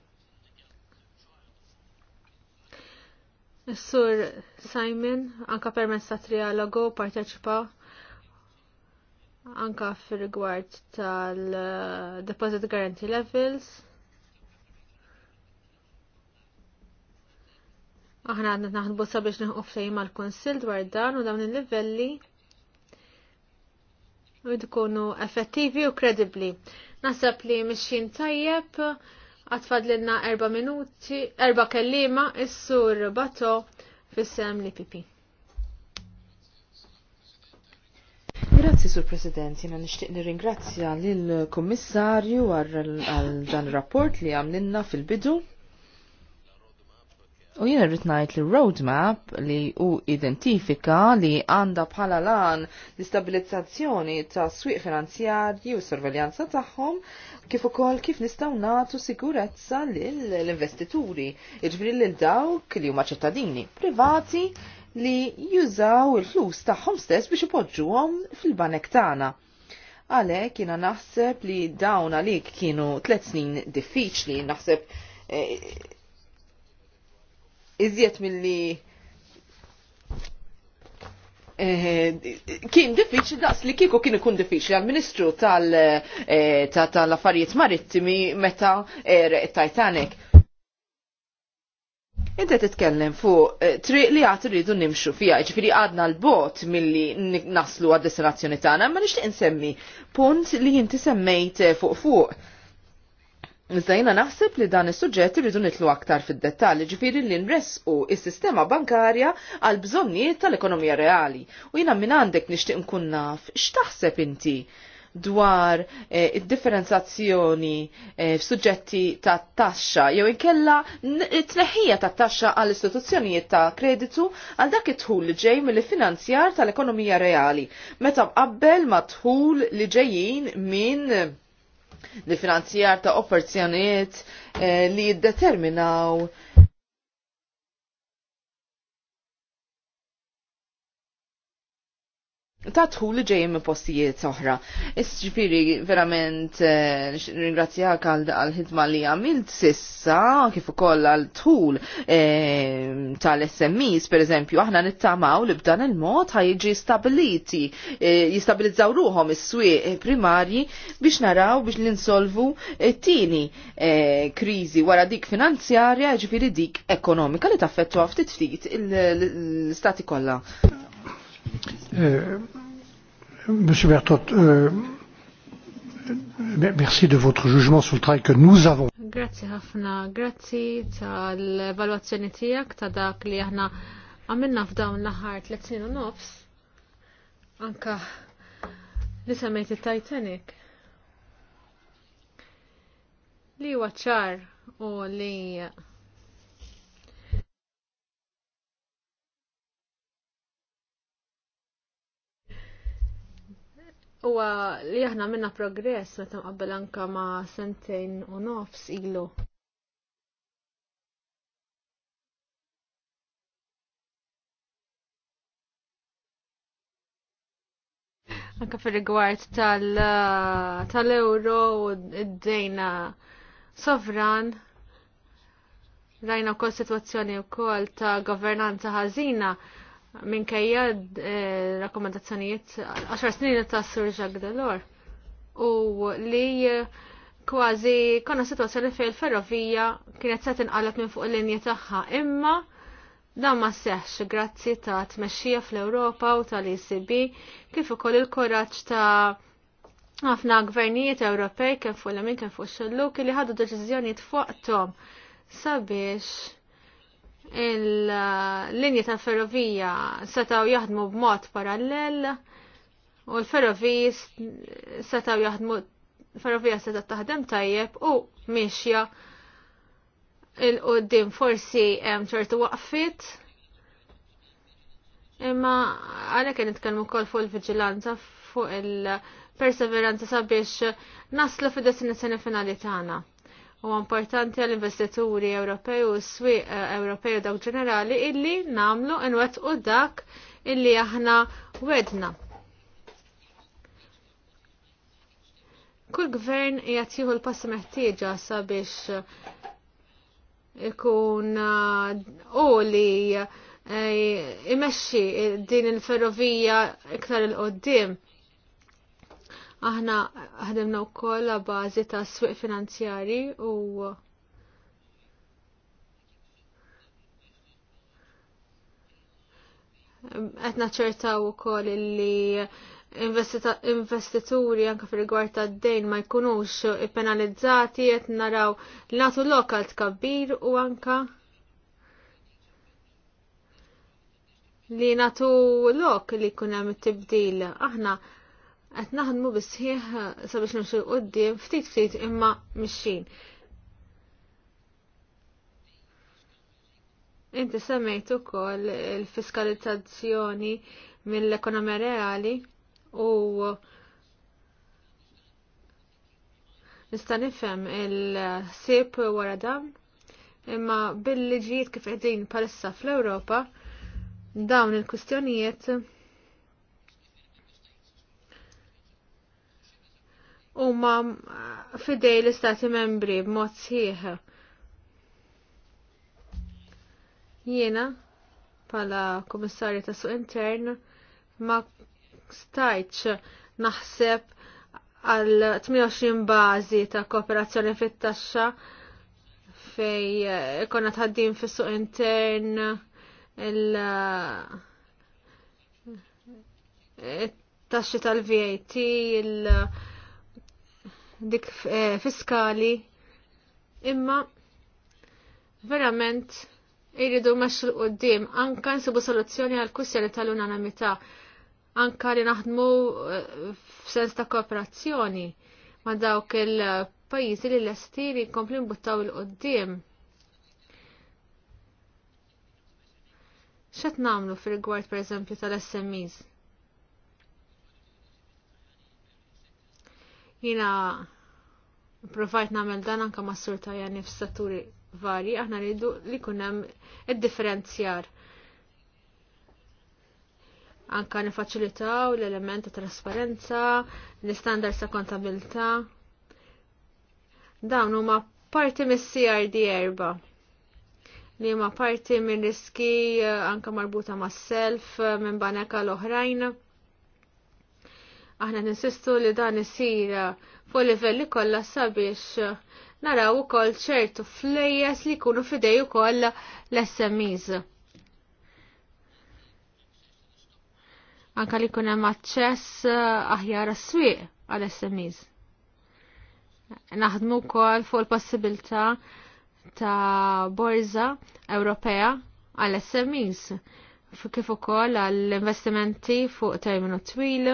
Sur Simon anka permezz ta' trialogu parteċipa anka fir rigward tal-deposit eh, guarantee levels Aħna għadna naħdbu sabiex neħu flejma l-konsil dwar dan u dawn il-livelli u jkunu effettivi u kredibli. Nasab li mixin tajjeb għatfadlilna erba minuti, erba kellima, s sur bato fissem li pipi. Grazzi, Sur President, jena nishtiq nirringrazzja lill-Kommissarju għal dan rapport li għamlinna fil-bidu U jien rrid ngħid li roadmap li hu identifika li għandha bħala lan l-istabilizzazzjoni ta' swieq finanzjarji u sorveljanza tagħhom kif ukoll kif nistgħu nagħtu sigurezza lill-investituri, jiġifieri lil dawk li huma ċittadini privati li jużaw il-flus tagħhom stess biex ipoġġuhom fil-banek tagħna Għalhekk jina naħseb li dawn għalik kienu tlet snin diffiċli, naħseb eh, iżjed milli eh, kien diffiċli daqs li kieku kien ikun diffiċli għal-Ministru eh, tal-Affarijiet Marittimi meta er Titanic. Inti titkellem fuq eh, triq li għat rridu nimxu fija, ġifiri għadna l-bot milli naslu għad destinazzjoni tagħna, ma nixtieq insemmi punt li inti semmejt fuq fuq Iżdajna naħseb li dan is-suġġett irridu nitlu aktar fid dettalji ġifieri li nresqu is-sistema bankarja għal bżonnijiet tal-ekonomija reali. U jiena minn għandek nixtieq nkun naf x'taħseb inti dwar eh, id-differenzazzjoni eh, f'suġġetti ta' taxxa jew inkella t-tneħħija ta' taxxa għall istituzzjonijiet ta' kreditu għal dak it-tħul li ġej mill-finanzjar tal-ekonomija reali meta mqabbel ma' tħul li ġejjin minn li finanzjar ta' opporzjonijiet eh, li jiddeterminaw ta' li ġejjem minn postijiet oħra. Isġifiri, verament, ringrazzjak għal-ħidma li għamilt sissa, kif ukoll għal tul tal-SMEs, per eżempju, aħna nittamaw li b'dan il-mod ħajġi stabiliti, jistabilizzaw ruhom is-swieq primarji biex naraw biex ninsolvu t-tieni kriżi wara dik finanzjarja, ġifiri dik ekonomika li taffettwa ftit ftit l-stati kollha. Euh, Monsieur Bertot, euh, merci de votre jugement sur le travail que nous avons. Grazie ħafna, grazie tal-evaluazzjoni tiegħek ta' dak li aħna għamilna f'dawn naħar tliet snin u nofs. Anka li semmejt titanic Li huwa ċar u li huwa li aħna minna progress meta mqabbel anka ma' sentejn u nofs ilu. Anka fil rigward uh, tal-euro u id-dejna sovran, rajna kol situazzjoni u kol ta' governanza ħazina minkejja eh, rakkomandazzjonijiet 10 snin ta' Sur Jacques Delor u li eh, kważi konna situazzjoni fej il-ferrovija kienet se tinqalet minn fuq il-linja tagħha imma dan ma seħx grazzi ta' tmexxija fl-Ewropa u tal-ECB kif ukoll il-kuraġġ ta' ħafna gvernijiet Ewropej kien fuq l-Amin kien fuq xelluk li ħadu deċiżjonijiet fuqhom sabiex il-linja ta' ferrovija setaw jaħdmu b'mod parallel u l-ferroviji setaw jaħdmu ferrovija seta taħdem tajjeb u mixja il-qoddim forsi hemm ċertu waqfit imma għalhekk nitkellmu wkoll fuq il-viġilanza fuq il-perseveranza sabiex naslu fid-destinazzjoni finali tagħna u importanti għall investituri Ewropej u s-swieq eh, Ewropej u dawk ġenerali illi namlu inwet u dak illi aħna wedna. Kull gvern jgħat jieħu l-passi meħtieġa sabiex ikun eh, u li eh, imexxi din il-ferrovija iktar il-qoddim Aħna ħdemna wkoll la bażi ta' swieq finanzjari u qed naċċertaw ukoll illi investituri anka fil rigward ta' d-dejn ma jkunux penalizzati qed naraw natu lokal tkabbir u anka li natu lok li jkun hemm it-tibdil. Aħna Qed naħdmu bisħiħ sabiex nimxu l-qoddim ftit ftit imma mixin. Inti semmejt ukoll il-fiskalizzazzjoni mill-ekonomija reali u nista' nifhem il-sib wara dan imma billi ġiet kif qegħdin palissa fl-Ewropa dawn il-kustjonijiet huma fidej l-istati membri b'mod sħiħ. Jiena bħala kummissarju ta' suq intern ma stajtx naħseb għal 28 bażi ta' kooperazzjoni fit-taxxa fej ikonna tħaddim fis suq intern il taxxi tal-VAT, il-, il dik eh, fiskali imma verament iridu meċu l-qoddim anka nsibu soluzzjoni għal li tal-unanimità anka li naħdmu eh, f'sens ta' kooperazzjoni ma' dawk il-pajjiżi li l-estiri komplim mbuttaw il-qoddim. ċet namlu fil-rigward per eżempju tal-SMEs? Jina provajt namel dan anka ma' surta jani f-saturi varji, aħna rridu li kunem id-differenzjar. Anka nifaċilitaw l-element ta' trasparenza, l standard ta' kontabilta. Dawn huma parti mis-CRD erba' li ma parti minn riski eh, anka marbuta ma' self eh, minn baneka l-oħrajn. Aħna ninsistu li dan isir fuq livelli kollha sabiex naraw ukoll ċertu flejjes li jkunu fidej ukoll l-SMEs. Anka li jkun hemm aċċess aħjar għas-swieq għal-SMEs. Naħdmu wkoll fuq il-possibilità ta' borza Ewropea għal SMEs kif ukoll għall investimenti fuq terminu twil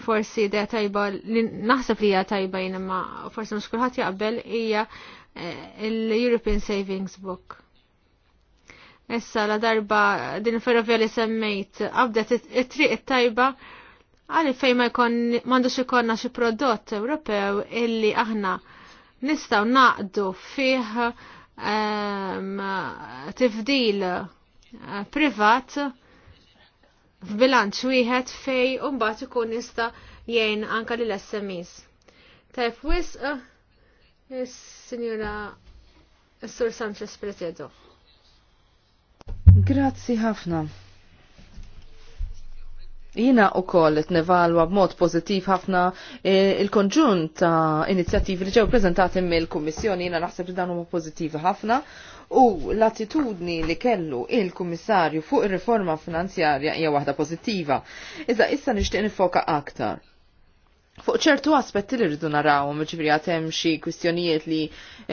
forsi idea tajba, li naħseb li hija tajba jien imma forsi mhux kulħadd jaqbel hija eh, l-European Savings Book. Issa la darba din ferrovja li semmejt qabdet it-triq it-tajba għalli fejn ma jkun m'għandux ikollna xi prodott Ewropew illi aħna nistgħu naqdu fih ehm, tifdil eh, privat f'bilanċ wieħed fej mbagħad ikun nista' jgħin anka lil SMEs. Tajf wisq eh, is-Sinjura Sur Sanchez Presedo. Grazzi ħafna. Jina u koll nevalwa b'mod pozittiv ħafna eh, il-konġun ta' inizjattivi li ġew prezentati mill-Kummissjoni jina naħseb li dan huma pozittivi ħafna u l-attitudni li kellu il-Kummissarju fuq ir-riforma finanzjarja hija waħda pożittiva. Iżda issa nixtieq nifoka aktar. Fuq ċertu aspetti li rridu narawhom, ġifieri hemm xi kwistjonijiet li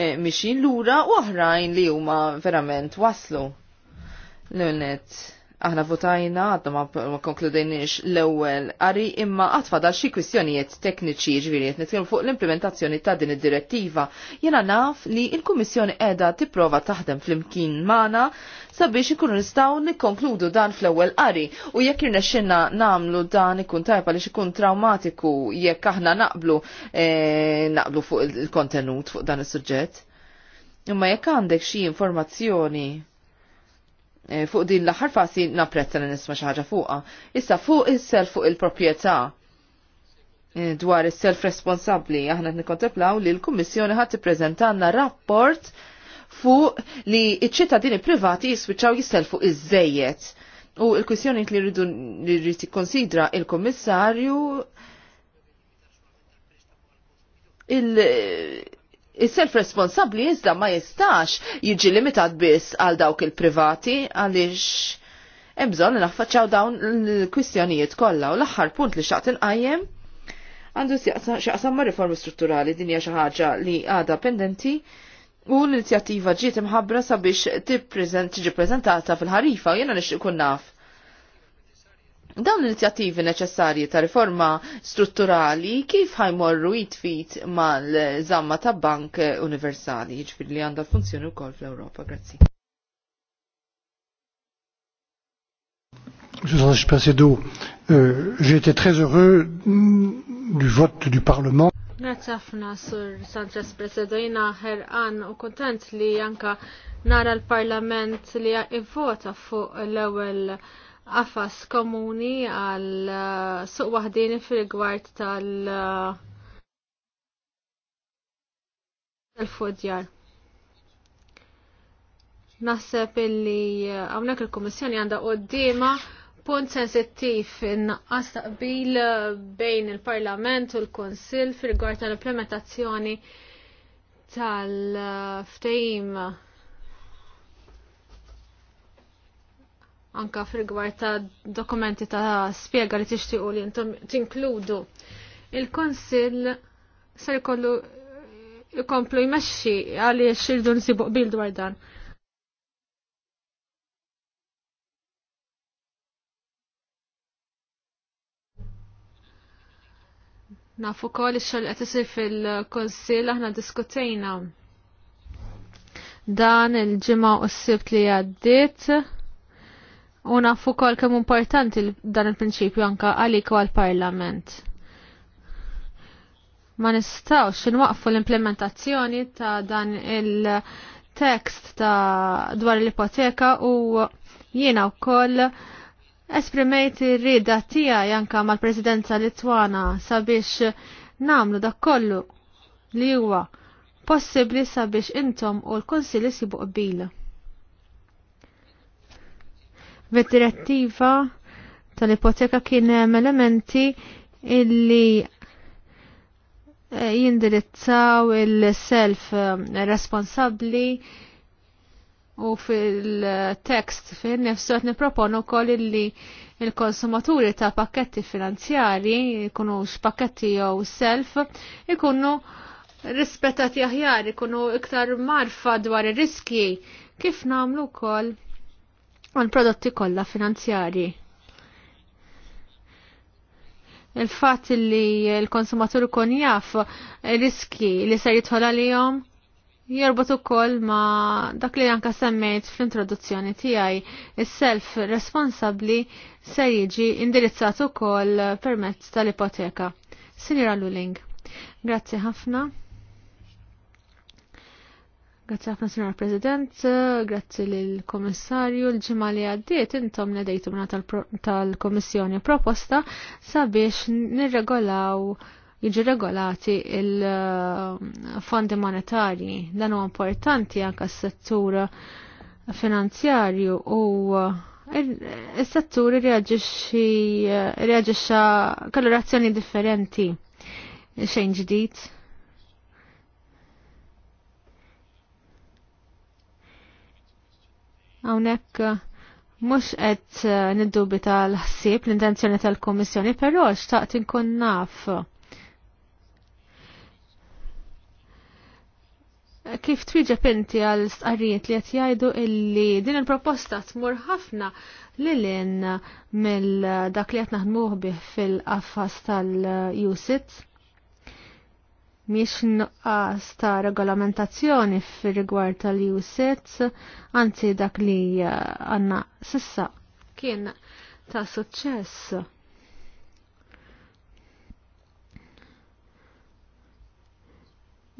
eh, mixin lura u oħrajn li huma verament waslu. Lunet Aħna votajna, għadna ma konkludejniex l-ewel qari imma għatfa dal xi kwistjonijiet tekniċi ġviri qed fuq l-implementazzjoni ta' din id-direttiva. Jena naf li l-Kummissjoni qiegħda tipprova taħdem flimkien mana sabiex ikunu nistgħu nikkonkludu dan fl-ewwel qari u jekk irnexxinna nagħmlu dan ikun tajba li ikun traumatiku jekk aħna naqblu e, naqblu fuq il-kontenut fuq dan is-suġġett. Imma jekk għandek xi informazzjoni Eh, fuq din l-aħħar fasi napprezza li nisma xi ħaġa fuqha. Issa fuq is-self fuq il-proprjetà eh, dwar is-self responsabbli aħna qed nikkontemplaw li l-Kummissjoni ħadd tippreżentanna rapport fuq li iċ-ċittadini privati jiswiċċaw fuq iż-żejjed. U l kwissjoni li rridu li rrid ikkonsidra il-Kummissarju il Is-self responsabbli iżda ma jistax jiġi limitat biss għal dawk il-privati għaliex hemm bżonn li dawn l-kwistjonijiet kollha u l-aħħar punt li xaqt inqajjem għandu xaqsam ma' riformi strutturali din hija xi ħaġa li għadha pendenti u l-inizjattiva ġiet imħabbra sabiex tiġi prezentata fil-ħarifa u jiena nixtieq kun naf Dawn l-inizjattivi neċessarji ta' riforma strutturali kif ħajmorru jitfit mal-zamma ta' bank universali, ġifir li għanda funzjoni u kol fl-Europa. Grazzi. Monsieur euh, très heureux du vote du Parlement. Grazie ħafna sur Sanchez Presedo jina ħerqan u kontent li anka nara l-Parlament li jivvota fuq l-ewwel għafas komuni għal uh, suq wahdini fil-gwart tal- uh, tal-fodjar. Naħseb illi uh, hawnhekk il-Kummissjoni għandha qoddiema punt sensittiv innaqqas taqbil bejn il-Parlament u l-Konsil fil-gwart tal-implementazzjoni tal-ftehim anka fil-gwar ta' dokumenti ta' spiega li tixtiqu li intom tinkludu. Il-konsil sar kollu eh, jkomplu jmexxi għalli xildu nsibu qbil dwar dan. Nafu koll xal xogħol qed isir fil-konsil aħna diskutejna dan il-ġimgħa u s-sibt li għaddiet U nafu kol kemm importanti dan il-prinċipju anka għalik u għal-parlament. Ma xin waqfu l-implementazzjoni ta' dan il-tekst ta' dwar l-ipoteka u jiena u koll esprimejt rida tija janka mal-presidenza Litwana sabiex namlu dak kollu li huwa possibli sabiex intom u l-konsil jisibu qbila. Vid-direttiva tal-ipoteka kien hemm elementi illi eh, jindirizzaw il-self eh, responsabli u fil-tekst fin nifsu għet niproponu kol illi il-konsumaturi ta' pakketti finanzjari, ikunu x-pakketti jew self, ikunu rispettati aħjar, ikunu iktar marfa dwar ir-riski kif namlu kol għal prodotti kollha finanzjari. Il-fatt li l-konsumatur ikun jaf riski li se jidħol għalihom jorbot ukoll ma dak li anka semmejt fl-introduzzjoni tiegħi is-self responsabbli se jiġi indirizzat ukoll permezz tal-ipoteka. Sinira Luling. Grazzi ħafna. Grazzi ħafna Signor President, grazzi lill-Komissarju, l-ġimgħa li għaddiet intom nedejtu tal-Komissjoni proposta sabiex nirregolaw jiġi regolati il-fondi monetarji. Dan huwa importanti anke s-settur finanzjarju u s-settur reaġixxa kalorazzjoni differenti xejn ġdid Hawnhekk eh, mhux qed eh, niddubi tal ħsieb l-intenzjoni tal-Kummissjoni, però xtaqt inkun naf. Kif twieġeb inti għal stqarrijiet li qed jgħidu illi din il-proposta tmur ħafna lilin mill dak li qed naħdmuh bih fil qaffas tal-USIT? miex nuqqas ta' regolamentazzjoni fir-rigward tal usets anzi dak li eh, għanna sissa kien ta' suċċess.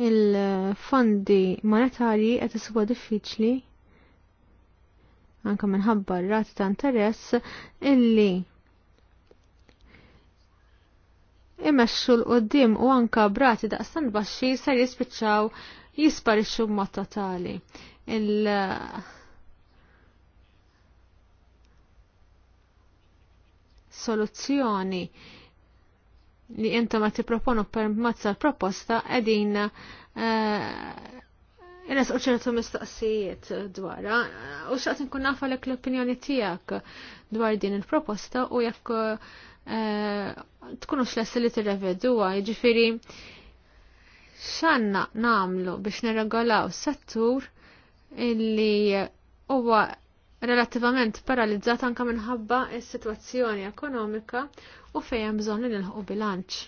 Il-fondi monetarji qed isuwa diffiċli anke minħabba r-rati ta' interess illi imexxu l-qoddim u anka brati daqsan baxxi ser jispiċċaw jisparixxu b'mod totali. Il soluzzjoni li intom qed tipproponu per tal-proposta qegħdin eh, Ines uċertu mistaqsijiet dwarha u xaqt nkun nafa l l-opinjoni tiegħek dwar din il-proposta u jekk Eh, tkunux xlessi li t-revedua, ġifiri xanna namlu biex neregolaw settur illi huwa relativament paralizzat anka minħabba is-sitwazzjoni ekonomika u fejn bżonn li nilħu bilanċ.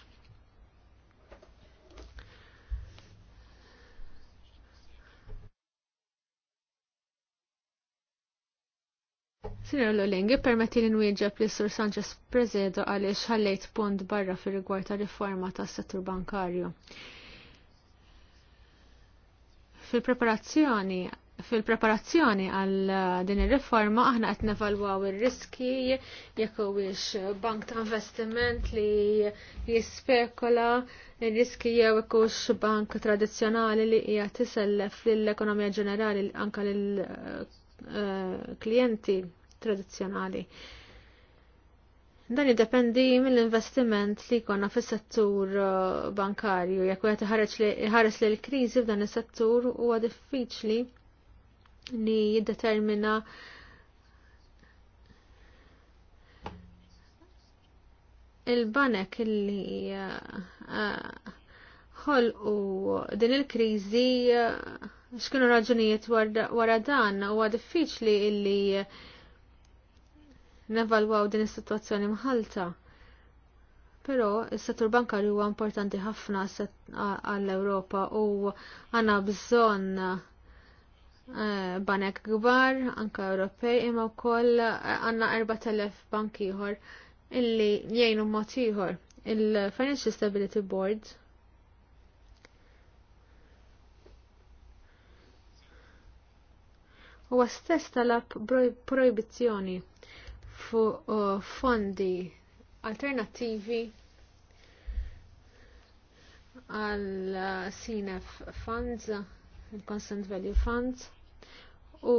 Sinjor Lolingi, permetti li nwieġeb li Sur Sanchez Prezedo għaliex ħallejt punt barra fir rigward ta' riforma tas settur bankarju. Fil-preparazzjoni fil-preparazzjoni għal din ir-riforma aħna qed nevalwaw ir-riski jekk huwiex bank ta' investiment li jispekola ir-riski jew ikux bank tradizzjonali li hija tisellef lill-ekonomija ġenerali anke lill eh, klijenti tradizzjonali. Dan jiddependi mill-investiment li jkollna fis-settur uh, bankarju jekk wieħed iħares li l-kriżi f'dan is-settur huwa diffiċli li jiddetermina il-banek li uh, ħolqu din il-kriżi uh, x'kienu raġunijiet wara dan huwa diffiċli li nevalwaw din is-sitwazzjoni mħalta. Però is-settur bankarju huwa importanti ħafna għall-Ewropa u għandna bżonn e, banek kbar, anka Ewropej, imma wkoll għandna 4000 bank ieħor illi jgħinu mod ieħor. Il-Financial Stability Board huwa stess talab proibizzjoni. Pro fuq uh, fondi alternattivi għal uh, CNF funds, il-Constant Value Funds, u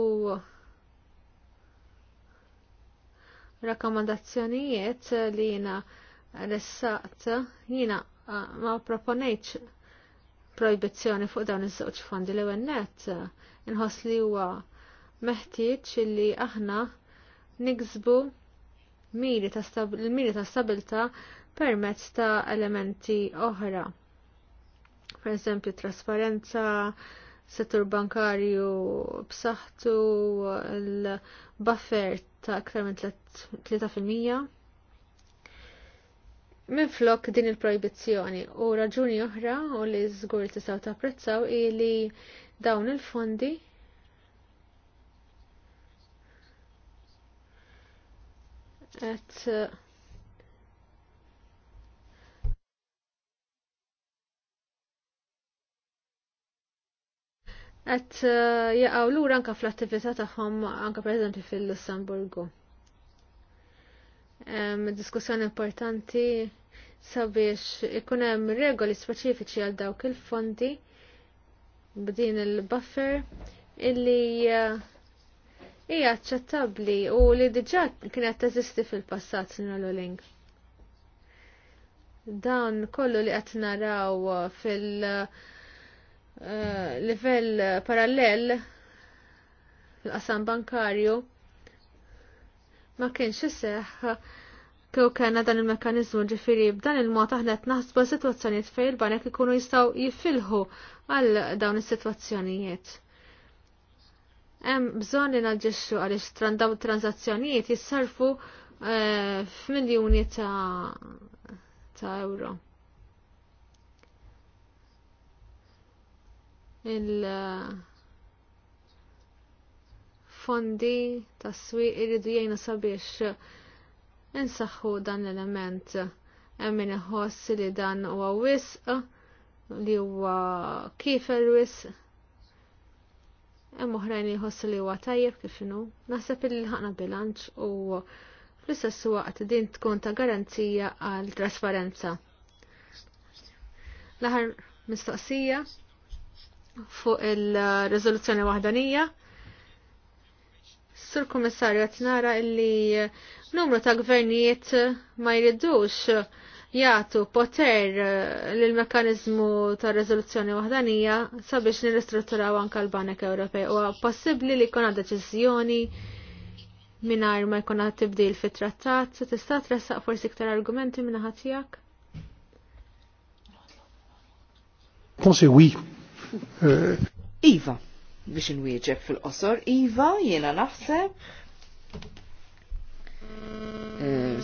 rakkomandazzjonijiet li jina ressaqt jina uh, ma proponejċ proibizzjoni fuq dawn iż-żewġ fondi l net inħoss li huwa meħtieġ li aħna niksbu miri ta' l-miri ta' stabilta permezz ta' elementi oħra. Per eżempju, trasparenza, settur bankarju b'saħħtu, l-buffer ta' aktar minn 3%. Min flok din il-proibizzjoni u raġuni oħra u li żgur tistgħu tapprezzaw ili dawn il-fondi qed Et eh, jaqaw l anka fl-attività tagħhom anka preżenti fil-Lussemburgu. Diskussjoni importanti sabiex ikun hemm regoli speċifiċi għal dawk il-fondi b'din il-buffer illi eh, hija aċċettabbli u li diġà kienet teżisti fil-passat sinra Luling. Dan kollu li qed naraw fil-livell eh, parallel fil-qasam bankarju ma kienx iseħħ kew kena dan il-mekkaniżmu ġifieri b'dan il-mod aħna qed naħsbu sitwazzjonijiet fejn il-banek ikunu jistgħu jifilħu għal dawn is-sitwazzjonijiet hemm bżonn li naġġixxu għaliex trandaw tranzazzjonijiet jissarfu eh, f'miljuni ta' ta' euro. Il fondi ta' swieq iridu jgħinu sabiex insaħħu dan l-element hemm min iħoss li dan huwa wisq li huwa kif il-wisq hemm oħrajn jħossu li huwa tajjeb kif inhu. Naħseb li ħaqna bilanċ u fl-istess waqt din tkun ta' garanzija għal trasparenza. L-aħħar mistoqsija fuq il-riżoluzzjoni waħdanija. Sur Kummissarju qed nara illi numru ta' gvernijiet ma jridux jagħtu poter eh, lill mekanizmu ta' riżoluzzjoni wahdanija sabiex nirristrutturaw anke l-Banek Ewropej huwa possibbli li jkun deċiżjoni mingħajr ma jkun tibdil fit-trattat, tista' tressaq forsi iktar argumenti minna ħadd tiegħek? Konsi wi. Euh, iva, biex nwieġeb fil-qosor, Iva, jiena naħseb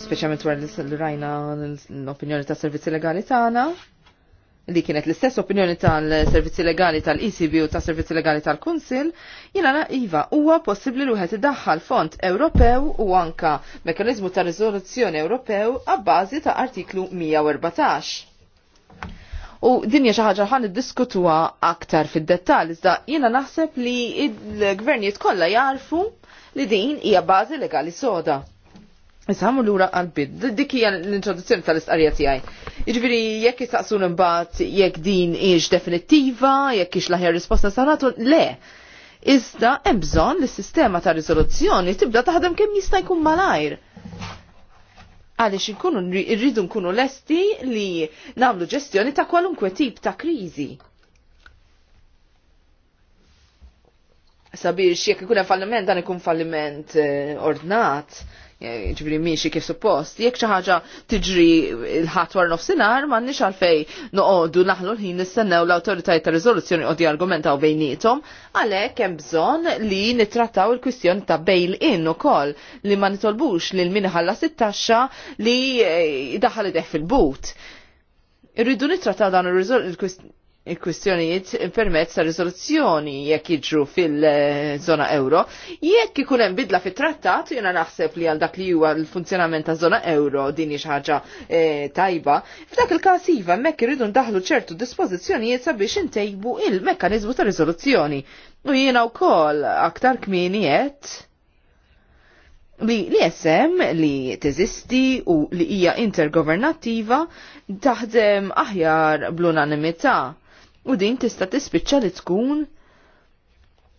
speċjalment wara l-rajna l-opinjoni ta' servizzi legali tagħna li kienet l-istess opinjoni tal-servizzi legali tal-ECB u tas servizzi legali tal-Kunsil, jina iva huwa possibbli li wieħed idaħħal fond Ewropew u anka mekanizmu ta' riżoluzzjoni Ewropew għabbażi ta' artiklu 114. U dinja xi ħaġa ħan iddiskutuha aktar fid-dettall, iżda jiena naħseb li l-gvernijiet kollha jarfu li din hija bażi legali soda. Nisamu l-ura għal-bid, dik hija l-introduzzjoni tal-istqarrija tiegħi. Jiġifieri jekk jistaqsun imbagħad jekk din hiex definittiva, jekk hiex l-aħjar risposta saratu, le. Iżda hemm bżonn li s-sistema ta' riżoluzzjoni tibda taħdem kemm jista' jkun malajr. Għaliex inkunu rridu nkunu lesti li nagħmlu ġestjoni ta' kwalunkwe tip ta' kriżi. Sabiex jekk ikun hemm falliment dan ikun falliment eh, ordnat Eh, ġifiri miexi kif suppost, jekk xi ħaġa tiġri l-ħadd war nofsinhar m'għandniex għalfej noqogħdu naħlu l-ħin nistennew l-awtoritajiet ta' riżoluzzjoni qogħdu jargumentaw bejnietom, għalhekk hemm bżonn li nittrattaw il-kwistjoni ta' bail-in ukoll li ma nitolbux lil min ħallas sittaxxa li eh, daħal ideh fil-but. Irridu nittrattaw dan il-kwistjoni il-kwistjonijiet permezz ta' rizoluzzjoni jekk jiġru fil-zona euro. Jekk ikun hemm bidla fit-trattat, jiena naħseb li għal dak li huwa l-funzjonament ta' zona euro din hija ħaġa e, tajba. F'dak il-każ iva hemmhekk irridu ndaħlu ċertu dispożizzjonijiet sabiex intejbu il-mekkaniżmu ta' riżoluzzjoni. U jiena wkoll aktar kmieni qed li l-ISM li teżisti u li hija intergovernattiva taħdem aħjar bl-unanimità u din tista' tispiċċa li tkun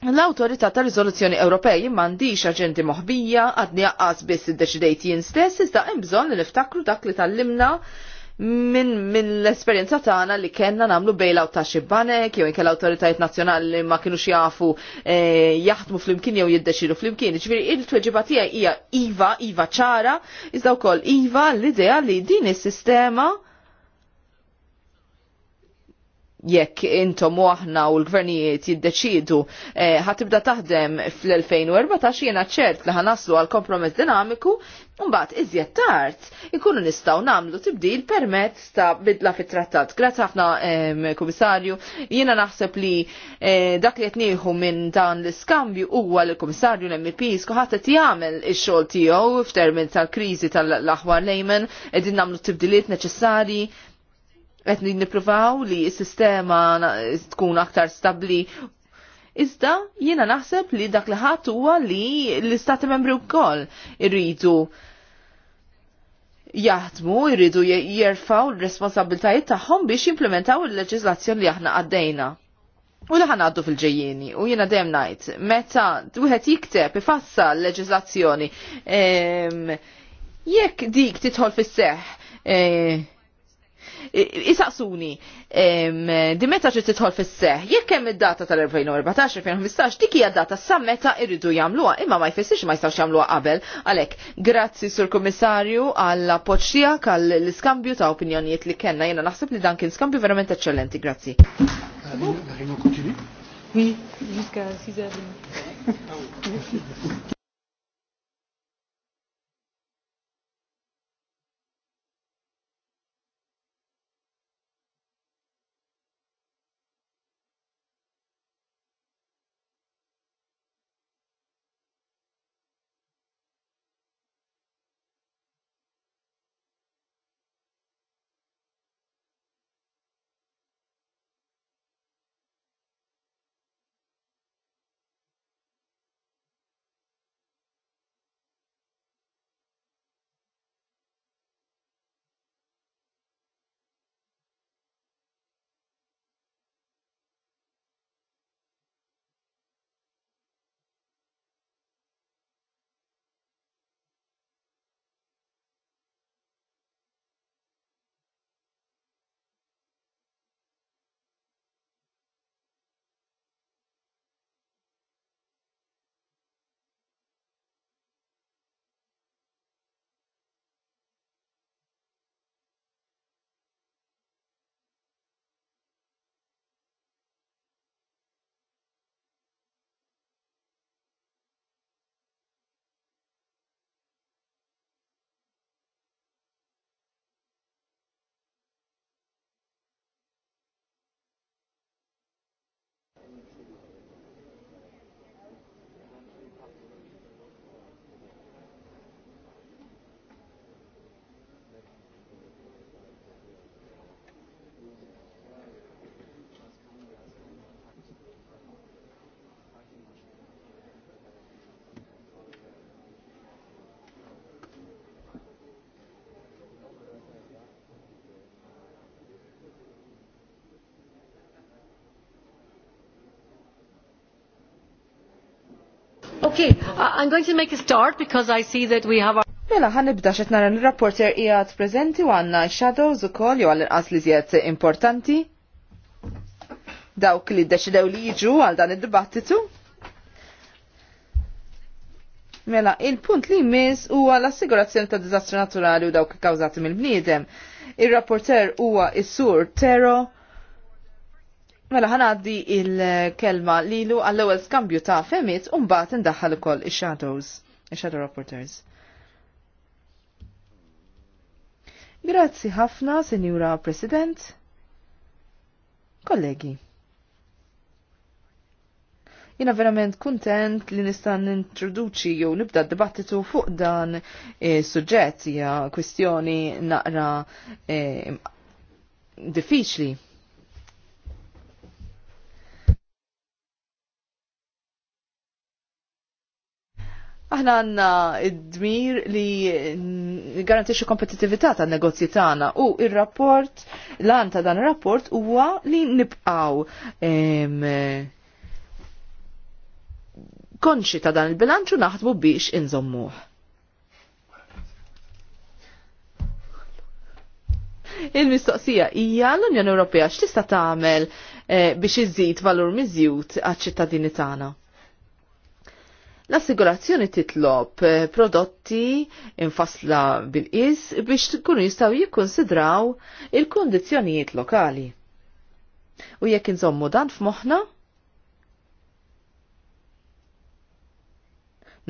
L-autorità ta' rizoluzzjoni Ewropej m'għandix aġenti moħbija għadni għaqqas biss id-deċidejt jien stess iżda hemm bżonn li niftakru dak li tallimna minn min l-esperjenza tagħna li kellna nagħmlu bejlaw ta' xi banek jew inkella awtoritajiet nazzjonali li ma kienux jafu e, jaħdmu flimkien jew jiddeċidu flimkien. Ġifieri il-tweġiba tiegħi hija iva, iva ċara, iżda wkoll iva l-idea li din is-sistema jekk intom u aħna u l-gvernijiet jiddeċidu eh, ħatibda eh, taħdem fl-2014 jena ċert li ħanaslu għal kompromess dinamiku Mbagħad iżjed tard ikunu nistgħu nagħmlu tibdil permezz ta' bidla fit-trattat. Grazzi ħafna Kummissarju, jiena naħseb li eh, dak li qed nieħu minn dan l-iskambju huwa li l-Kummissarju l-MPs kuħadd qed jagħmel ix-xogħol tiegħu f'termin tal-kriżi tal-aħwar lejmen qegħdin nagħmlu tibdiliet neċessarji qed nippruvaw li s-sistema tkun aktar stabbli. Iżda jiena naħseb li dak li ħadd huwa li l-istati membri wkoll irridu jaħdmu, irridu jerfaw l-responsabiltajiet tagħhom biex jimplementaw il-leġiżlazzjoni li aħna għaddejna. U li ħanaddu fil-ġejjeni, u jiena dem najt, meta wieħed jikteb ifassa l-leġiżlazzjoni, jekk dik titħol fis-seħ, isaqsuni di meta ġiet tidħol fis-seħ, jekk hemm id-data tal-2014-2015 dik hija data sa meta irridu jagħmluha, imma ma jfissirx ma jistgħux jagħmluha qabel. Għalhekk, grazzi sur Kummissarju għall appoġġ tiegħek għall iskambju ta' opinjonijiet li kellna jiena naħseb li dan kien skambju verament eċċellenti, grazzi. Oui, jusqu'à 6h30. Okay, I'm going to make a start because I see that we have our... Mela, ħan nibda xet nara n-rapporter ijat prezenti u għanna shadows u koll, jo għal-inqas li zjed importanti. Dawk li d-deċidew li jiġu għal dan id-dibattitu. Mela, il-punt li jmiss huwa l-assigurazzjoni ta' dizastru naturali u dawk kawzati mill-bniedem. Il-rapporter huwa is-sur Tero Mela ħanaddi il-kelma lilu għall-ewwel skambju ta' femit u mbagħad indaħħal ukoll ix-shadows, ix-shadow reporters. Grazzi ħafna, Sinjura President. Kollegi. Jina verament kuntent li nista' nintroduċi jew nibda dibattitu fuq dan e, suġġett hija kwistjoni naqra e, diffiċli Aħna għanna id-dmir li garantisġu kompetitivita ta' negozji tagħna u il-rapport, l-għan ta' dan il-rapport huwa li nibqaw konxi ta' dan il-bilanċu naħdmu biex inżommuħ. Il-mistoqsija hija l-Unjoni Ewropea x'tista' tagħmel eh, biex iżid valur miżjud għaċ-ċittadini tagħna? L-assigurazzjoni titlob eh, prodotti infasla bil-qis biex tkunu jistaw jikkonsidraw il-kondizjonijiet lokali. U jekk inżommu dan f'moħħna,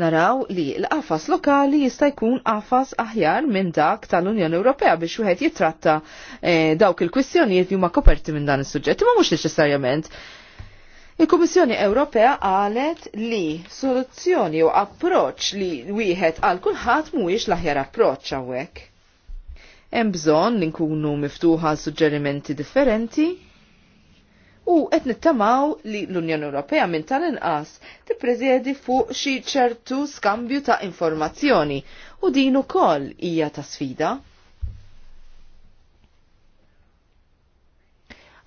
naraw li l-qafas lokali jista' jkun qafas aħjar minn dak tal-Unjoni Ewropea biex wieħed jitratta eh, dawk il-kwistjonijiet li huma koperti minn dan is-suġġett. Ma mhux neċessarjament Il-Kummissjoni Ewropea qalet li soluzzjoni u approċ li wieħed għal kulħadd mhuwiex l-aħjar approċċ hawnhekk. Hemm bżonn li nkunu miftuħa għal suġġerimenti differenti u qed nittamaw li l-Unjoni Ewropea minn tal-inqas tippreżjedi fuq xi ċertu skambju ta' informazzjoni u din ukoll hija ta' sfida.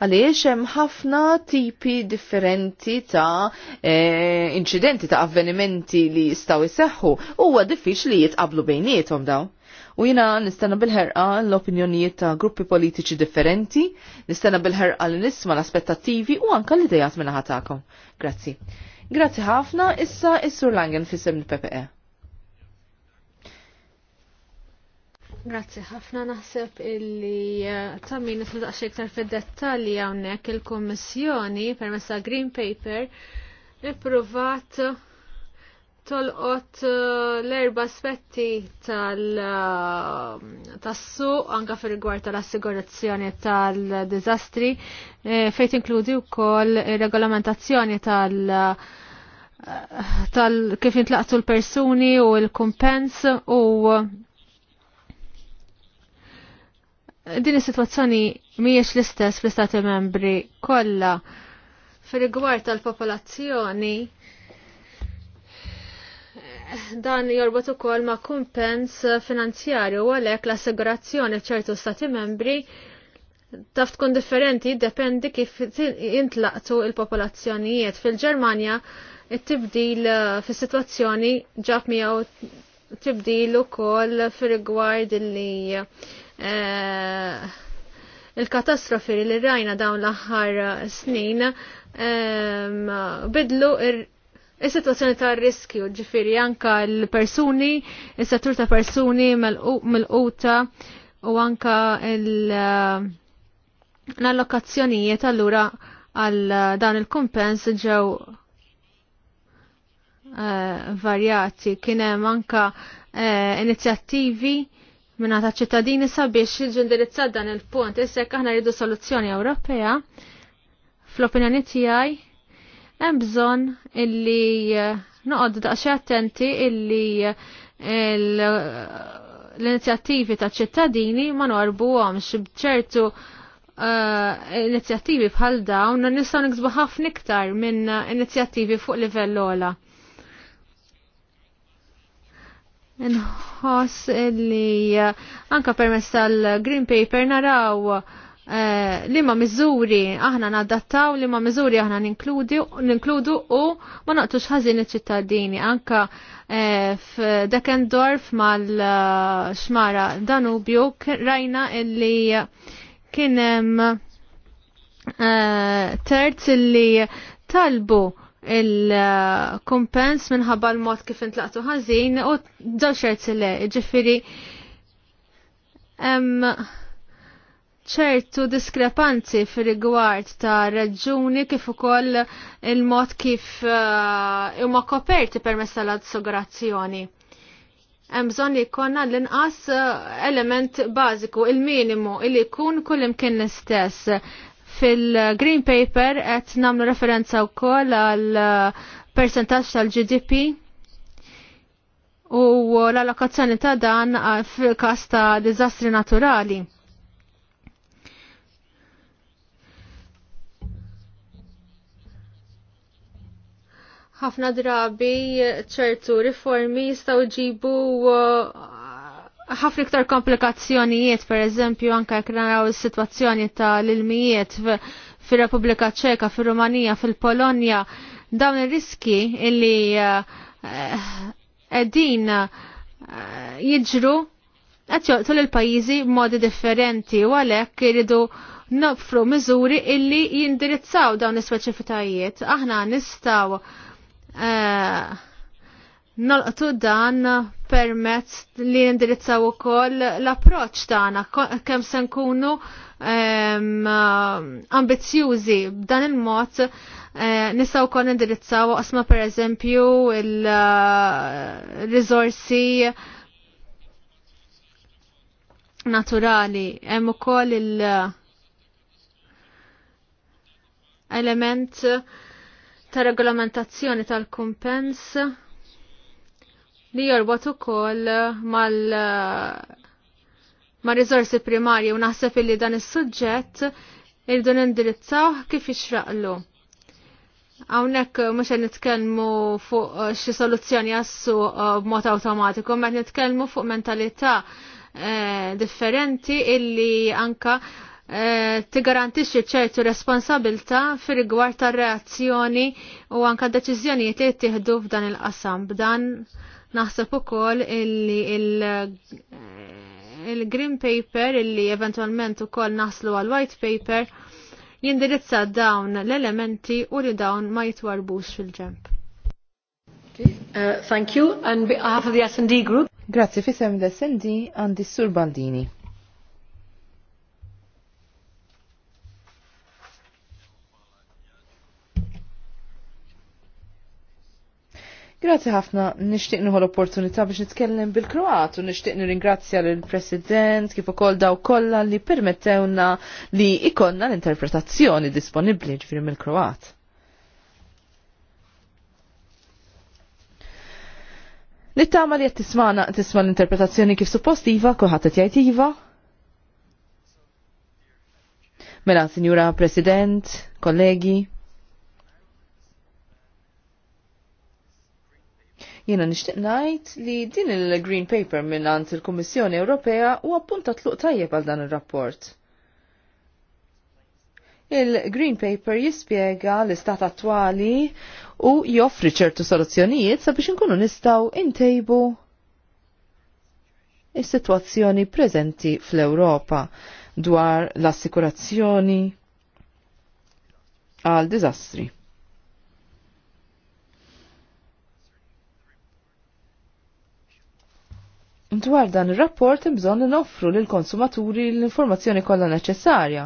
għaliex hemm ħafna tipi differenti ta' eh, incidenti ta' avvenimenti li jistgħu jseħħu huwa diffiċli jitqablu bejniethom daw. U jina nistenna bil-ħerqa l-opinjonijiet ta' gruppi politiċi differenti, nistenna bil-ħerqa l nisma l-aspettativi u anka l-idejat minna ħatakom. Grazzi. Grazzi ħafna, issa is-Sur Langen fissem l ppe Grazzi ħafna naħseb illi eh, tammin nisma iktar fid-dettalji hawnhekk il-Kummissjoni permezz messa Green Paper ippruvat tolqot eh, l-erba aspetti eh, tas-suq anka fir-rigward tal-assigurazzjoni tal-diżastri fejn tinkludi wkoll regolamentazzjoni tal- tal kif intlaqtu l-persuni u l-kumpens u din is-sitwazzjoni mhijiex l-istess fl-istati membri kollha. Fir-rigward tal-popolazzjoni dan jorbot ukoll ma' kumpens finanzjarju għalhekk l-assigurazzjoni ċertu stati membri taf tkun differenti dependi kif jintlaqtu il-popolazzjonijiet. Fil-Ġermanja it-tibdil eh, fis-sitwazzjoni ġab miegħu tibdil ukoll fir-rigward li Eh, il-katastrofi li rajna dawn l-aħħar snin ehm, bidlu Is-situazzjoni ta' riskju, ġifiri anka l-persuni, is-settur ta' persuni mel quta u anka l-allokazzjonijiet allura għal dan il-kumpens ġew eh, varjati. Kien hemm anka eh, inizjattivi minna ta' ċittadini sabiex il-ġindirizzat dan il-punt, issek aħna rridu soluzzjoni Ewropea, fl-opinjoni tijaj, hemm bżonn illi eh, noqod daqsxi attenti illi eh, eh, l-inizjattivi ta' ċittadini ma norbuhomx b'ċertu inizjattivi bħal dawn nistgħu niksbu ħafna iktar minn inizjattivi fuq livell ola nħoss li eh, anka permess tal-Green Paper naraw eh, li ma miżuri aħna nadattaw, li ma miżuri aħna ninkludu u ma naqtux ħazin iċ-ċittadini anka eh, mal-xmara Danubju rajna illi kien hemm eh, terz li talbu il kumpens minħabba l-mod kif intlaqtu ħażin u daw xert le, ġifiri ċertu diskrepanzi fir-rigward ta' raġuni kif ukoll il-mod kif eh, huma uh, koperti permezz tal-assigurazzjoni. Hemm bżonn jkollna l-inqas eh, element bażiku, il-minimu, il jkun kull imkien l-istess Fil-Green Paper qed nagħmlu referenza wkoll għal uh, percentaġġ tal-GDP u l-allokazzjoni ta' dan uh, fil-każ ta' diżastri naturali. ħafna drabi ċertu riformi jistaw ġibu uh, ħafna iktar komplikazzjonijiet, per eżempju, anka jekk naraw is-sitwazzjoni tal-ilmijiet fir-Repubblika Ċeka, fir-Rumanija, fil-Polonja, dawn ir-riski illi qegħdin eh, eh, jiġru qed joqtlu l-pajjiżi b'modi differenti u għalhekk iridu nofru miżuri illi jindirizzaw dawn is-speċifitajiet. Aħna nistgħu eh, nolqtu dan permezz li indirizzaw ukoll l-approċ tagħna kemm se nkunu ehm, ambizzjużi b'dan il-mod eh, nistgħu wkoll indirizzaw waqsma pereżempju il-riżorsi eh, naturali hemm ukoll il-element ta' regolamentazzjoni tal-kumpens li jorbot ukoll mal ma' rizorsi primarji u naħseb illi dan is-suġġett irdu nindirizzaw kif ixraqlu. Hawnhekk mhux qed nitkellmu fuq uh, xi soluzzjoni għassu uh, b'mod awtomatiku, ma qed nitkellmu fuq mentalità uh, differenti illi anka tigarantixxi ċertu responsabilta fir rigward tar-reazzjoni u anka deċiżjonijiet li jittieħdu f'dan il-qasam. B'dan Naħseb ukoll illi il-green paper illi eventualment ukoll naslu għal white paper jindirizza dawn l-elementi u li dawn ma jitwarbux fil-ġemp. Okay. Uh, thank you. And behalf of the S&D group. Grazie, fissem l-S&D għandi Sur Baldini. Grazzi ħafna, nishtiq nħu l-opportunità biex nitkellem bil-Kroat u nishtiq nirringrazzja l-President kif ukoll daw kolla li permettewna li ikonna l-interpretazzjoni disponibbli ġifieri mill-Kroat. Nittama li jattismana tismana tisma l-interpretazzjoni kif suppostiva, kulħadd qed jgħid iva. Mela, Signora President, kollegi, Jiena nixtieq ngħid li din il-Green Paper mingħand il-Kummissjoni Ewropea huwa appunta tluq tajjeb għal dan ir-rapport. Il-Green Paper jispjega l-istat attwali u joffri ċertu soluzzjonijiet sabiex inkunu nistgħu intejbu is-sitwazzjoni preżenti fl-Ewropa dwar l-assikurazzjoni għal diżastri. Dwar dan ir-rapport imżon noffru l konsumaturi l-informazzjoni kollha neċessarja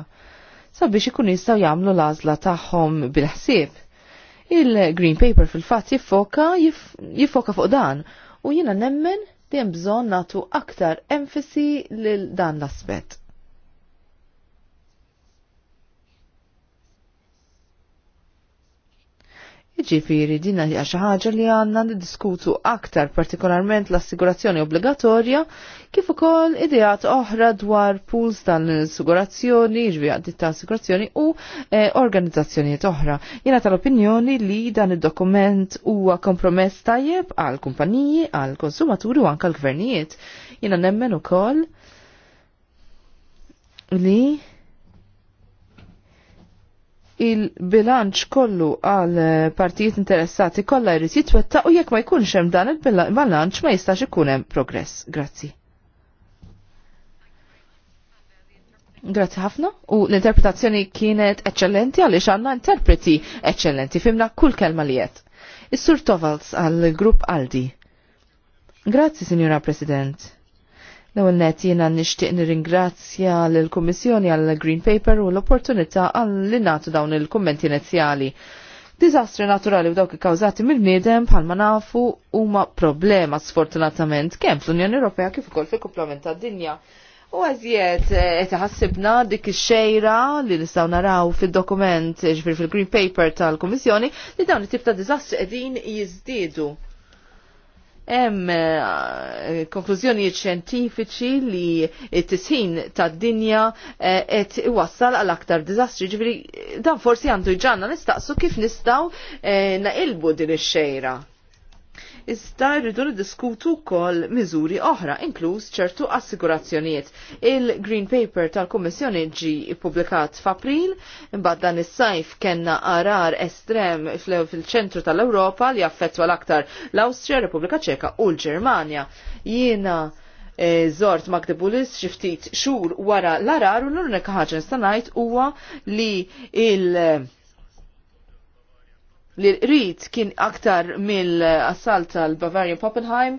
sabiex ikun jistgħu jagħmlu l-għażla tagħhom bil-ħsieb. Il-Green Paper fil-fatt jiffoka jiffoka fuq dan u jiena nemmen dejjem bżonn nagħtu aktar enfasi lil dan l-aspett. Ġifiri, dinna hija xi ħaġa li għandna niddiskutu aktar partikolarment l-assigurazzjoni obbligatorja kif ukoll ideat oħra dwar pools tal-assigurazzjoni, ġvijaddi ta' assigurazzjoni u eh, organizzazzjonijiet oħra. Jiena tal-opinjoni li dan id-dokument huwa kompromess tajjeb għal kumpaniji, għal konsumaturi u anke għal gvernijiet. Jiena nemmen ukoll li il-bilanċ kollu għal partijiet interessati kollha jrid jitwetta u jekk ma jkunx hemm dan il-bilanċ ma jistax ikun hemm progress. Grazzi. Grazzi ħafna u l-interpretazzjoni kienet eċċellenti għaliex għandna interpreti eċċellenti fimna kull kelma li qed. Is-Sur Tovals għall-Grupp Aldi. Grazzi, Signora President. L-ewwel net jiena nixtieq nirringrazzja lill-Kummissjoni għall Green Paper u l-opportunità li nagħtu dawn il-kummenti inizjali. Dizastri naturali u dawk ikkawżati mill-bniedem bħalma nafu huma problema sfortunatament kemm fl-Unjoni Ewropea kif ukoll fil-kumplament tad-dinja. U għazjiet eh, qed ħassibna dik ix-xejra li nistgħu naraw fid-dokument ġifier fil-Green Paper tal-Kummissjoni li dawn it-tip ta' diżastri qegħdin jiżdiedu hemm eh, konklużjonijiet xjentifiċi li t-tisħin tad-dinja qed eh, iwassal għal aktar diżastri. Ġifieri dan forsi għandu jġanna nistaqsu kif nistgħu eh, naqilbu din ix-xejra iżda rridu niddiskutu wkoll miżuri oħra, inkluż ċertu assigurazzjonijiet. Il-Green Paper tal-Kummissjoni ġi ippubblikat f'April, imbagħad dan is-sajf kellna arar estrem fil-ċentru tal-Ewropa li affettwa l-aktar l-Awstrija, Repubblika Ċeka u l-Ġermanja. Jiena E, zort Magdebulis xiftit xur wara l-arar u l-unika ħagġa nistanajt huwa li il- li rrit qrid kien aktar mill-assalt tal Bavaria Poppenheim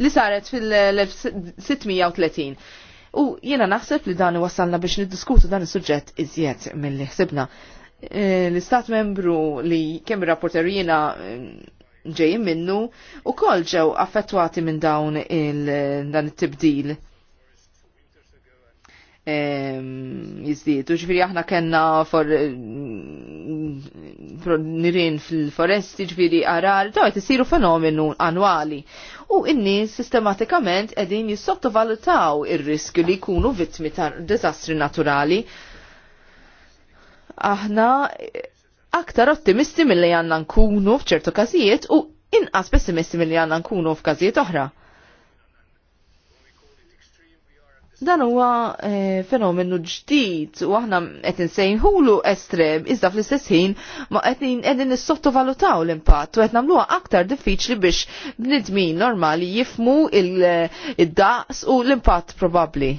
li saret fil-630. U jiena naħseb li dan wasalna biex niddiskutu dan is-suġġett iżjed mill-li ħsibna. E, l-istat membru li kemm rapporterjina e, ġejjin minnu u kol ġew affettwati minn dawn il-dan it-tibdil. il dan it tibdil jizdiet. U aħna kena nirin fil-foresti ġifiri arar, ta' għet jisiru fenomenu annuali. U inni sistematikament edin jissottovalutaw il-riskju li jkunu vittmi ta' dizastri naturali. Aħna aktar ottimisti mill-li għanna nkunu fċertu kazijiet u inqas pessimisti mill-li għanna nkunu f'kazijiet oħra Dan huwa eh, fenomenu ġdid u aħna qed insejnħulu estrem iżda fl-istess ħin ma qed qegħdin nissottovalutaw l-impatt u qed nagħmluha aktar diffiċli biex bnidmin normali jifmu il-daqs eh, u l-impatt probabbli.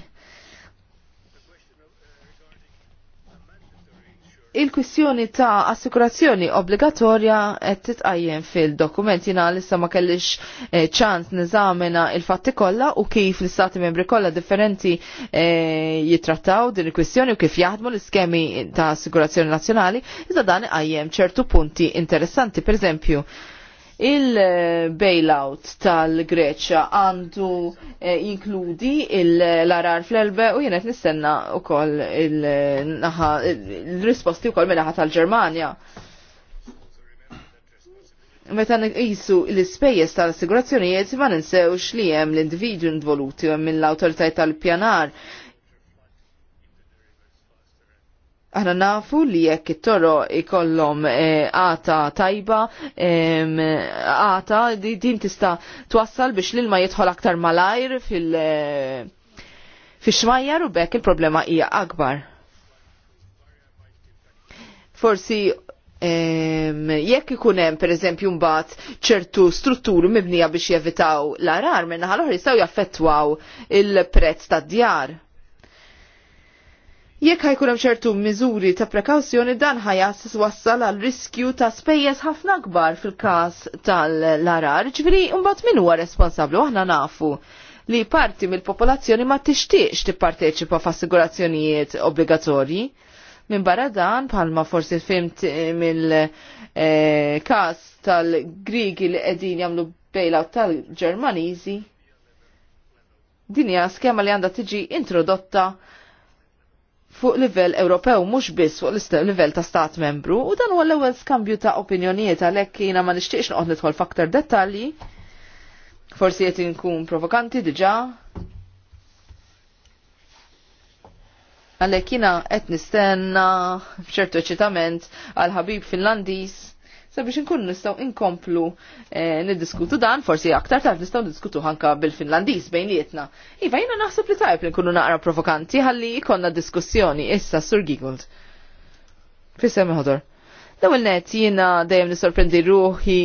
il-kwistjoni ta' assikurazzjoni obbligatorja qed titqajjem fil-dokument jina issa ma kellix eh, ċans niżamina il-fatti kollha u kif l-istati membri kollha differenti eh, jitrattaw din il-kwistjoni u kif jaħdmu l-iskemi ta' assikurazzjoni nazzjonali iżda dan iqajjem ċertu punti interessanti pereżempju Il-bailout tal-Greċja għandu eh, jinkludi l-arar fl-elbe u jenet nistenna u koll il-risposti u koll minnaħa tal-Germania meta nqisu l-ispejjeż tal-assigurazzjonijiet ma ninsewx li hemm l individwi involuti u hemm mill-awtoritajiet tal-pjanar Aħna nafu li jekk it-toro ikollhom eh, għata e, tajba, għata e, di, din tista' twassal biex l-ilma jidħol aktar malajr fil- eh, fix-xmajjar u bekk il-problema hija akbar. Forsi jekk ikun hemm pereżempju mbagħad ċertu strutturi mibnija biex jevitaw l-arar minnaħa oħra jistgħu jaffettwaw il-prezz tad-djar. Jekk ħajkun hemm ċertu miżuri ta' prekawzjoni dan ħajas wassal għal riskju ta' spejjeż ħafna kbar fil-każ tal larar ġifieri mbagħad min huwa responsabbli aħna nafu li parti mill-popolazzjoni ma tixtieqx tipparteċipa f'assigurazzjonijiet obbligatorji. Minn barra dan, palma forsi fimt mill każ tal-Grigi li qegħdin jagħmlu bailout tal-Ġermaniżi, din hija skema li għandha tiġi introdotta fuq livell Ewropew mhux biss fuq livell ta' stat membru u dan huwa l-ewwel skambju ta' opinjonijiet għalhekk jiena ma nixtieqx noqgħod nidħol f'aktar dettalji. Forsi qed inkun provokanti diġà. Għalhekk jiena qed nistenna b'ċertu eċitament għal ħabib Finlandiż sabiex inkunu nistgħu inkomplu eh, niddiskutu dan, forsi aktar tard nistgħu niddiskutu ħanka bil-Finlandiż lietna. Iva jiena naħseb li tajb li nkunu naqra provokanti ħalli jkollna diskussjoni issa Sur Giggold. Fissem ħodor. L-ewwel net jiena dejjem nisorprendi ruħi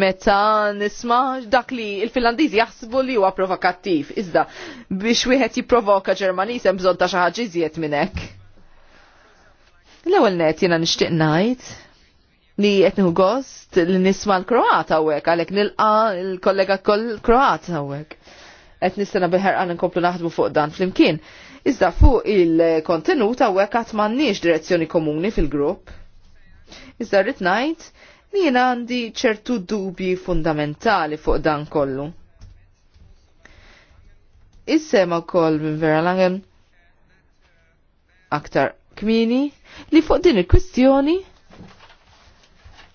meta nisma' dak li l-Finlandiżi jaħsbu li huwa provokattiv. Iżda biex wieħed jipprovoka Ġermaniż hemm bżonn ta' xi ħaġa iżjed minn hekk. L-ewwel net jiena nixtieq ngħid li qed gost li nisma l-Kroat hawnhekk għalhekk nilqa l-kollega Kroat hawnhekk. Qed nistenna biħerqan nkomplu naħdmu fuq dan flimkien. Iżda fuq il-kontenut hawnhekk qatt m'għandniex direzzjoni komuni fil-grupp. Iżda rrid ngħid li jien għandi ċertu dubji fundamentali fuq dan kollu. Is-sema wkoll minn Vera Langen aktar kmini li fuq din il-kwistjoni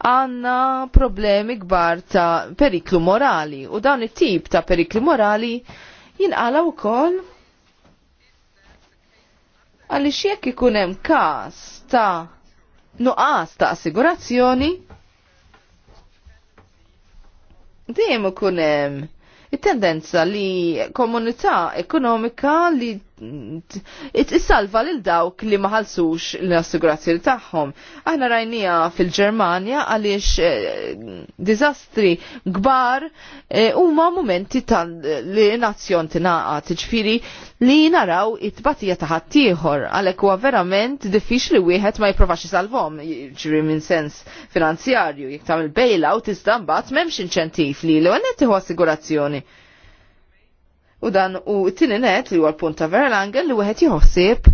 għanna problemi kbar ta' periklu morali u dawn it-tip ta' periklu morali jinqala wkoll għaliex jekk ikun hemm każ ta' nuqqas ta' assigurazzjoni dejjem ikun hemm it-tendenza li komunità ekonomika li it-salva lil dawk li ma ħalsux l-assigurazzjoni tagħhom. Aħna rajnija fil-Ġermanja għaliex eh, diżastri kbar eh, huma momenti tal li nazzjon tingħaqad, tiġifieri li naraw it-tbatija ta' ħaddieħor għalhekk huwa verament diffiċli wieħed ma jipprovax isalvhom, jiġri minn sens finanzjarju, jekk tagħmel bailout iżda mbagħad m'hemmx inċentiv li l-għanet assigurazzjoni. U dan u t-tini net li huwa l-punt ta' Verlangen li wieħed jħossib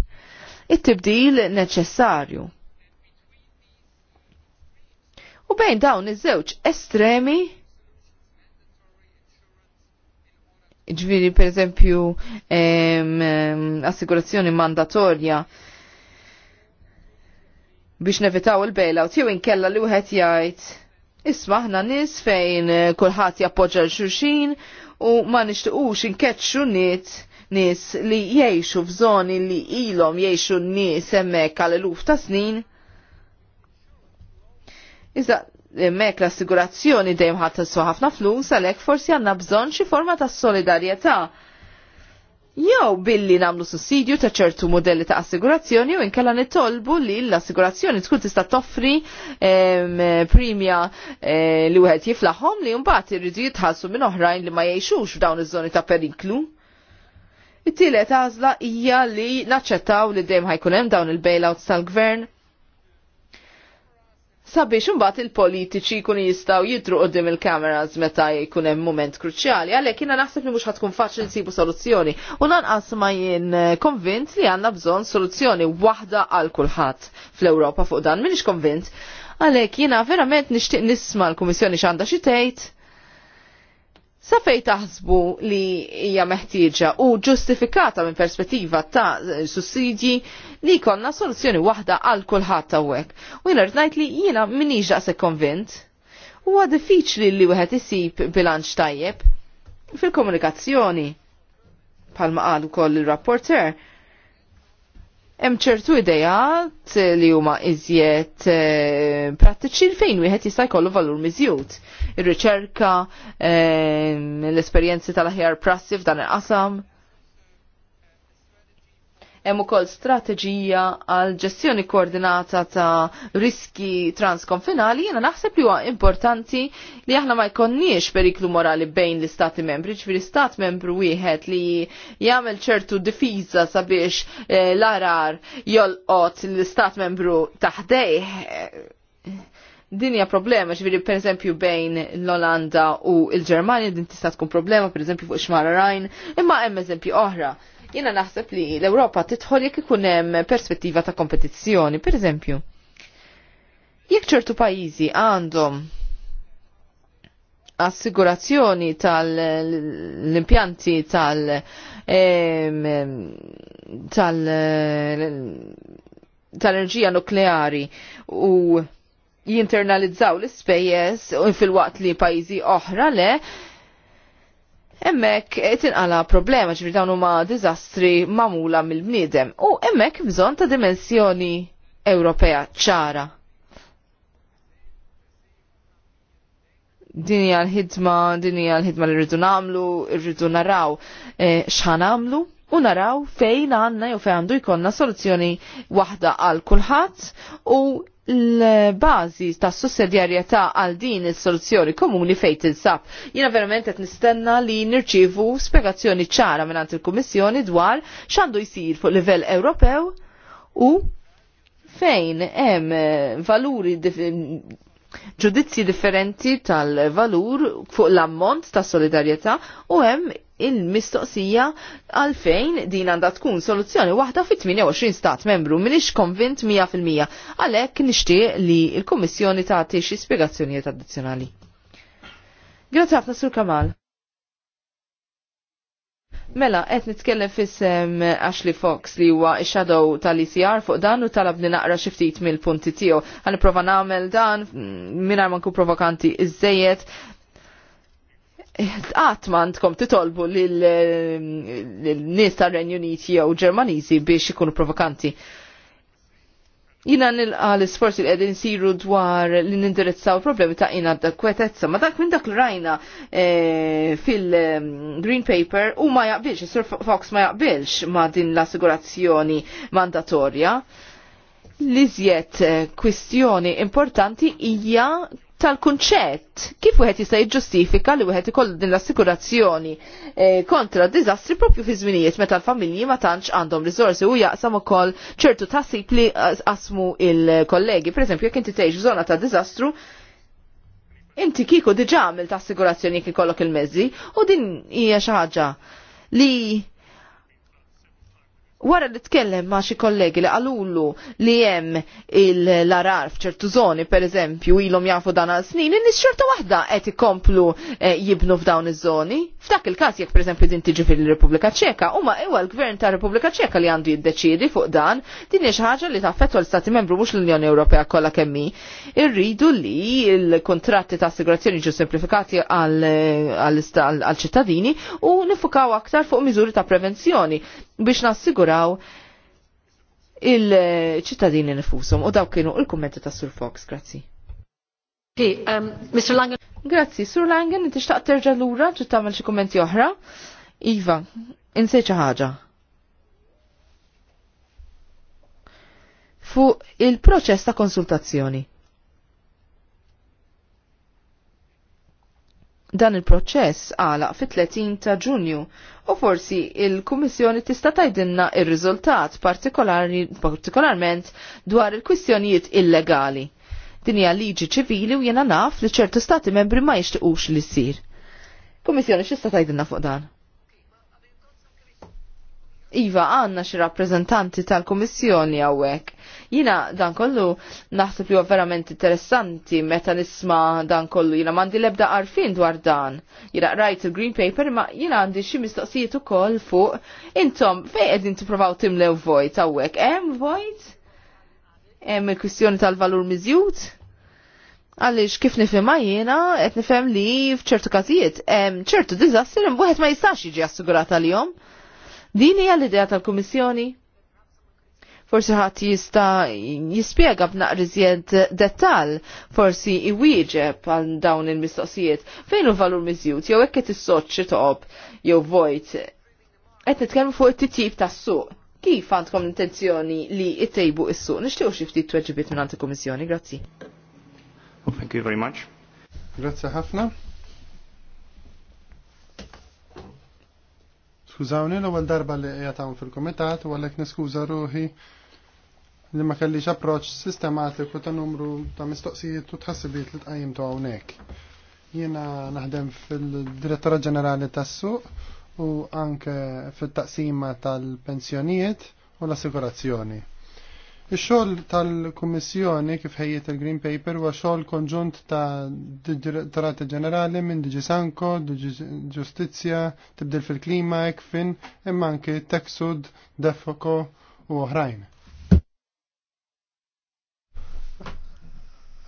it-tibdil neċessarju. U bejn dawn iż-żewġ estremi ġviri per eżempju assigurazzjoni mandatorja biex nevitaw il-bailout, jew inkella li wieħed jgħid isma' aħna nies fejn kulħadd jappoġġa l-xulxin u ma nixtiqux inkeċċu nit nis li jiexu f'żoni li ilhom jiexu nis nies hemmhekk għal eluf ta' snin. Iżda hemmhekk l-assigurazzjoni dejjem ħadd ħafna flus għalhekk forsi għandna bżonn xi forma ta' solidarjetà jew billi namlu sussidju ta' ċertu modelli ta' assigurazzjoni u inkella nitolbu li l-assigurazzjoni tkun tista' toffri premja eh, li wieħed jiflaħom li mbagħad irridu jitħallsu minn oħrajn li ma jgħixux f'dawn iż-żoni ta' periklu. It-tielet għażla hija li naċċettaw li dejjem ħajkun hemm dawn il-bailouts tal-gvern sabiex mbagħad il-politiċi jkunu jistgħu jidru qudiem il-kameras meta jkun hemm mument kruċjali, għalhekk jiena naħseb li mhux ħadkun faċli nsibu soluzzjoni. U lanqas ma jien eh, konvint li għandna bżonn soluzzjoni waħda għal kulħadd fl-Ewropa fuq dan, m'iniex konvint. Għalhekk jiena verament nixtieq nisma' l-Kummissjoni x'għandha xi tgħid Sa fej taħsbu li hija meħtieġa u ġustifikata minn perspettiva ta' sussidji li konna soluzzjoni waħda għal kulħadd hawnhekk. U jiena rnajt li jiena minix jaqsek konvint. Huwa diffiċli li wieħed isib bilanċ tajjeb fil-komunikazzjoni. Palma qal ukoll il-rapporter, hemm ċertu idejat li huma iżjed eh, prattiċi fejn wieħed jista' jkollu valur miżjud. Ir-riċerka, eh, l-esperjenzi tal-aħjar prassi f'dan il-qasam hemm ukoll strateġija għal ġestjoni koordinata ta' riski transkonfinali, jiena naħseb li huwa importanti li aħna ma jkonniex periklu morali bejn l-istati membri, ġifieri stat membru wieħed li jagħmel ċertu difiża sabiex eh, l-arar jolqot l-istat membru taħdejh dinja problema, ġviri per eżempju bejn l-Olanda u l-Germania, din tista' tkun problema per eżempju fuq xmara Rajn, imma hemm eżempju oħra Jiena naħseb li l-Ewropa titħol jekk ikun hemm perspettiva ta' kompetizzjoni, pereżempju. Jekk ċertu pajjiżi għandhom assigurazzjoni tal-impjanti tal tal-enerġija nukleari u jinternalizzaw l-ispejjeż fil-waqt li pajjiżi oħra le, emmek tinqala problema ġifri dawn huma diżastri mamula mill-bniedem u emmek bżonn ta' dimensjoni Ewropea ċara. Din hija l-ħidma, din hija l-ħidma li rridu nagħmlu, rridu naraw eh, x'ħan nagħmlu u naraw fejn għandna jew fejn għandu jkollna soluzzjoni waħda għal kulħadd u l-bazi ta' sussedjarjetà għal din il-soluzzjoni komuni fejn tinsab. Jina verament qed nistenna li nirċivu spiegazzjoni ċara minn il-Kummissjoni dwar x'għandu jsir fuq livell Ewropew u fejn hemm valuri ġudizzji differenti tal-valur fuq l-ammont ta' solidarjetà u hemm il-mistoqsija għalfejn din għandha tkun soluzzjoni waħda fit 28 stat membru minix konvint 100% għalhekk nixtieq li l-Kummissjoni tagħti xi spjegazzjonijiet addizzjonali. Grazie ħafna Sur Kamal. Mela, qed nitkellem fissem Ashley Fox li huwa shadow tal-ICR fuq dan u talab naqra xi ftit mill-punti tiegħu. prova nagħmel dan mm, mingħajr ma provokanti iżejjed. Qatt ma għandkom titolbu lil nies tar-Renju Unit jew Ġermaniżi biex ikunu provokanti jina nilqa l-sforzi li għedin siru dwar li nindirizzaw problemi ta' jina da' kwetezza. Ma dak minn dak l-rajna eh, fil-Green ehm, Paper u ma jaqbilx, Sir Fox ma jaqbilx ma din l-assigurazzjoni mandatorja. Li zjed eh, kwistjoni importanti hija tal-kunċett. Kif wieħed jista' jiġġustifika li wieħed ikollu din l-assikurazzjoni kontra eh, kontra diżastri propju fi żminijiet meta l-familji ma tantx għandhom riżorsi u jaqsam ukoll ċertu tassib li qasmu il-kollegi. Pereżempju, jekk inti tgħix żona ta' diżastru, inti kieku diġà ta' assigurazzjoni kif ikollok il-mezzi u din hija xi ħaġa li wara li tkellem ma' xi kollegi li qalulu li hemm l-arar f'ċertu zoni, per eżempju, ilhom jafu dan għal snin, in xorta waħda qed ikomplu eh, jibnu f'dawn iż-żoni. F'dak il-każ jekk pereżempju din tiġi fil-Repubblika Ċeka, huma ewa l-Gvern ta' Repubblika Ċeka li għandu jiddeċiedi fuq dan, din hija xi ħaġa li taffettwa l-Stati Membru mhux l-Unjoni Ewropea kollha kemm hi. Irridu li l-kontratti ta' assigurazzjoni ġew semplifikati għall eh, ċittadini u nifukaw aktar fuq miżuri ta' prevenzjoni biex nassiguraw il-ċittadini nifusom u daw kienu il-kummenti ta' Sur Fox, grazzi. um, ehm, Mr. Langen. Grazzi, Sur Langen, tixtaq terġa l-ura ġi tamel xie kummenti oħra? Iva, insejċa ħaġa. Fu il-proċess ta' konsultazzjoni. Dan il-proċess għala fit-30 ta' ġunju u forsi il-Kummissjoni tista' tajdinna ir-riżultat partikolarment dwar il-kwistjonijiet illegali. Din hija liġi ċivili u jiena naf li ċertu stati membri ma jixtiqux li ssir. Kummissjoni x'ista' tajdinna fuq dan? Iva għanna xi rappreżentanti tal-Kummissjoni hawnhekk Jina dan kollu naħseb li huwa verament interessanti meta nisma dan kollu. Jina mandi lebda arfin dwar dan. Jina rajt il-green paper ma jina għandi xi mistoqsijiet ukoll fuq intom fejn qegħdin tippruvaw timlew vojt hawnhekk. Hemm vojt? Hemm il-kwistjoni tal-valur miżjud? għalix kif nifima jena, et nifem li fċertu kazijiet, ċertu dizastir, mbuħet ma jistax jiġi assigurata għalihom. jom Dini għal-idea tal-Komissjoni? forsi ħadd jista' jispjega b'naqriżjed dettal, forsi iwieġeb għal dawn il-mistoqsijiet. Fejn hu valur miżjud jew hekk qed issoċċi toqob jew vojt. Qed nitkellmu fuq it-titjib tas-suq. Kif għandkom l-intenzjoni li ittejbu is-suq? nixtiegħu xi ftit tweġibiet minn għand kummissjoni grazzi. Thank you very much. Grazzi ħafna. Skużawni l-ewwel darba li qiegħed fil-kumitat u għalhekk niskuża ruħi li ma kellix approċ sistematiku ta' numru ta' mistoqsijiet u tħassibiet li tqajjim ta' hawnhekk. Jiena naħdem fil-Direttora Ġenerali tas-Suq u anke fit-taqsima tal-pensjonijiet u l assigurazzjoni Ix-xogħol tal-Kummissjoni kif ħejjiet il-Green Paper huwa xogħol konġunt ta' Direttorati Ġenerali minn Diġi Sanko, Diġi Ġustizzja, Tibdil fil-Klima, Ekfin, imma anke Texud, Defoko u oħrajn.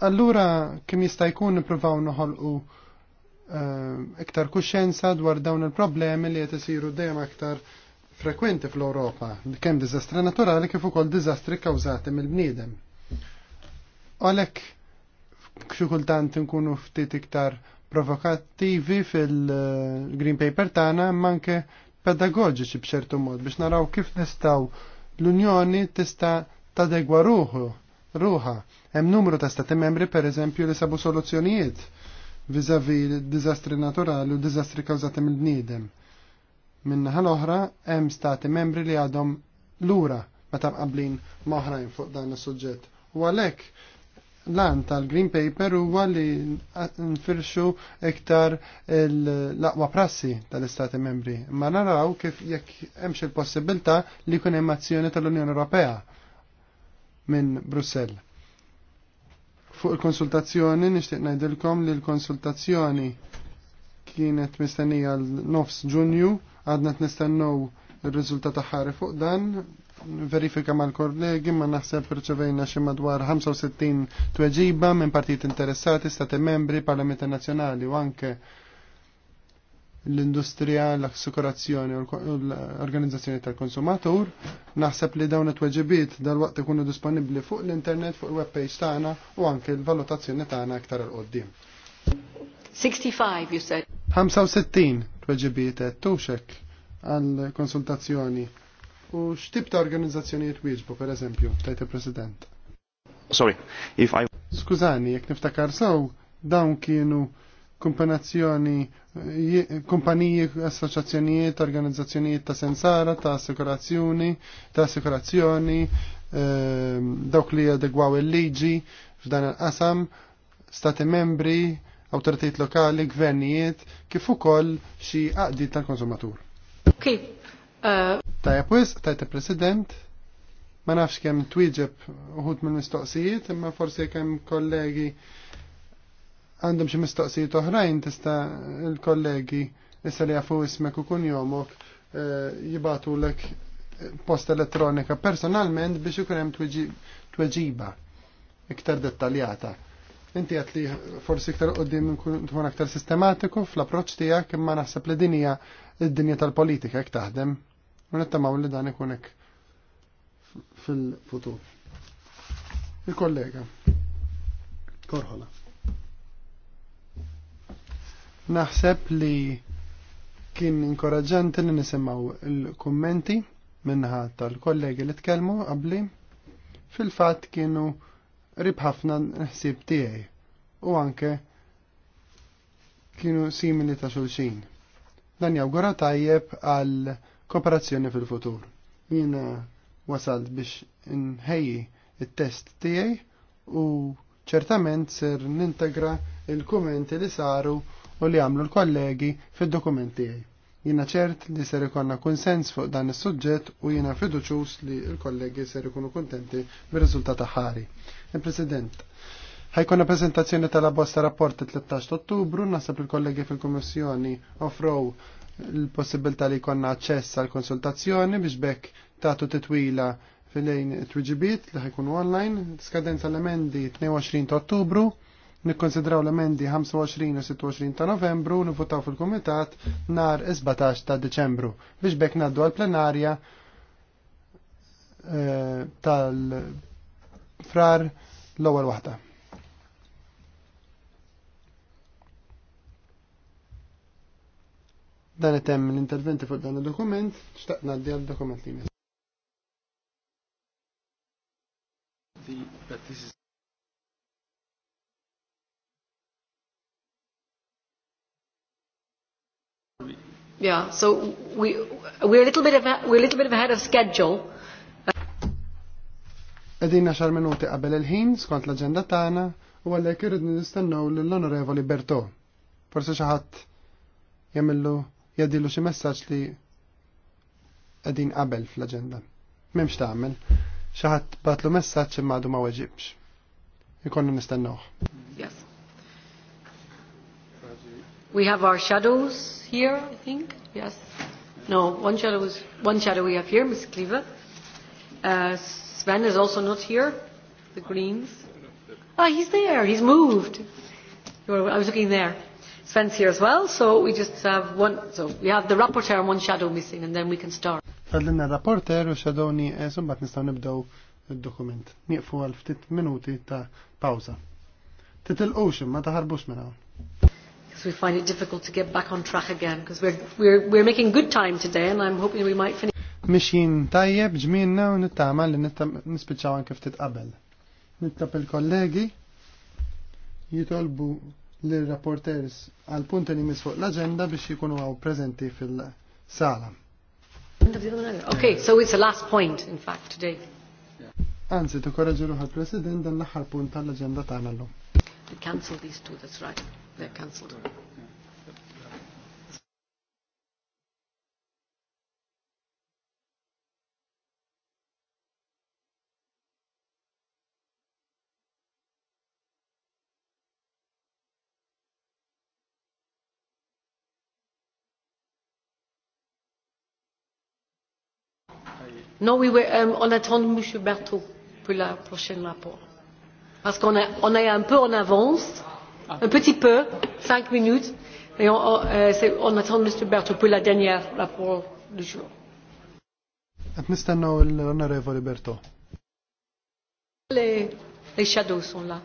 Allura kim jista' jkun nippruvaw noħolqu eh, iktar kuxjenza dwar dawn il-problemi li qed isiru dejjem aktar frekwenti fl-Ewropa, kemm diżastri naturali kif ukoll diżastri kkawżati mill-bniedem. Għalhekk xi kultant inkunu ftit iktar provokattivi fil-Green Paper tagħna imma anke pedagoġiċi b'ċertu mod biex naraw kif nistgħu l-Unjoni tista' tadegwa ruħu ruha Hemm numru ta' stati membri pereżempju li sabu soluzzjonijiet viżavi diżastri naturali u diżastri kawżati mill-bniedem. Minna l-oħra hemm stati membri li għadhom lura meta mqablin oħrajn fuq dan is-suġġett. U għalhekk lan tal-Green Paper huwa li nfirxu iktar l-aqwa prassi tal-Istati membri. Ma naraw kif jekk hemmx il-possibilità li jkun hemm azzjoni tal-Unjoni Ewropea minn Brussell. Fuq il-konsultazzjoni nixtieq ngħidilkom li l-konsultazzjoni kienet mistennija l-nofs Ġunju, għadna t nistennu il-riżultat taħħari fuq dan, verifika mal-kollegi ma naħseb rċevejna xi madwar 65 tweġiba minn partit interessati, stati membri, Parlamenti Nazzjonali u anke l-industrija, l-assikurazzjoni u l-organizzazzjoni tal-konsumatur. Naħseb li dawn it-tweġibiet dal-waqt ikunu disponibbli fuq l-internet, fuq il-webpage tagħna u anke l-valutazzjoni tagħna aktar il qoddim 65, you said. 65 tweġibiet tuxek għal-konsultazzjoni. U x'tib ta' organizzazzjonijiet wieġbu, per eżempju, tajt il-President? Sorry, if I... Skużani, jekk niftakar saw dawn kienu kumpaniji, assoċazzjonijiet, organizzazzjonijiet ta' sensara, ta' assikurazzjoni, ta' assikurazzjoni, ehm, dawk li adegwaw il-liġi f'dan il-qasam, stati membri, autoritajiet lokali, gvernijiet, kif ukoll xi qaqdiet tal-konsumatur. Ok. Eh, Tajja ta' tajta president, ma nafx kemm twieġeb uħut mill-mistoqsijiet, imma forsi kem kollegi għandhom xi mistoqsijiet oħrajn tista' l-kollegi issa li jafu ismek u kun jomok eh, jibatu post elettronika personalment biex ikun hemm tweġiba iktar dettaljata. Inti għat li forsi iktar qoddim tkun aktar sistematiku fl-approċ tiegħek imma naħseb li dinija id-dinja tal-politika jekk taħdem. U nittamaw li dan ikun fil-futur. Il-kollega. Korħola. Naħseb li kien inkoraġanti li nisimaw il-kummenti minnaħa tal-kollegi li tkellmu qabli fil-fatt kienu ribħafna ħsieb tiegħi u anke kienu simili ta' xulxin. Dan jawgura tajjeb għal kooperazzjoni fil-futur. Jiena wasalt biex nħejji it-test tiegħi u ċertament ser nintegra il-kumenti li saru u li għamlu l-kollegi fil-dokumenti għaj. Jina ċert li ser ikonna konsens fuq dan is-suġġett u jina fiduċus li l-kollegi ser ikunu kontenti bir-riżultat ħari. Il-President, ħajkonna prezentazzjoni tal-abbosta rapport 13 ottubru, nasab il-kollegi fil komissjoni offrow l-possibilità li konna aċċess għal konsultazzjoni biex bekk tagħtu titwila fil-lejn t-wiġibiet li ħajkunu online, skadenza l-emendi 22 ottubru, nikkonsidraw l-emendi 25 u 26 ta' novembru u fil-Kumitat nar 17 ta' Deċembru biex bekk naddu għal-plenarja eh, tal-frar l-ewwel waħda. Dan etem l-interventi fuq dan il-dokument, xtaqt naddi għal-dokument li Yeah, so we, we're, a little bit of a, we're a little bit of ahead of schedule. Edina xar minuti qabel il-ħin skont l-agenda tagħna u għalhekk irid nistennew lill-Onorevoli Bertò. Forsi xi ħadd jagħmillu jadilu xi messaġġ li qegħdin qabel fl-aġenda. M'hemmx tagħmel. Xi ħadd batlu messaġġ imma għadu ma weġibx. Ikollna nistennewh. We have our shadows here, I think. Yes. No, one shadow, is, one shadow we have here, Ms. Cleaver. Uh, Sven is also not here, the Greens. Ah, he's there. He's moved. I was looking there. Sven's here as well, so we just have one. So we have the rapporteur and one shadow missing, and then we can start. Għadlina rapporteur u shadow ni eh, bat nistaw nibdow il-dokument. Nieqfu għal ftit minuti ta' pawza. Titil ocean, ma taħarbux minna because we find it difficult to get back on track again because we're, we're, we're making good time today and I'm hoping we might finish. Mixin tajjeb ġminna u nittama li nispiċaw anke ftit qabel. Nittab il-kollegi jitolbu l-rapporters għal punti li misfuq l-agenda biex jikunu għaw prezenti fil-sala. Okay, so it's the last point, in fact, today. Anzi, t-korraġi ruħal president dan l-ħar punt tal-agenda tagħna l-lum. Cancel these two, that's right. They're cancelled. Non, oui, oui, euh, on attend M. Berthaud pour le prochain rapport. Parce qu'on est, on est un peu en avance Un petit peu, cinq minutes, et on, euh, on attend M. Berthaud pour la dernière, la pour le jour. Les, les shadows sont là.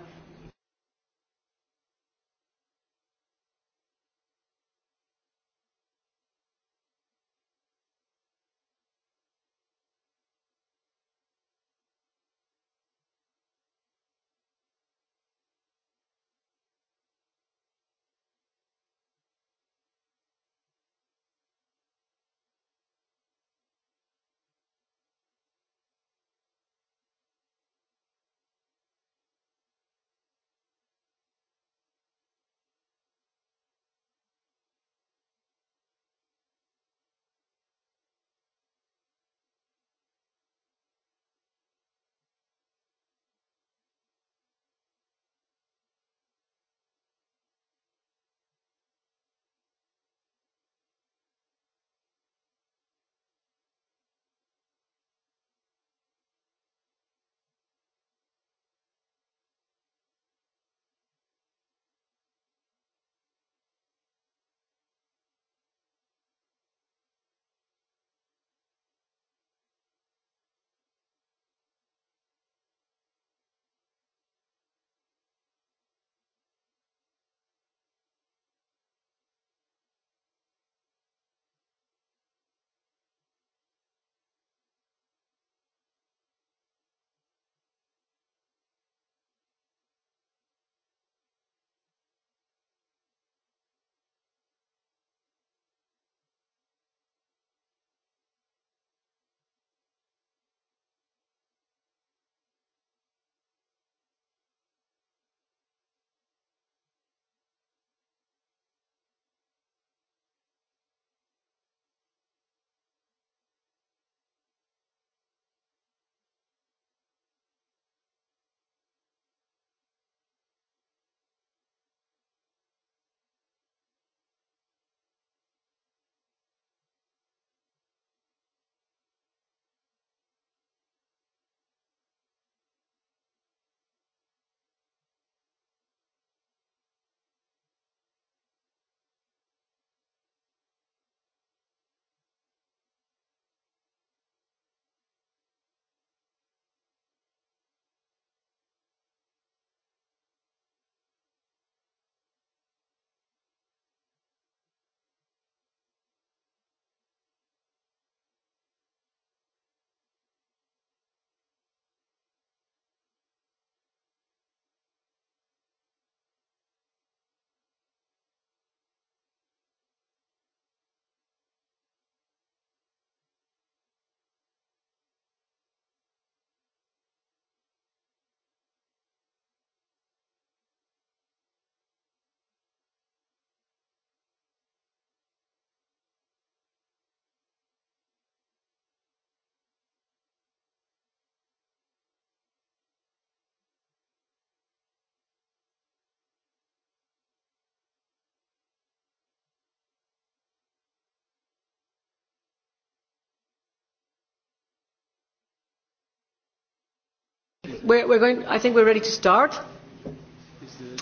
we're, we're going, I think we're ready to start.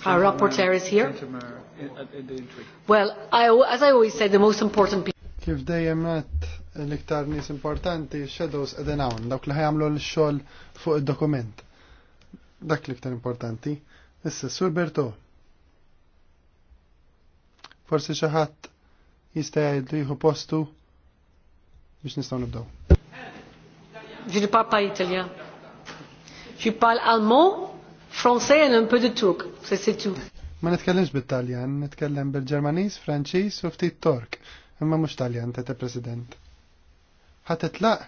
Our rapporteur is here. Uh, well, I, as I always say, the most important people. Kif dejjem għat l-iktar nis importanti, shadows edin hawn, dawk li ħajamlu l xol fuq il dokument Dak l-iktar importanti. Issa, Sur Berto. forse xaħat ħadd jista' postu biex nistaw nibdew. Ġiri papa Italja. Je parle allemand, français et un peu de turc. C'est tout. Ma nitkellimx bit-Taljan, nitkellem bil-Ġermaniż, Franċiż u ftit Tork, imma mhux Taljan tete President. Ħa titlaq?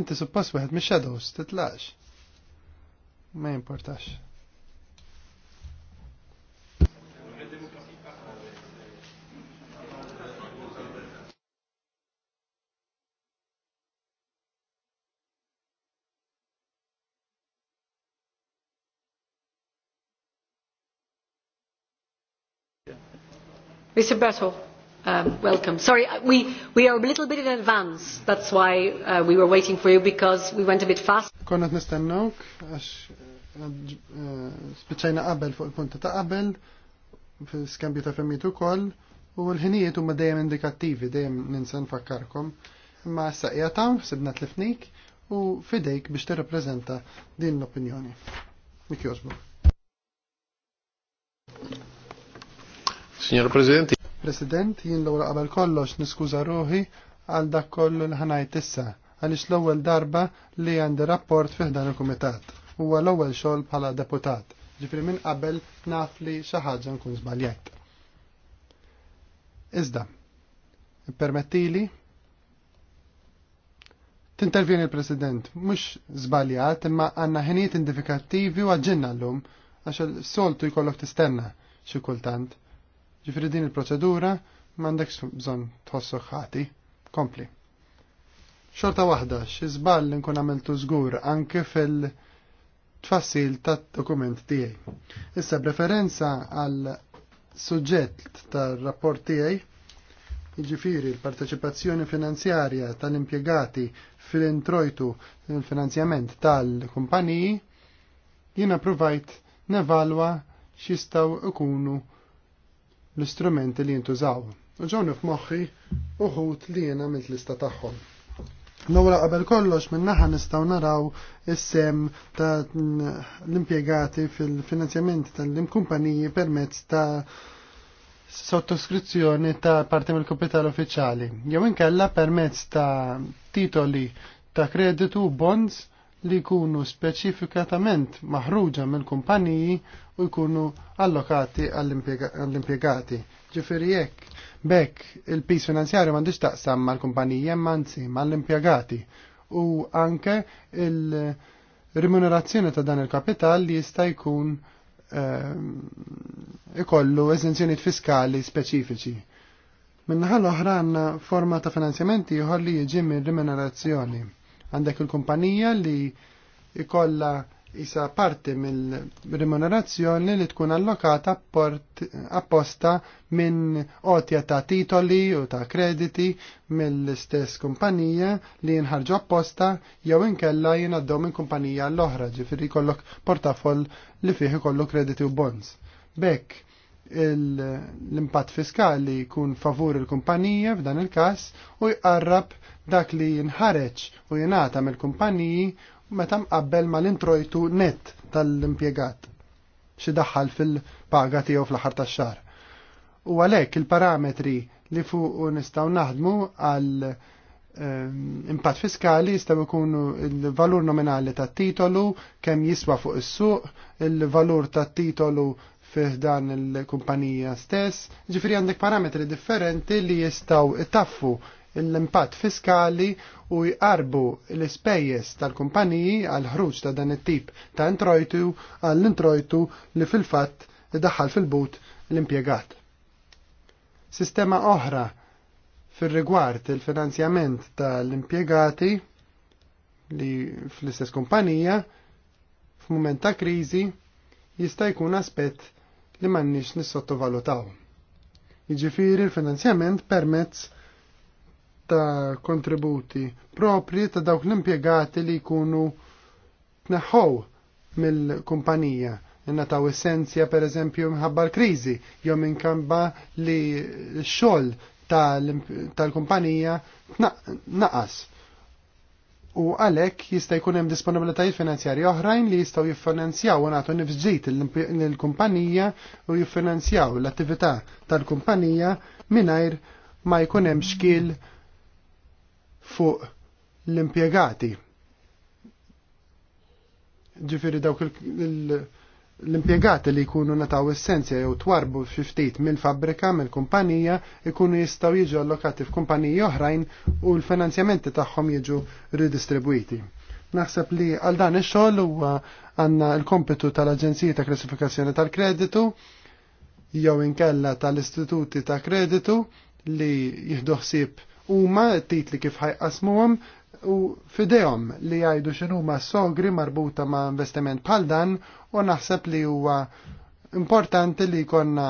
Inti suppost wieħed mix shadows titlaqx. Ma jimportax. Mr. Berto, um, welcome. Sorry, uh, we, we are a little bit in advance. That's why uh, we were waiting for you because we went a bit fast. Konat nistennawk, għax uh, uh, spiċajna qabel fuq il-punta ta' qabel, skambju ta' femmitu kol, u l-ħinijiet huma dejjem indikattivi, dejjem ninsa nfakkarkom. Imma issa hija taw, sibna tlifnik, u fidejk biex tirrappreżenta din l-opinjoni. Nik jożbu. Signor Presidente. President, jien l-għura qabel kollox niskuża ruħi għal dak kollu l-ħanajt issa għaliex l-ewwel darba li għandi rapport fih dan il-kumitat. Huwa l-ewwel xogħol bħala deputat. Ġifri minn qabel naf li xi ħaġa nkun żbaljajt. Iżda, permettili Tintervjeni il-President, mux zbaljat, imma għanna ħinijiet indifikativi u għagġinna l-lum, għax soltu jkollok tistenna xi kultant. Ġifri din il-proċedura m'għandekx bżonn tħossu ħati. Kompli. Xorta waħda, xi żball nkun għamiltu żgur anke fil- tfassil tat dokument tiegħi. Issa preferenza għal suġġett tar-rapport tiegħi jiġifieri l-parteċipazzjoni finanzjarja tal-impjegati fil-introjtu il-finanzjament tal-kumpaniji jiena provajt nevalwa xistaw ikunu l-istrumenti li jintużaw. U f-moħi uħut li jena mill lista tagħhom. L-ewwel qabel kollox min-naħa nistgħu naraw is-sem ta' l-impjegati fil-finanzjament tal-kumpaniji permezz ta' sottoskrizzjoni ta' parti mill-kapital uffiċjali. Jew inkella permezz ta' titoli ta' kreditu bonds li jkunu speċifikatament maħruġa mill-kumpaniji u jkunu allokati għall-impjegati. Ġifiri jekk bekk il-pis finanzjarju m'għandix taqsam mal-kumpaniji hemm anzi mal-impjegati u anke il-remunerazzjoni ta' dan il-kapital li jista' jkun eh, ikollu eżenzjonijiet fiskali speċifiċi. Minnaħal oħra forma ta' finanzjamenti jħolli jiġi minn remunerazzjoni Għandek il-kumpanija li ikolla isa parti mill-remunerazzjoni li tkun allokata apposta minn otja ta' titoli u ta' krediti mill-istess kumpanija li jinħarġu apposta jew inkella jinaddew minn kumpanija l-oħra ġifieri jkollok portafol li fih kollu krediti u bonds. Bekk, l-impatt fiskali jkun favur il-kumpanija f'dan il-kas u jqarrab dak li jinħareċ u jingħata mill-kumpaniji meta mqabbel mal-introjtu net tal-impjegat xi daħħal fil-paga tiegħu fl-aħħar tax-xahar. U għalhekk il-parametri li fuq nistgħu naħdmu għal ehm, impatt fiskali jistaw ikunu il-valur nominali tat titolu, kemm jiswa fuq is-suq, il-valur tat titolu fih dan il-kumpanija stess, ġifiri għandek parametri differenti li jistaw taffu l-impatt fiskali u jqarbu l-spejjes tal-kumpaniji għal ħruġ ta' dan it-tip ta' introjtu għall introjtu li fil-fatt daħal fil-but l-impjegat. Sistema oħra fil-rigward il-finanzjament tal-impjegati li fl-istess kumpanija f'mument ta' kriżi jista' jkun aspett li m'għandniex nissottovalutaw. Jiġifieri l-finanzjament permezz ta' kontributi propri ta' dawk l-impjegati li jkunu tneħħow mill-kumpanija inna ta' essenzja per eżempju mħabba l-krizi jew minkamba li x-xogħol tal-kumpanija naqas u għalhekk jista' jkun hemm disponibilitajiet finanzjarji oħrajn li jistgħu jiffinanzjaw u nagħtu nifżid lill-kumpanija u jiffinanzjaw l-attività tal-kumpanija mingħajr ma jkun hemm xkil fuq l-impjegati. Ġifieri dawk il- l impiegat li jkunu nataw essenzja jew twarbu xi ftit mill-fabbrika mill-kumpanija jkunu jistgħu jiġu allokati f'kumpaniji oħrajn u l-finanzjamenti tagħhom jiġu ridistribwiti. Naħseb li għal dan ix-xogħol huwa għandna l-kompitu tal-Aġenziji ta' Klassifikazzjoni tal-Kreditu jew inkella tal-Istituti ta' Kreditu li jieħdu ħsieb huma t-titli kif ħajqasmuhom u fidejhom li jgħidu x'inhuma sogri marbuta ma' investiment bħal dan u naħseb li huwa importanti li konna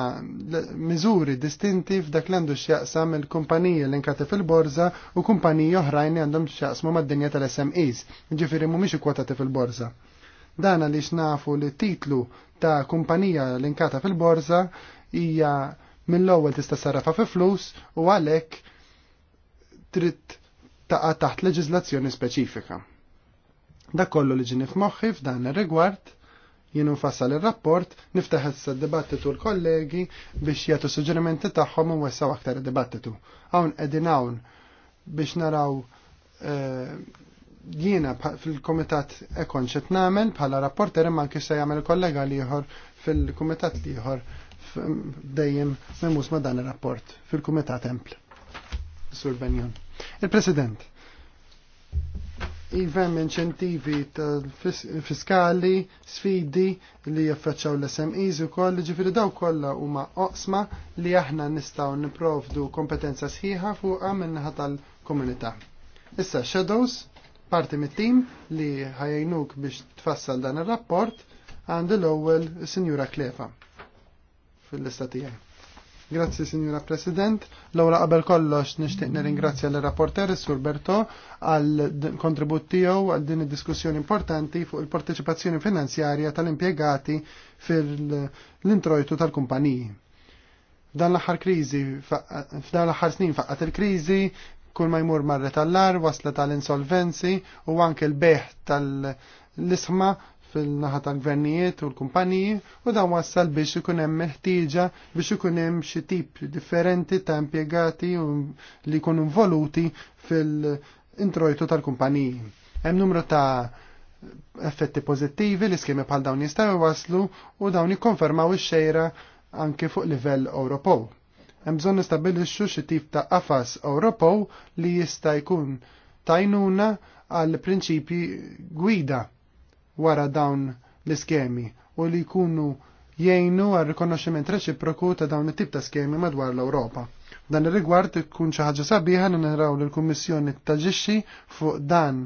miżuri distinti f'dak li għandu x'jaqsam il-kumpaniji li nkati fil-borza u kumpaniji oħrajn li għandhom x'jaqsmu mad-dinja tal-SMEs, ġifieri mhumiex ikkwotati fil-borza. Dan għaliex nafu li titlu ta' kumpanija li nkata fil-borza hija mill-ewwel tista' sarrafa fi flus u għalhekk trid taqa taħt leġizlazzjoni speċifika. Da kollu li ġinif f'moħħi f'dan ir-rigward jienu nfassal il-rapport, niftaħ issa dibattitu l-kollegi biex jagħtu suġġerimenti tagħhom u wessaw aktar id-dibattitu. Hawn qegħdin hawn biex naraw eh, jiena fil-komitat ekon xet nagħmel bħala rapporter imma anke se jagħmel kollega li ieħor fil komitat li ieħor dejjem memus ma dan ir-rapport fil-kumitat Empl. Sur Benjon. Il-President, Ivem inċentivi fiskali, sfidi li jaffaċċaw l-SMEs u koll, ġifiri daw kolla u ma oqsma li aħna nistaw niprovdu kompetenza sħiħa fuqa minnaħa tal-komunità. Issa Shadows, parti mit-tim li ħajajnuk biex tfassal dan il-rapport, għand l-ewwel Sinjura Klefa fil-lista tiegħi. Grazzi, Signora President. L-ewra qabel kollox nixtieq nirringrazzja l-rapporter Sur Berto għal kontribut tiegħu għal din id-diskussjoni importanti fuq il parteċipazzjoni finanzjarja tal-impjegati fil-introjtu tal-kumpaniji. Dan l-aħħar kriżi, f'dan l-aħħar snin faqqat il-kriżi, kull ma jmur marret tal-lar, wasla tal-insolvenzi u anke l-beħ tal-isma fil-naħa tal-gvernijiet u l-kumpaniji u dan wassal biex ikun hemm meħtieġa biex ikun hemm xi tip differenti ta' impjegati li jkunu involuti fil-introjtu tal-kumpaniji. Hemm numru ta' effetti pożittivi li skemi bħal dawn jistgħu waslu u dawn jikkonfermaw ix-xejra anke fuq livell Ewropew. Hemm bżonn nistabilixxu xi tip ta' qafas Ewropew li jista' jkun tajnuna għal prinċipji gwida wara dawn l-iskemi u li jkunu jgħinu għal rikonoxximent reċiproku ta' dawn it-tip ta' skemi madwar l-Ewropa. Dan ir-rigward ikun xi ħaġa sabiħa li l kummissjoni taġixxi fuq dan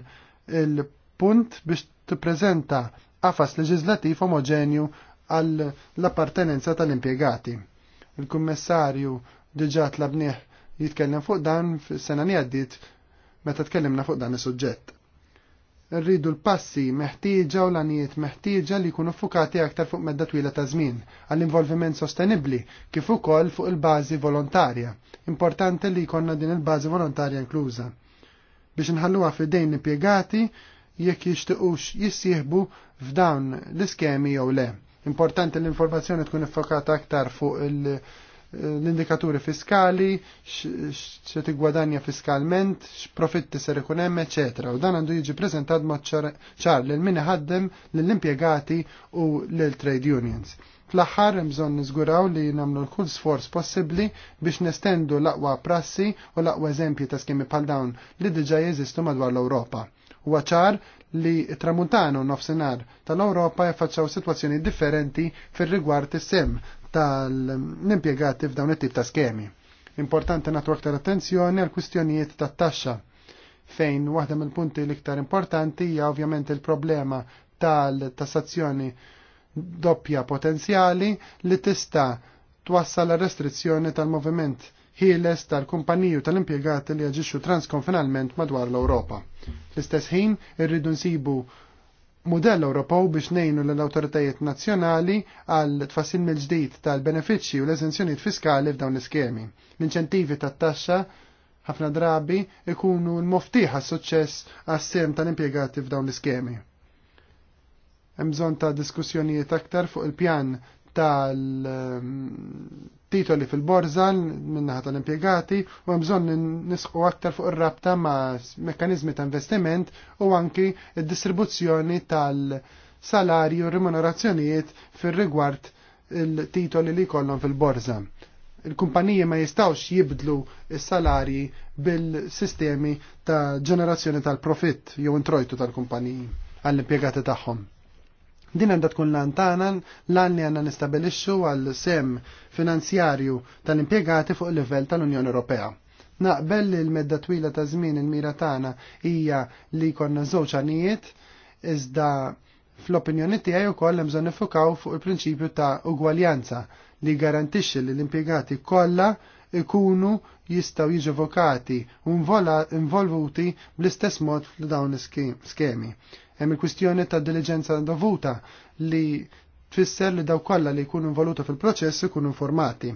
il-punt biex tippreżenta qafas leġislattiv omoġenju għal l-appartenenza tal-impjegati. Il-kummissarju diġà tlabnieh jitkellem fuq dan fis-sena li għaddiet meta tkellimna fuq dan is-suġġett rridu l-passi meħtieġa u l għanijiet meħtieġa li jkunu fukati aktar fuq medda twila ta' żmien għall-involviment sostenibli kif ukoll fuq il-bażi volontarja. Importanti li jkollna din il-bażi volontarja inkluża. Biex nħalluha fidejn impjegati jekk jixtiqux jissieħbu f'dawn l-iskemi jew le. Importanti l-informazzjoni tkun iffokata aktar fuq il- l-indikaturi fiskali, x'se gwadanja fiskalment, x'profitti ser ikun hemm, eċetera. U dan għandu jiġi preżentat mod ċar lil min ħaddem lill-impjegati u l trade unions. Fl-aħħar bżonn niżguraw li nagħmlu l-kull sforz possibbli biex nestendu l-aqwa prassi u l-aqwa eżempji ta' skemi bħal dawn li diġà jeżistu madwar l-Ewropa. Huwa ċar li tramuntana nofsenar nofsinhar tal-Ewropa jaffaċċaw sitwazzjoni differenti fir-rigward is-sem tal-impjegati f'dawn it-tip ta' skemi. Importanti natu aktar attenzjoni għal kwistjonijiet ta' taxxa fejn waħda mill-punti l-iktar importanti hija ovvjament il-problema tal-tassazzjoni doppja potenzjali li tista' twassal la restrizzjoni tal-moviment ħieles tal-kumpaniju tal-impjegati li jaġixxu transkonfinalment madwar l-Ewropa. L-istess ħin irridu nsibu modell Ewropew biex nejnu l-autoritajiet nazzjonali għal tfassil mill-ġdid tal-benefiċċji u l-eżenzjonijiet fiskali f'dawn l-iskemi. L-inċentivi tat-taxxa ħafna drabi ikunu l-moftiħ għas-suċċess għas-sem tal-impjegati f'dawn l-iskemi. Hemm bżonn ta' diskussjonijiet aktar fuq il-pjan tal-titoli fil-borza minnaħat tal-impiegati u bżonn nisqu aktar fuq ir-rabta ma' mekanizmi ta' investiment u anki il distribuzzjoni tal-salari u remunerazzjonijiet fir-rigward il-titoli li kollon fil-borza il-kumpaniji ma jistawx jibdlu s-salari bil-sistemi ta' ġenerazzjoni tal-profitt jew introjtu tal-kumpaniji għall-impjegati tagħhom. Din għandha tkun lan tagħna lan li għandna nistabilixxu għal sem finanzjarju tal-impjegati fuq il-livell tal-Unjoni Ewropea. Naqbel li l-medda twila ta' żmien il-mira tagħna hija li jkollna żewġ għanijiet iżda fl-opinjoni tiegħi wkoll hemm bżonn nifukaw fuq il-prinċipju ta' ugwaljanza li garantixxi li l-impjegati kollha ikunu jistaw jiġu vokati u involvuti bl-istess mod f'dawn skemi. Hemm il-kwistjoni ta' diligenza dovuta li tfisser li daw kollha li jkunu involuta fil-proċess ikunu informati.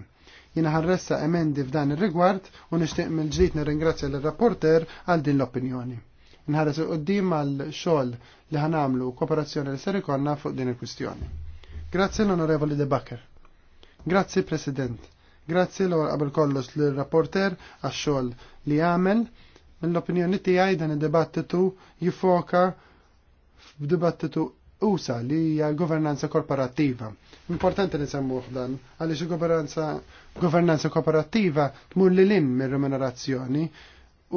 Jiena ħarressa emendi f'dan ir-rigward u nixtieq mill-ġdid nirringrazzja lir-rapporter għal din l-opinjoni. Nħares il-qoddim għal xogħol li ħanamlu kooperazzjoni li ser ikollna fuq din il-kwistjoni. Grazzi l-Onorevoli De Bakker. Grazzi President. Grazzi l qabel kollox l-rapporter għax xogħol li għamel mill-opinjoni tiegħi dan id-dibattitu jifoka f'dibattitu usa li hija governanza korporattiva. Importanti li semmuh dan, għaliex governanza governanza korporattiva tmur li lim mir-remunerazzjoni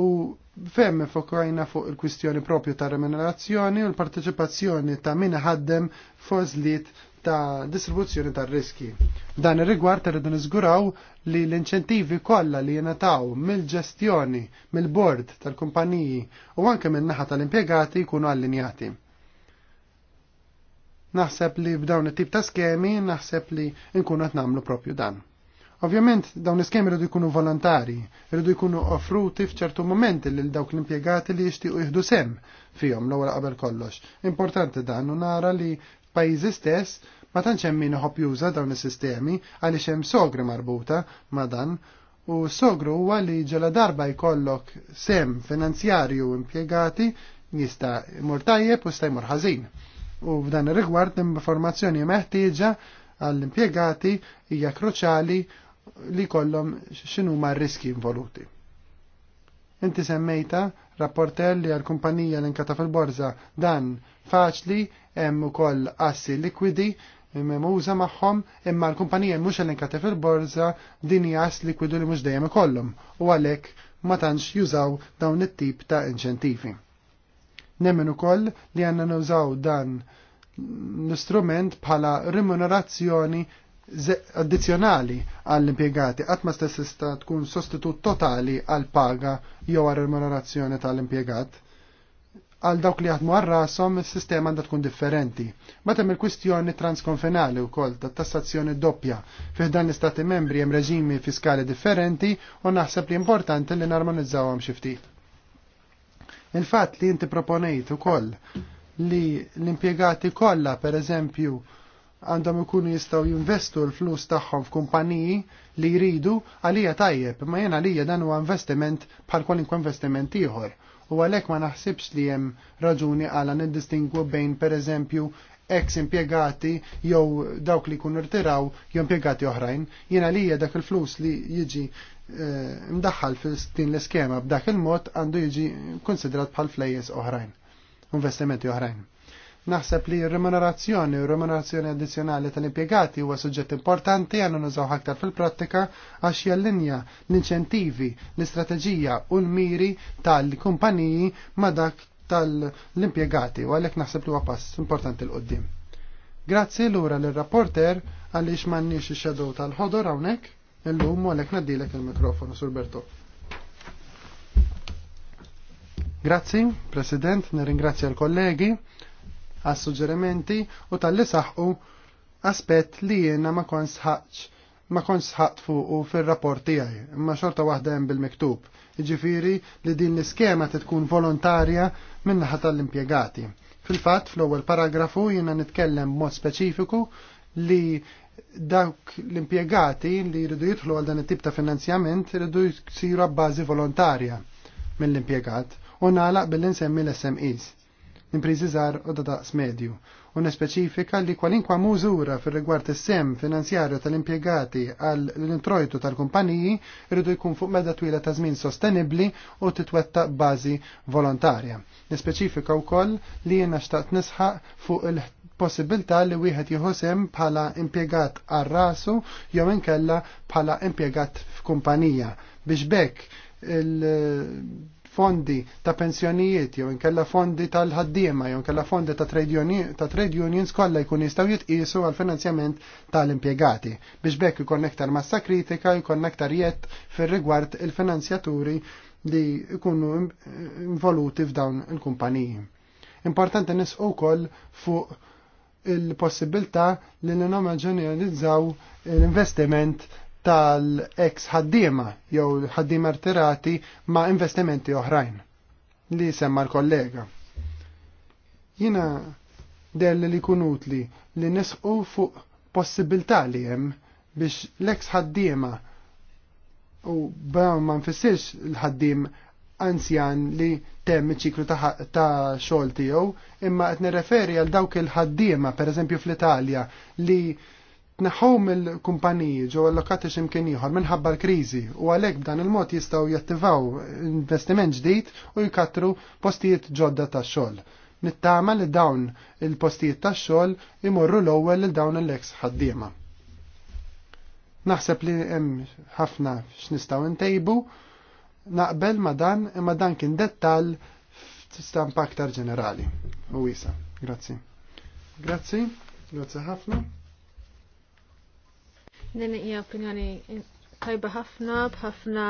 u femme fokajna fuq il-kwistjoni propju ta' remunerazzjoni u l-parteċipazzjoni ta' min ħaddem fożliet ta' distribuzzjoni ta' riski. Dan ir-rigward irridu niżguraw li l-inċentivi kollha li jingħataw mill-ġestjoni, mill-bord tal-kumpaniji u anke min-naħa tal-impjegati jkunu allinjati. Naħseb li b'dawn it-tip ta' skemi naħseb li nkunu qed nagħmlu propju dan. Ovvjament dawn l-iskemi rridu jkunu volontari, rridu jkunu offruti f'ċertu momenti lil dawk l-impjegati li jixtiequ jieħdu sem fihom l-ewwel qabel kollox. Importanti dan u nara li f'pajjiżi stess ma tantx hemm min iħobb juża dawn is-sistemi għaliex hemm sogri marbuta ma dan u sogru huwa li ġela darba jkollok sem finanzjarju impjegati jista' imur tajjeb u sta' jmur ħażin. U f'dan ir-rigward l-informazzjoni meħtieġa għall-impjegati hija kruċjali li kollhom x'inhuma r-riski involuti. Inti semmejta rapporter li għal-kumpanija l-inkata fil-borza dan faċli hemm ukoll assi likwidi memuża magħhom imma l-kumpanija mhux l-inkata fil-borza din hija ass likwidu li mhux dejjem ikollhom u għalhekk ma tantx jużaw dawn it-tip ta' inċentivi. Nemmen ukoll li għanna nużaw dan l-istrument bħala remunerazzjoni addizjonali għall-impiegati, qatt ma stessista tkun sostitut totali għall paga jew għal remunerazzjoni tal-impiegat. Għal dawk li għatmu għarrasom, il-sistema għandha tkun differenti. Meta il kwistjoni transkonfenali wkoll ta' tassazzjoni doppja, fih dan l-istati membri hemm reġimi fiskali differenti u naħseb li importanti li narmonizzawhom xi ftit. Il-fatt li inti proponejt ukoll li l-impjegati kollha pereżempju għandhom ikunu jistgħu jinvestu l-flus tagħhom f'kumpaniji li jridu għalija tajjeb, ma jena għalija dan huwa investiment bħal kwalinkwa investiment ieħor. U għalhekk ma naħsibx li hemm raġuni għala niddistingu bejn pereżempju ex impiegati jew dawk li jkunu rtiraw jew impjegati oħrajn, Jena għalija dak il-flus li jiġi Eh, mdaħħal fil-din l-iskema b'dak il-mod għandu jiġi konsidrat bħal flejjes oħrajn, investimenti oħrajn. Naħseb li remunerazzjoni u remunerazzjoni addizjonali tal-impiegati huwa suġġett importanti għandu nużaw aktar fil-prattika għax jallinja l-inċentivi, l-istrateġija u l-miri tal-kumpaniji ma dak tal-impiegati u għalhekk naħseb li huwa pass importanti l-qoddim. Grazzi lura l-rapporter għaliex m'għandniex ix-xedow tal ħodur hawnhekk Illum u għalhekk naddilek il-mikrofonu sur Berto. Grazzi, President, nirringrazzja l-kollegi għas suġġerimenti u tal-li saħqu aspett li jena ma konx ħaqx ma konx ħaqt fuq fil-rapport tiegħi, imma xorta waħda hemm bil-miktub. Jiġifieri li din l-iskema tkun volontarja min-naħa tal-impjegati. Fil-fatt fl-ewwel paragrafu jiena nitkellem mod speċifiku li dawk l-impiegati li jridu jidħlu għal dan it-tip ta' finanzjament jridu jsiru bbażi volontarja mill-impiegat u nagħlaq billi nsemmi l-SMEs imprizi żgħar u daqs medju u nespeċifika li kwalinkwa mużura fir rigward is-sem finanzjarju tal-impjegati għal l-introjtu tal-kumpaniji rridu jkun fuq meda twila ta' żmien sostenibbli u titwetta bażi volontarja. Nispeċifika wkoll li jiena xtaqt nisħaq fuq il possibilità li wieħed jħosem bħala impjegat għal rasu jew inkella bħala impjegat f'kumpanija biex bekk il-fondi ta' pensjonijiet jew inkella fondi tal-ħaddiema jew inkella fondi ta' trade, ta trade unions kollha jkun jistgħu jitqisu għal finanzjament tal-impjegati biex bekk ikun aktar massa kritika jkun aktar jett fir-rigward il-finanzjaturi li jkunu involuti f'dawn il-kumpaniji. Importanti nisqu wkoll fuq il-possibilità li n-nomaġenjalizzaw l-investiment tal-ex ħaddima jew ħaddima artirati ma' investimenti oħrajn li semma l-kollega. Jina del li kun utli li nisqu fuq possibilità li hemm biex l-ex ħaddiema u b'għam ma nfissirx l-ħaddim anzjan li temm iċ-ċiklu ta' xogħol tiegħu, imma qed nirreferi għal dawk il-ħaddiema pereżempju fl-Italja li tneħħom il-kumpaniji ġew allokati x'imkien ieħor minħabba l-kriżi u għalhekk b'dan il-mod jistgħu jattivaw investiment ġdid u jkatru postijiet ġodda ta' xogħol. Nittama li dawn il-postijiet ta' xogħol imorru l-ewwel lil dawn l-eks ħaddiema. Naħseb li hemm ħafna x'nistgħu ntejbu Naqbel ma dan, imma dan kien dettal stampa aktar ġenerali. U wisa, grazzi. Grazzi, grazzi ħafna. Din hija opinjoni tajba ħafna b'ħafna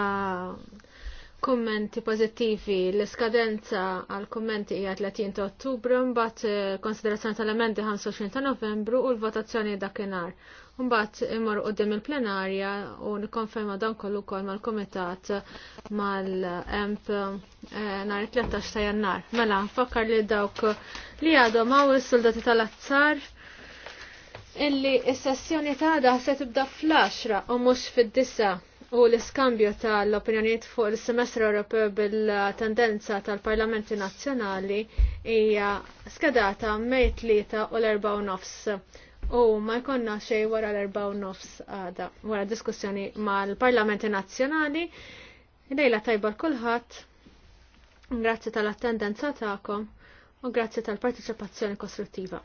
kummenti pożittivi. L-iskadenza għal kummenti hija 30 ta' Ottubru, mbagħad eh, konsiderazzjoni tal-emendi 25 ta' Novembru u l-votazzjoni dakinhar. Mbagħad immor qudiem il-plenarja u nikkonferma dan kollu wkoll mal-kumitat mal-emp eh, nhar 13 ta' Jannar. Mela, fakkar li dawk li għadhom hawn is-soldati tal-azzar illi s-sessjoni ta' għada se tibda fl-10 u mhux fid-disa u l-iskambju tal-opinjonijiet fuq il-semestru Ewropew bil-tendenza tal-Parlamenti Nazzjonali hija skedata mejt u l-erba' nofs U ma jkonna xej wara l-erba u nofs għada, wara diskussjoni ma l-Parlamenti Nazzjonali. Lejla tajba kulħadd. Grazzi tal-attendenza tagħkom u grazzi tal-partiċipazzjoni kostruttiva.